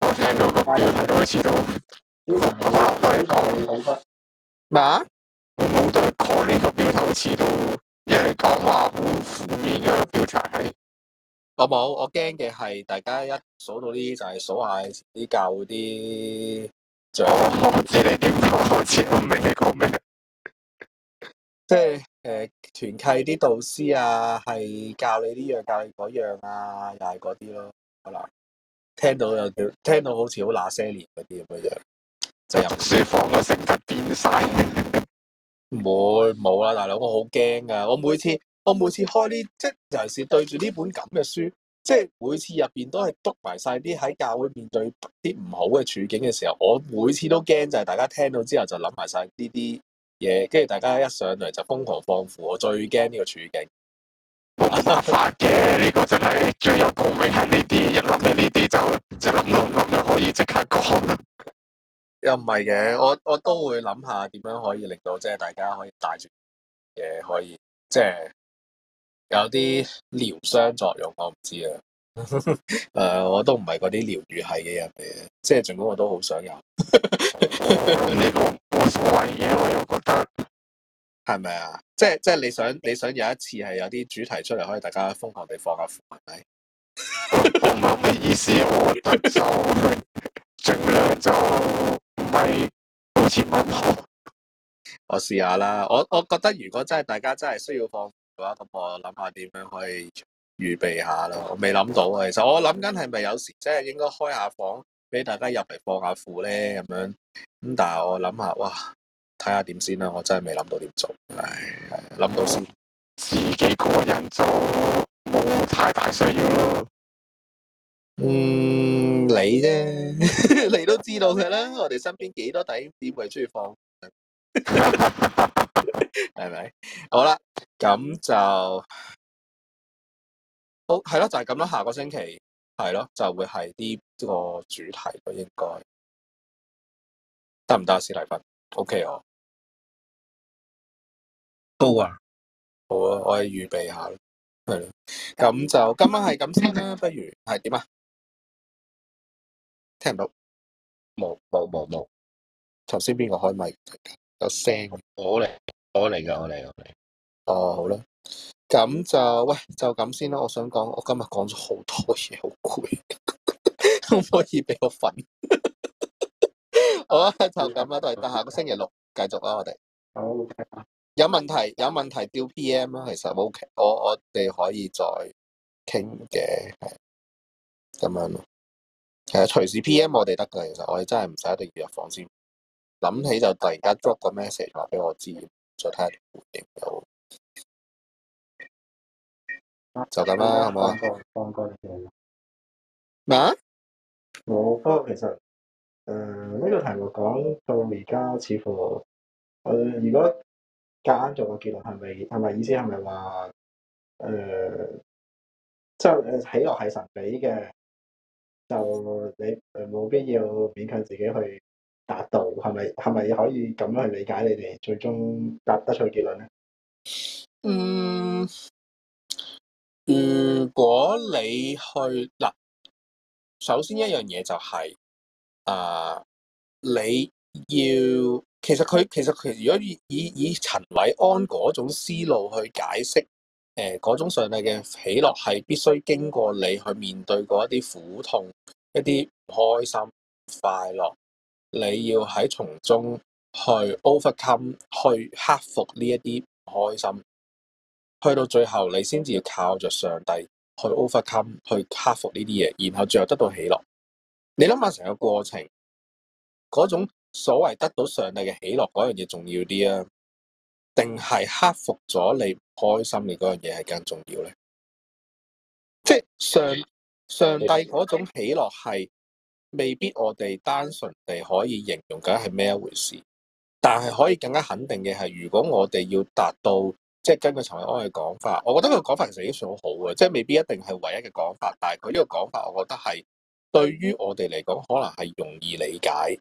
我聽到個花語都笑，你同我講，講唔同我冇對嗰呢個標題詞到一係講話好負面嘅調查，係我冇。我驚嘅係大家一數到呢啲就係、是、數下啲教嗰啲，我唔知你點，我唔知我唔明你講咩。即係誒，團、就是呃、契啲導師啊，係教你呢樣教你嗰樣啊，又係嗰啲咯。好啦，聽到又聽到好似好那些年嗰啲咁嘅樣，就由、是、書房個性格變晒。唔會冇啦，大佬，我好驚㗎。我每次我每次開呢，即尤其是對住呢本咁嘅書，即每次入邊都係篤埋晒啲喺教會面對啲唔好嘅處境嘅時候，我每次都驚就係大家聽到之後就諗埋晒呢啲嘢，跟住大家一上嚟就瘋狂放負，我最驚呢個處境。冇辦法嘅，呢 個真係最有共鳴係呢啲，一諗起呢啲就即諗到諗到可以即刻講。又唔係嘅，我我都會諗下點樣可以令到即係大家可以帶住嘢，可以即係、就是、有啲療傷作用。我唔知啊，誒、 呃，我都唔係嗰啲療愈係嘅人嚟嘅，即係盡管我都好想有呢個 所謂嘢，我又覺得係咪啊？即係即係你想你想有一次係有啲主題出嚟，可以大家瘋狂地放下苦底。我唔冇咩意思，我得就盡量就。五千蚊，我試下啦。我我覺得如果真係大家真係需要放嘅話，咁我諗下點樣可以預備下咯。我未諗到啊，其實我諗緊係咪有時真係應該開下房俾大家入嚟放下褲咧咁樣。咁但係我諗下，哇，睇下點先啦。我真係未諗到點做。唉，諗到先。自己個人做，冇太大需要咯。嗯，你啫， 你都知道佢啦。 我哋身邊幾多弟兄姊妹係中意放，係 咪？ 好啦，咁就好係咯，就係咁咯。下個星期係咯，就會係啲呢個主題咯，應該得唔得，史蒂芬？OK 哦，高、okay, 啊，好啊，我係預備下咯，係咯，咁就今晚係咁先啦。不如係點啊？聽唔到。冇冇冇冇，頭先邊個開咪？有聲？我嚟，我嚟噶我嚟，我嚟。哦，好啦，咁就，喂，就咁先啦。我想講，我今日講咗好多嘢，好攰，可 唔可以俾我瞓？ 好啊，就咁啦，都係得下個星期六繼續啦，我哋。好，有問題，有問題有問題，調 PM 啦。其實 OK，我我哋可以再傾嘅，係咁樣咯。其實隨時 PM 我哋得㗎，其實我哋真係唔使一定要入房先諗起，就突然間 drop 個 message 話俾我知，再睇下回應就看看能能到就咁啦，係嘛、嗯？咩？我科、嗯嗯嗯、其實誒呢、呃這個題目講到而家，似乎誒、呃、如果夾硬做個結論，係咪係咪意思係咪話誒即係喜樂係神俾嘅？就你冇必要勉強自己去達到，係咪係咪可以咁樣去理解，你哋最終得得出結論咧、嗯？嗯，如果你去嗱，首先一樣嘢就係、是、啊、呃，你要其實佢其實佢，如果以以以陳偉安嗰種思路去解釋。誒，嗰、呃、種上帝嘅喜樂係必須經過你去面對嗰一啲苦痛、一啲唔開心、快樂，你要喺從中去 overcome 去克服呢一啲唔開心，去到最後你先至要靠著上帝去 overcome 去克服呢啲嘢，然後最後得到喜樂。你諗下成個過程，嗰種所謂得到上帝嘅喜樂嗰樣嘢重要啲啊，定係克服咗你？開心嘅嗰樣嘢係更重要咧，即係上上帝嗰種喜樂係未必我哋單純地可以形容緊係咩一回事，但係可以更加肯定嘅係，如果我哋要達到，即係根據陳偉安嘅講法，我覺得佢講法其實已經算好好嘅，即係未必一定係唯一嘅講法，但係佢呢個講法，我覺得係對於我哋嚟講，可能係容易理解，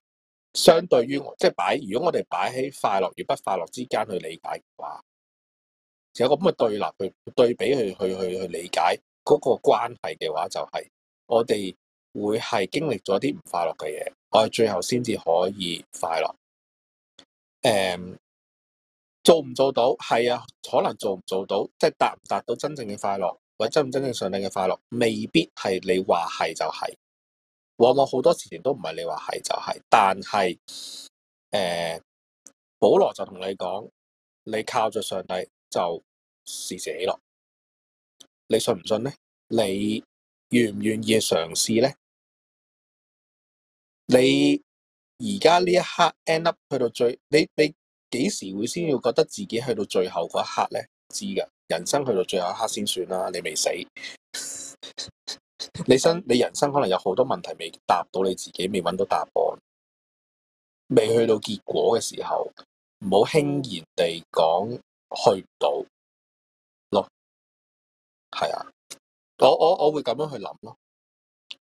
相對於即係擺，如果我哋擺喺快樂與不快樂之間去理解嘅話。有個咁嘅對立去對比去去去去理解嗰個關係嘅話，就係我哋會係經歷咗啲唔快樂嘅嘢，我哋最後先至可以快樂。誒，um，做唔做到？係啊，可能做唔做到，即係達唔達到真正嘅快樂，或者真唔真正上帝嘅快樂，未必係你話係就係。往往好多事情都唔係你話係就係。但係誒，保羅就同你講，你靠著上帝。就試試起落，你信唔信呢？你願唔願意嘗試呢？你而家呢一刻 end up 去到最，你你幾時會先要覺得自己去到最後嗰一刻呢？知㗎，人生去到最後一刻先算啦。你未死，你生你人生可能有好多問題未答到你自己，未揾到答案，未去到結果嘅時候，唔好輕易地講。去到咯，係啊，我我我會咁樣去諗咯。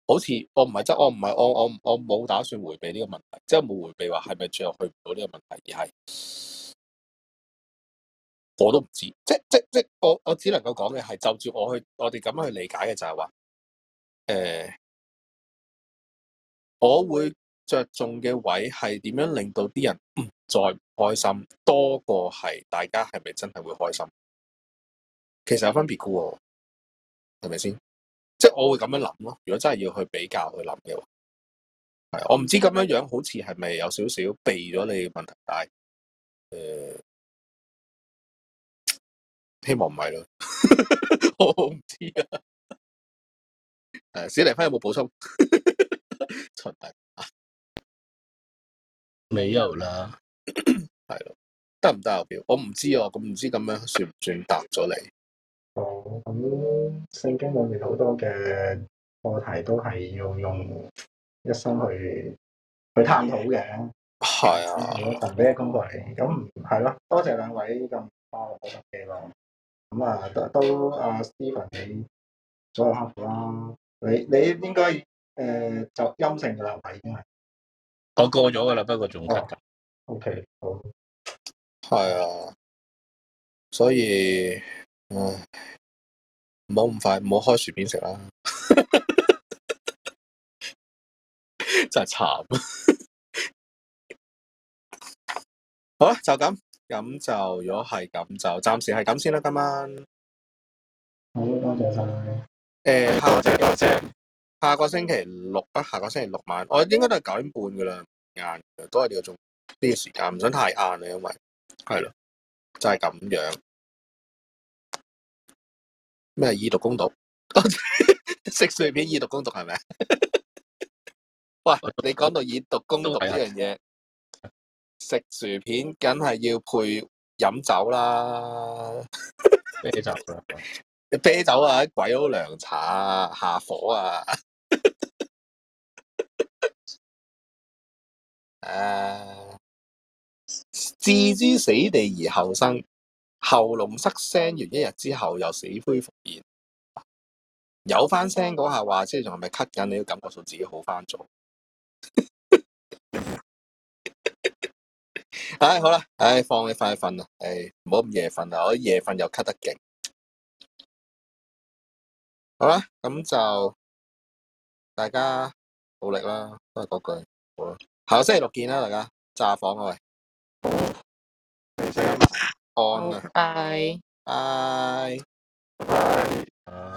好似我唔係，即我唔係，我我我冇打算回避呢個問題，即係冇回避話係咪最後去唔到呢個問題，而係我都唔知。即即即，即我我只能夠講嘅係就住我去我哋咁樣去理解嘅就係話，誒、欸，我會着重嘅位係點樣令到啲人唔再。」開心多過係大家係咪真係會開心？其實有分別嘅喎，係咪先？即係我會咁樣諗咯。如果真係要去比較去諗嘅話，我唔知咁樣樣好似係咪有少少避咗你嘅問題？但係、呃、希望唔係咯， 我唔知啊。誒、啊，史黎芬有冇補充？冇 啦弟。係咯，得唔得表，我唔知，我知，我知算算哦。咁唔知咁樣算唔算答咗你？哦，咁聖經裏面好多嘅課題都係要用一生去去探討嘅。係啊、嗯，唔同啲嘅功課嚟。咁係咯，多謝兩位咁。哦、嗯，好嘅啦。咁啊，都阿 Steven 你做咗客服啦。你你應該誒、呃、就陰性噶啦，係已經係。我過咗噶啦，不過仲 O K，好，係 Okay ,、okay。啊，所以，唉，唔好咁快，唔 是慘 好開薯片食啦，真係慘。好啦，就咁，咁就如果係咁，就暫時係咁先啦。今晚，好多謝晒。誒、呃，下個星期，下個星期六啊，下個星期六晚，我、哦、應該都係九點半噶啦，晏嘅，都係呢個鐘。呢個時間唔想太晏啊，因為係咯，就係咁樣。咩係以毒攻毒？食 薯片以毒攻毒係咪？喂， 你講到以毒攻毒呢樣嘢，食薯片梗係要配飲酒啦。 啤酒啊， 啤酒啊，鬼佬涼茶啊，下火啊！誒，置之、uh, 死地而後生，喉嚨塞聲完一日之後又死灰復燃，啊，有翻聲嗰下話，即係仲係咪咳緊？你都感覺到自己好翻咗。唉， 哎，好啦，唉，哎，放你快瞓啦，誒，哎，唔好咁夜瞓啦，我夜瞓又咳得勁。好啦，咁就大家努力啦，都係嗰句，好啦。下個星期六見啦，大家炸房啦喂，四三拜拜拜。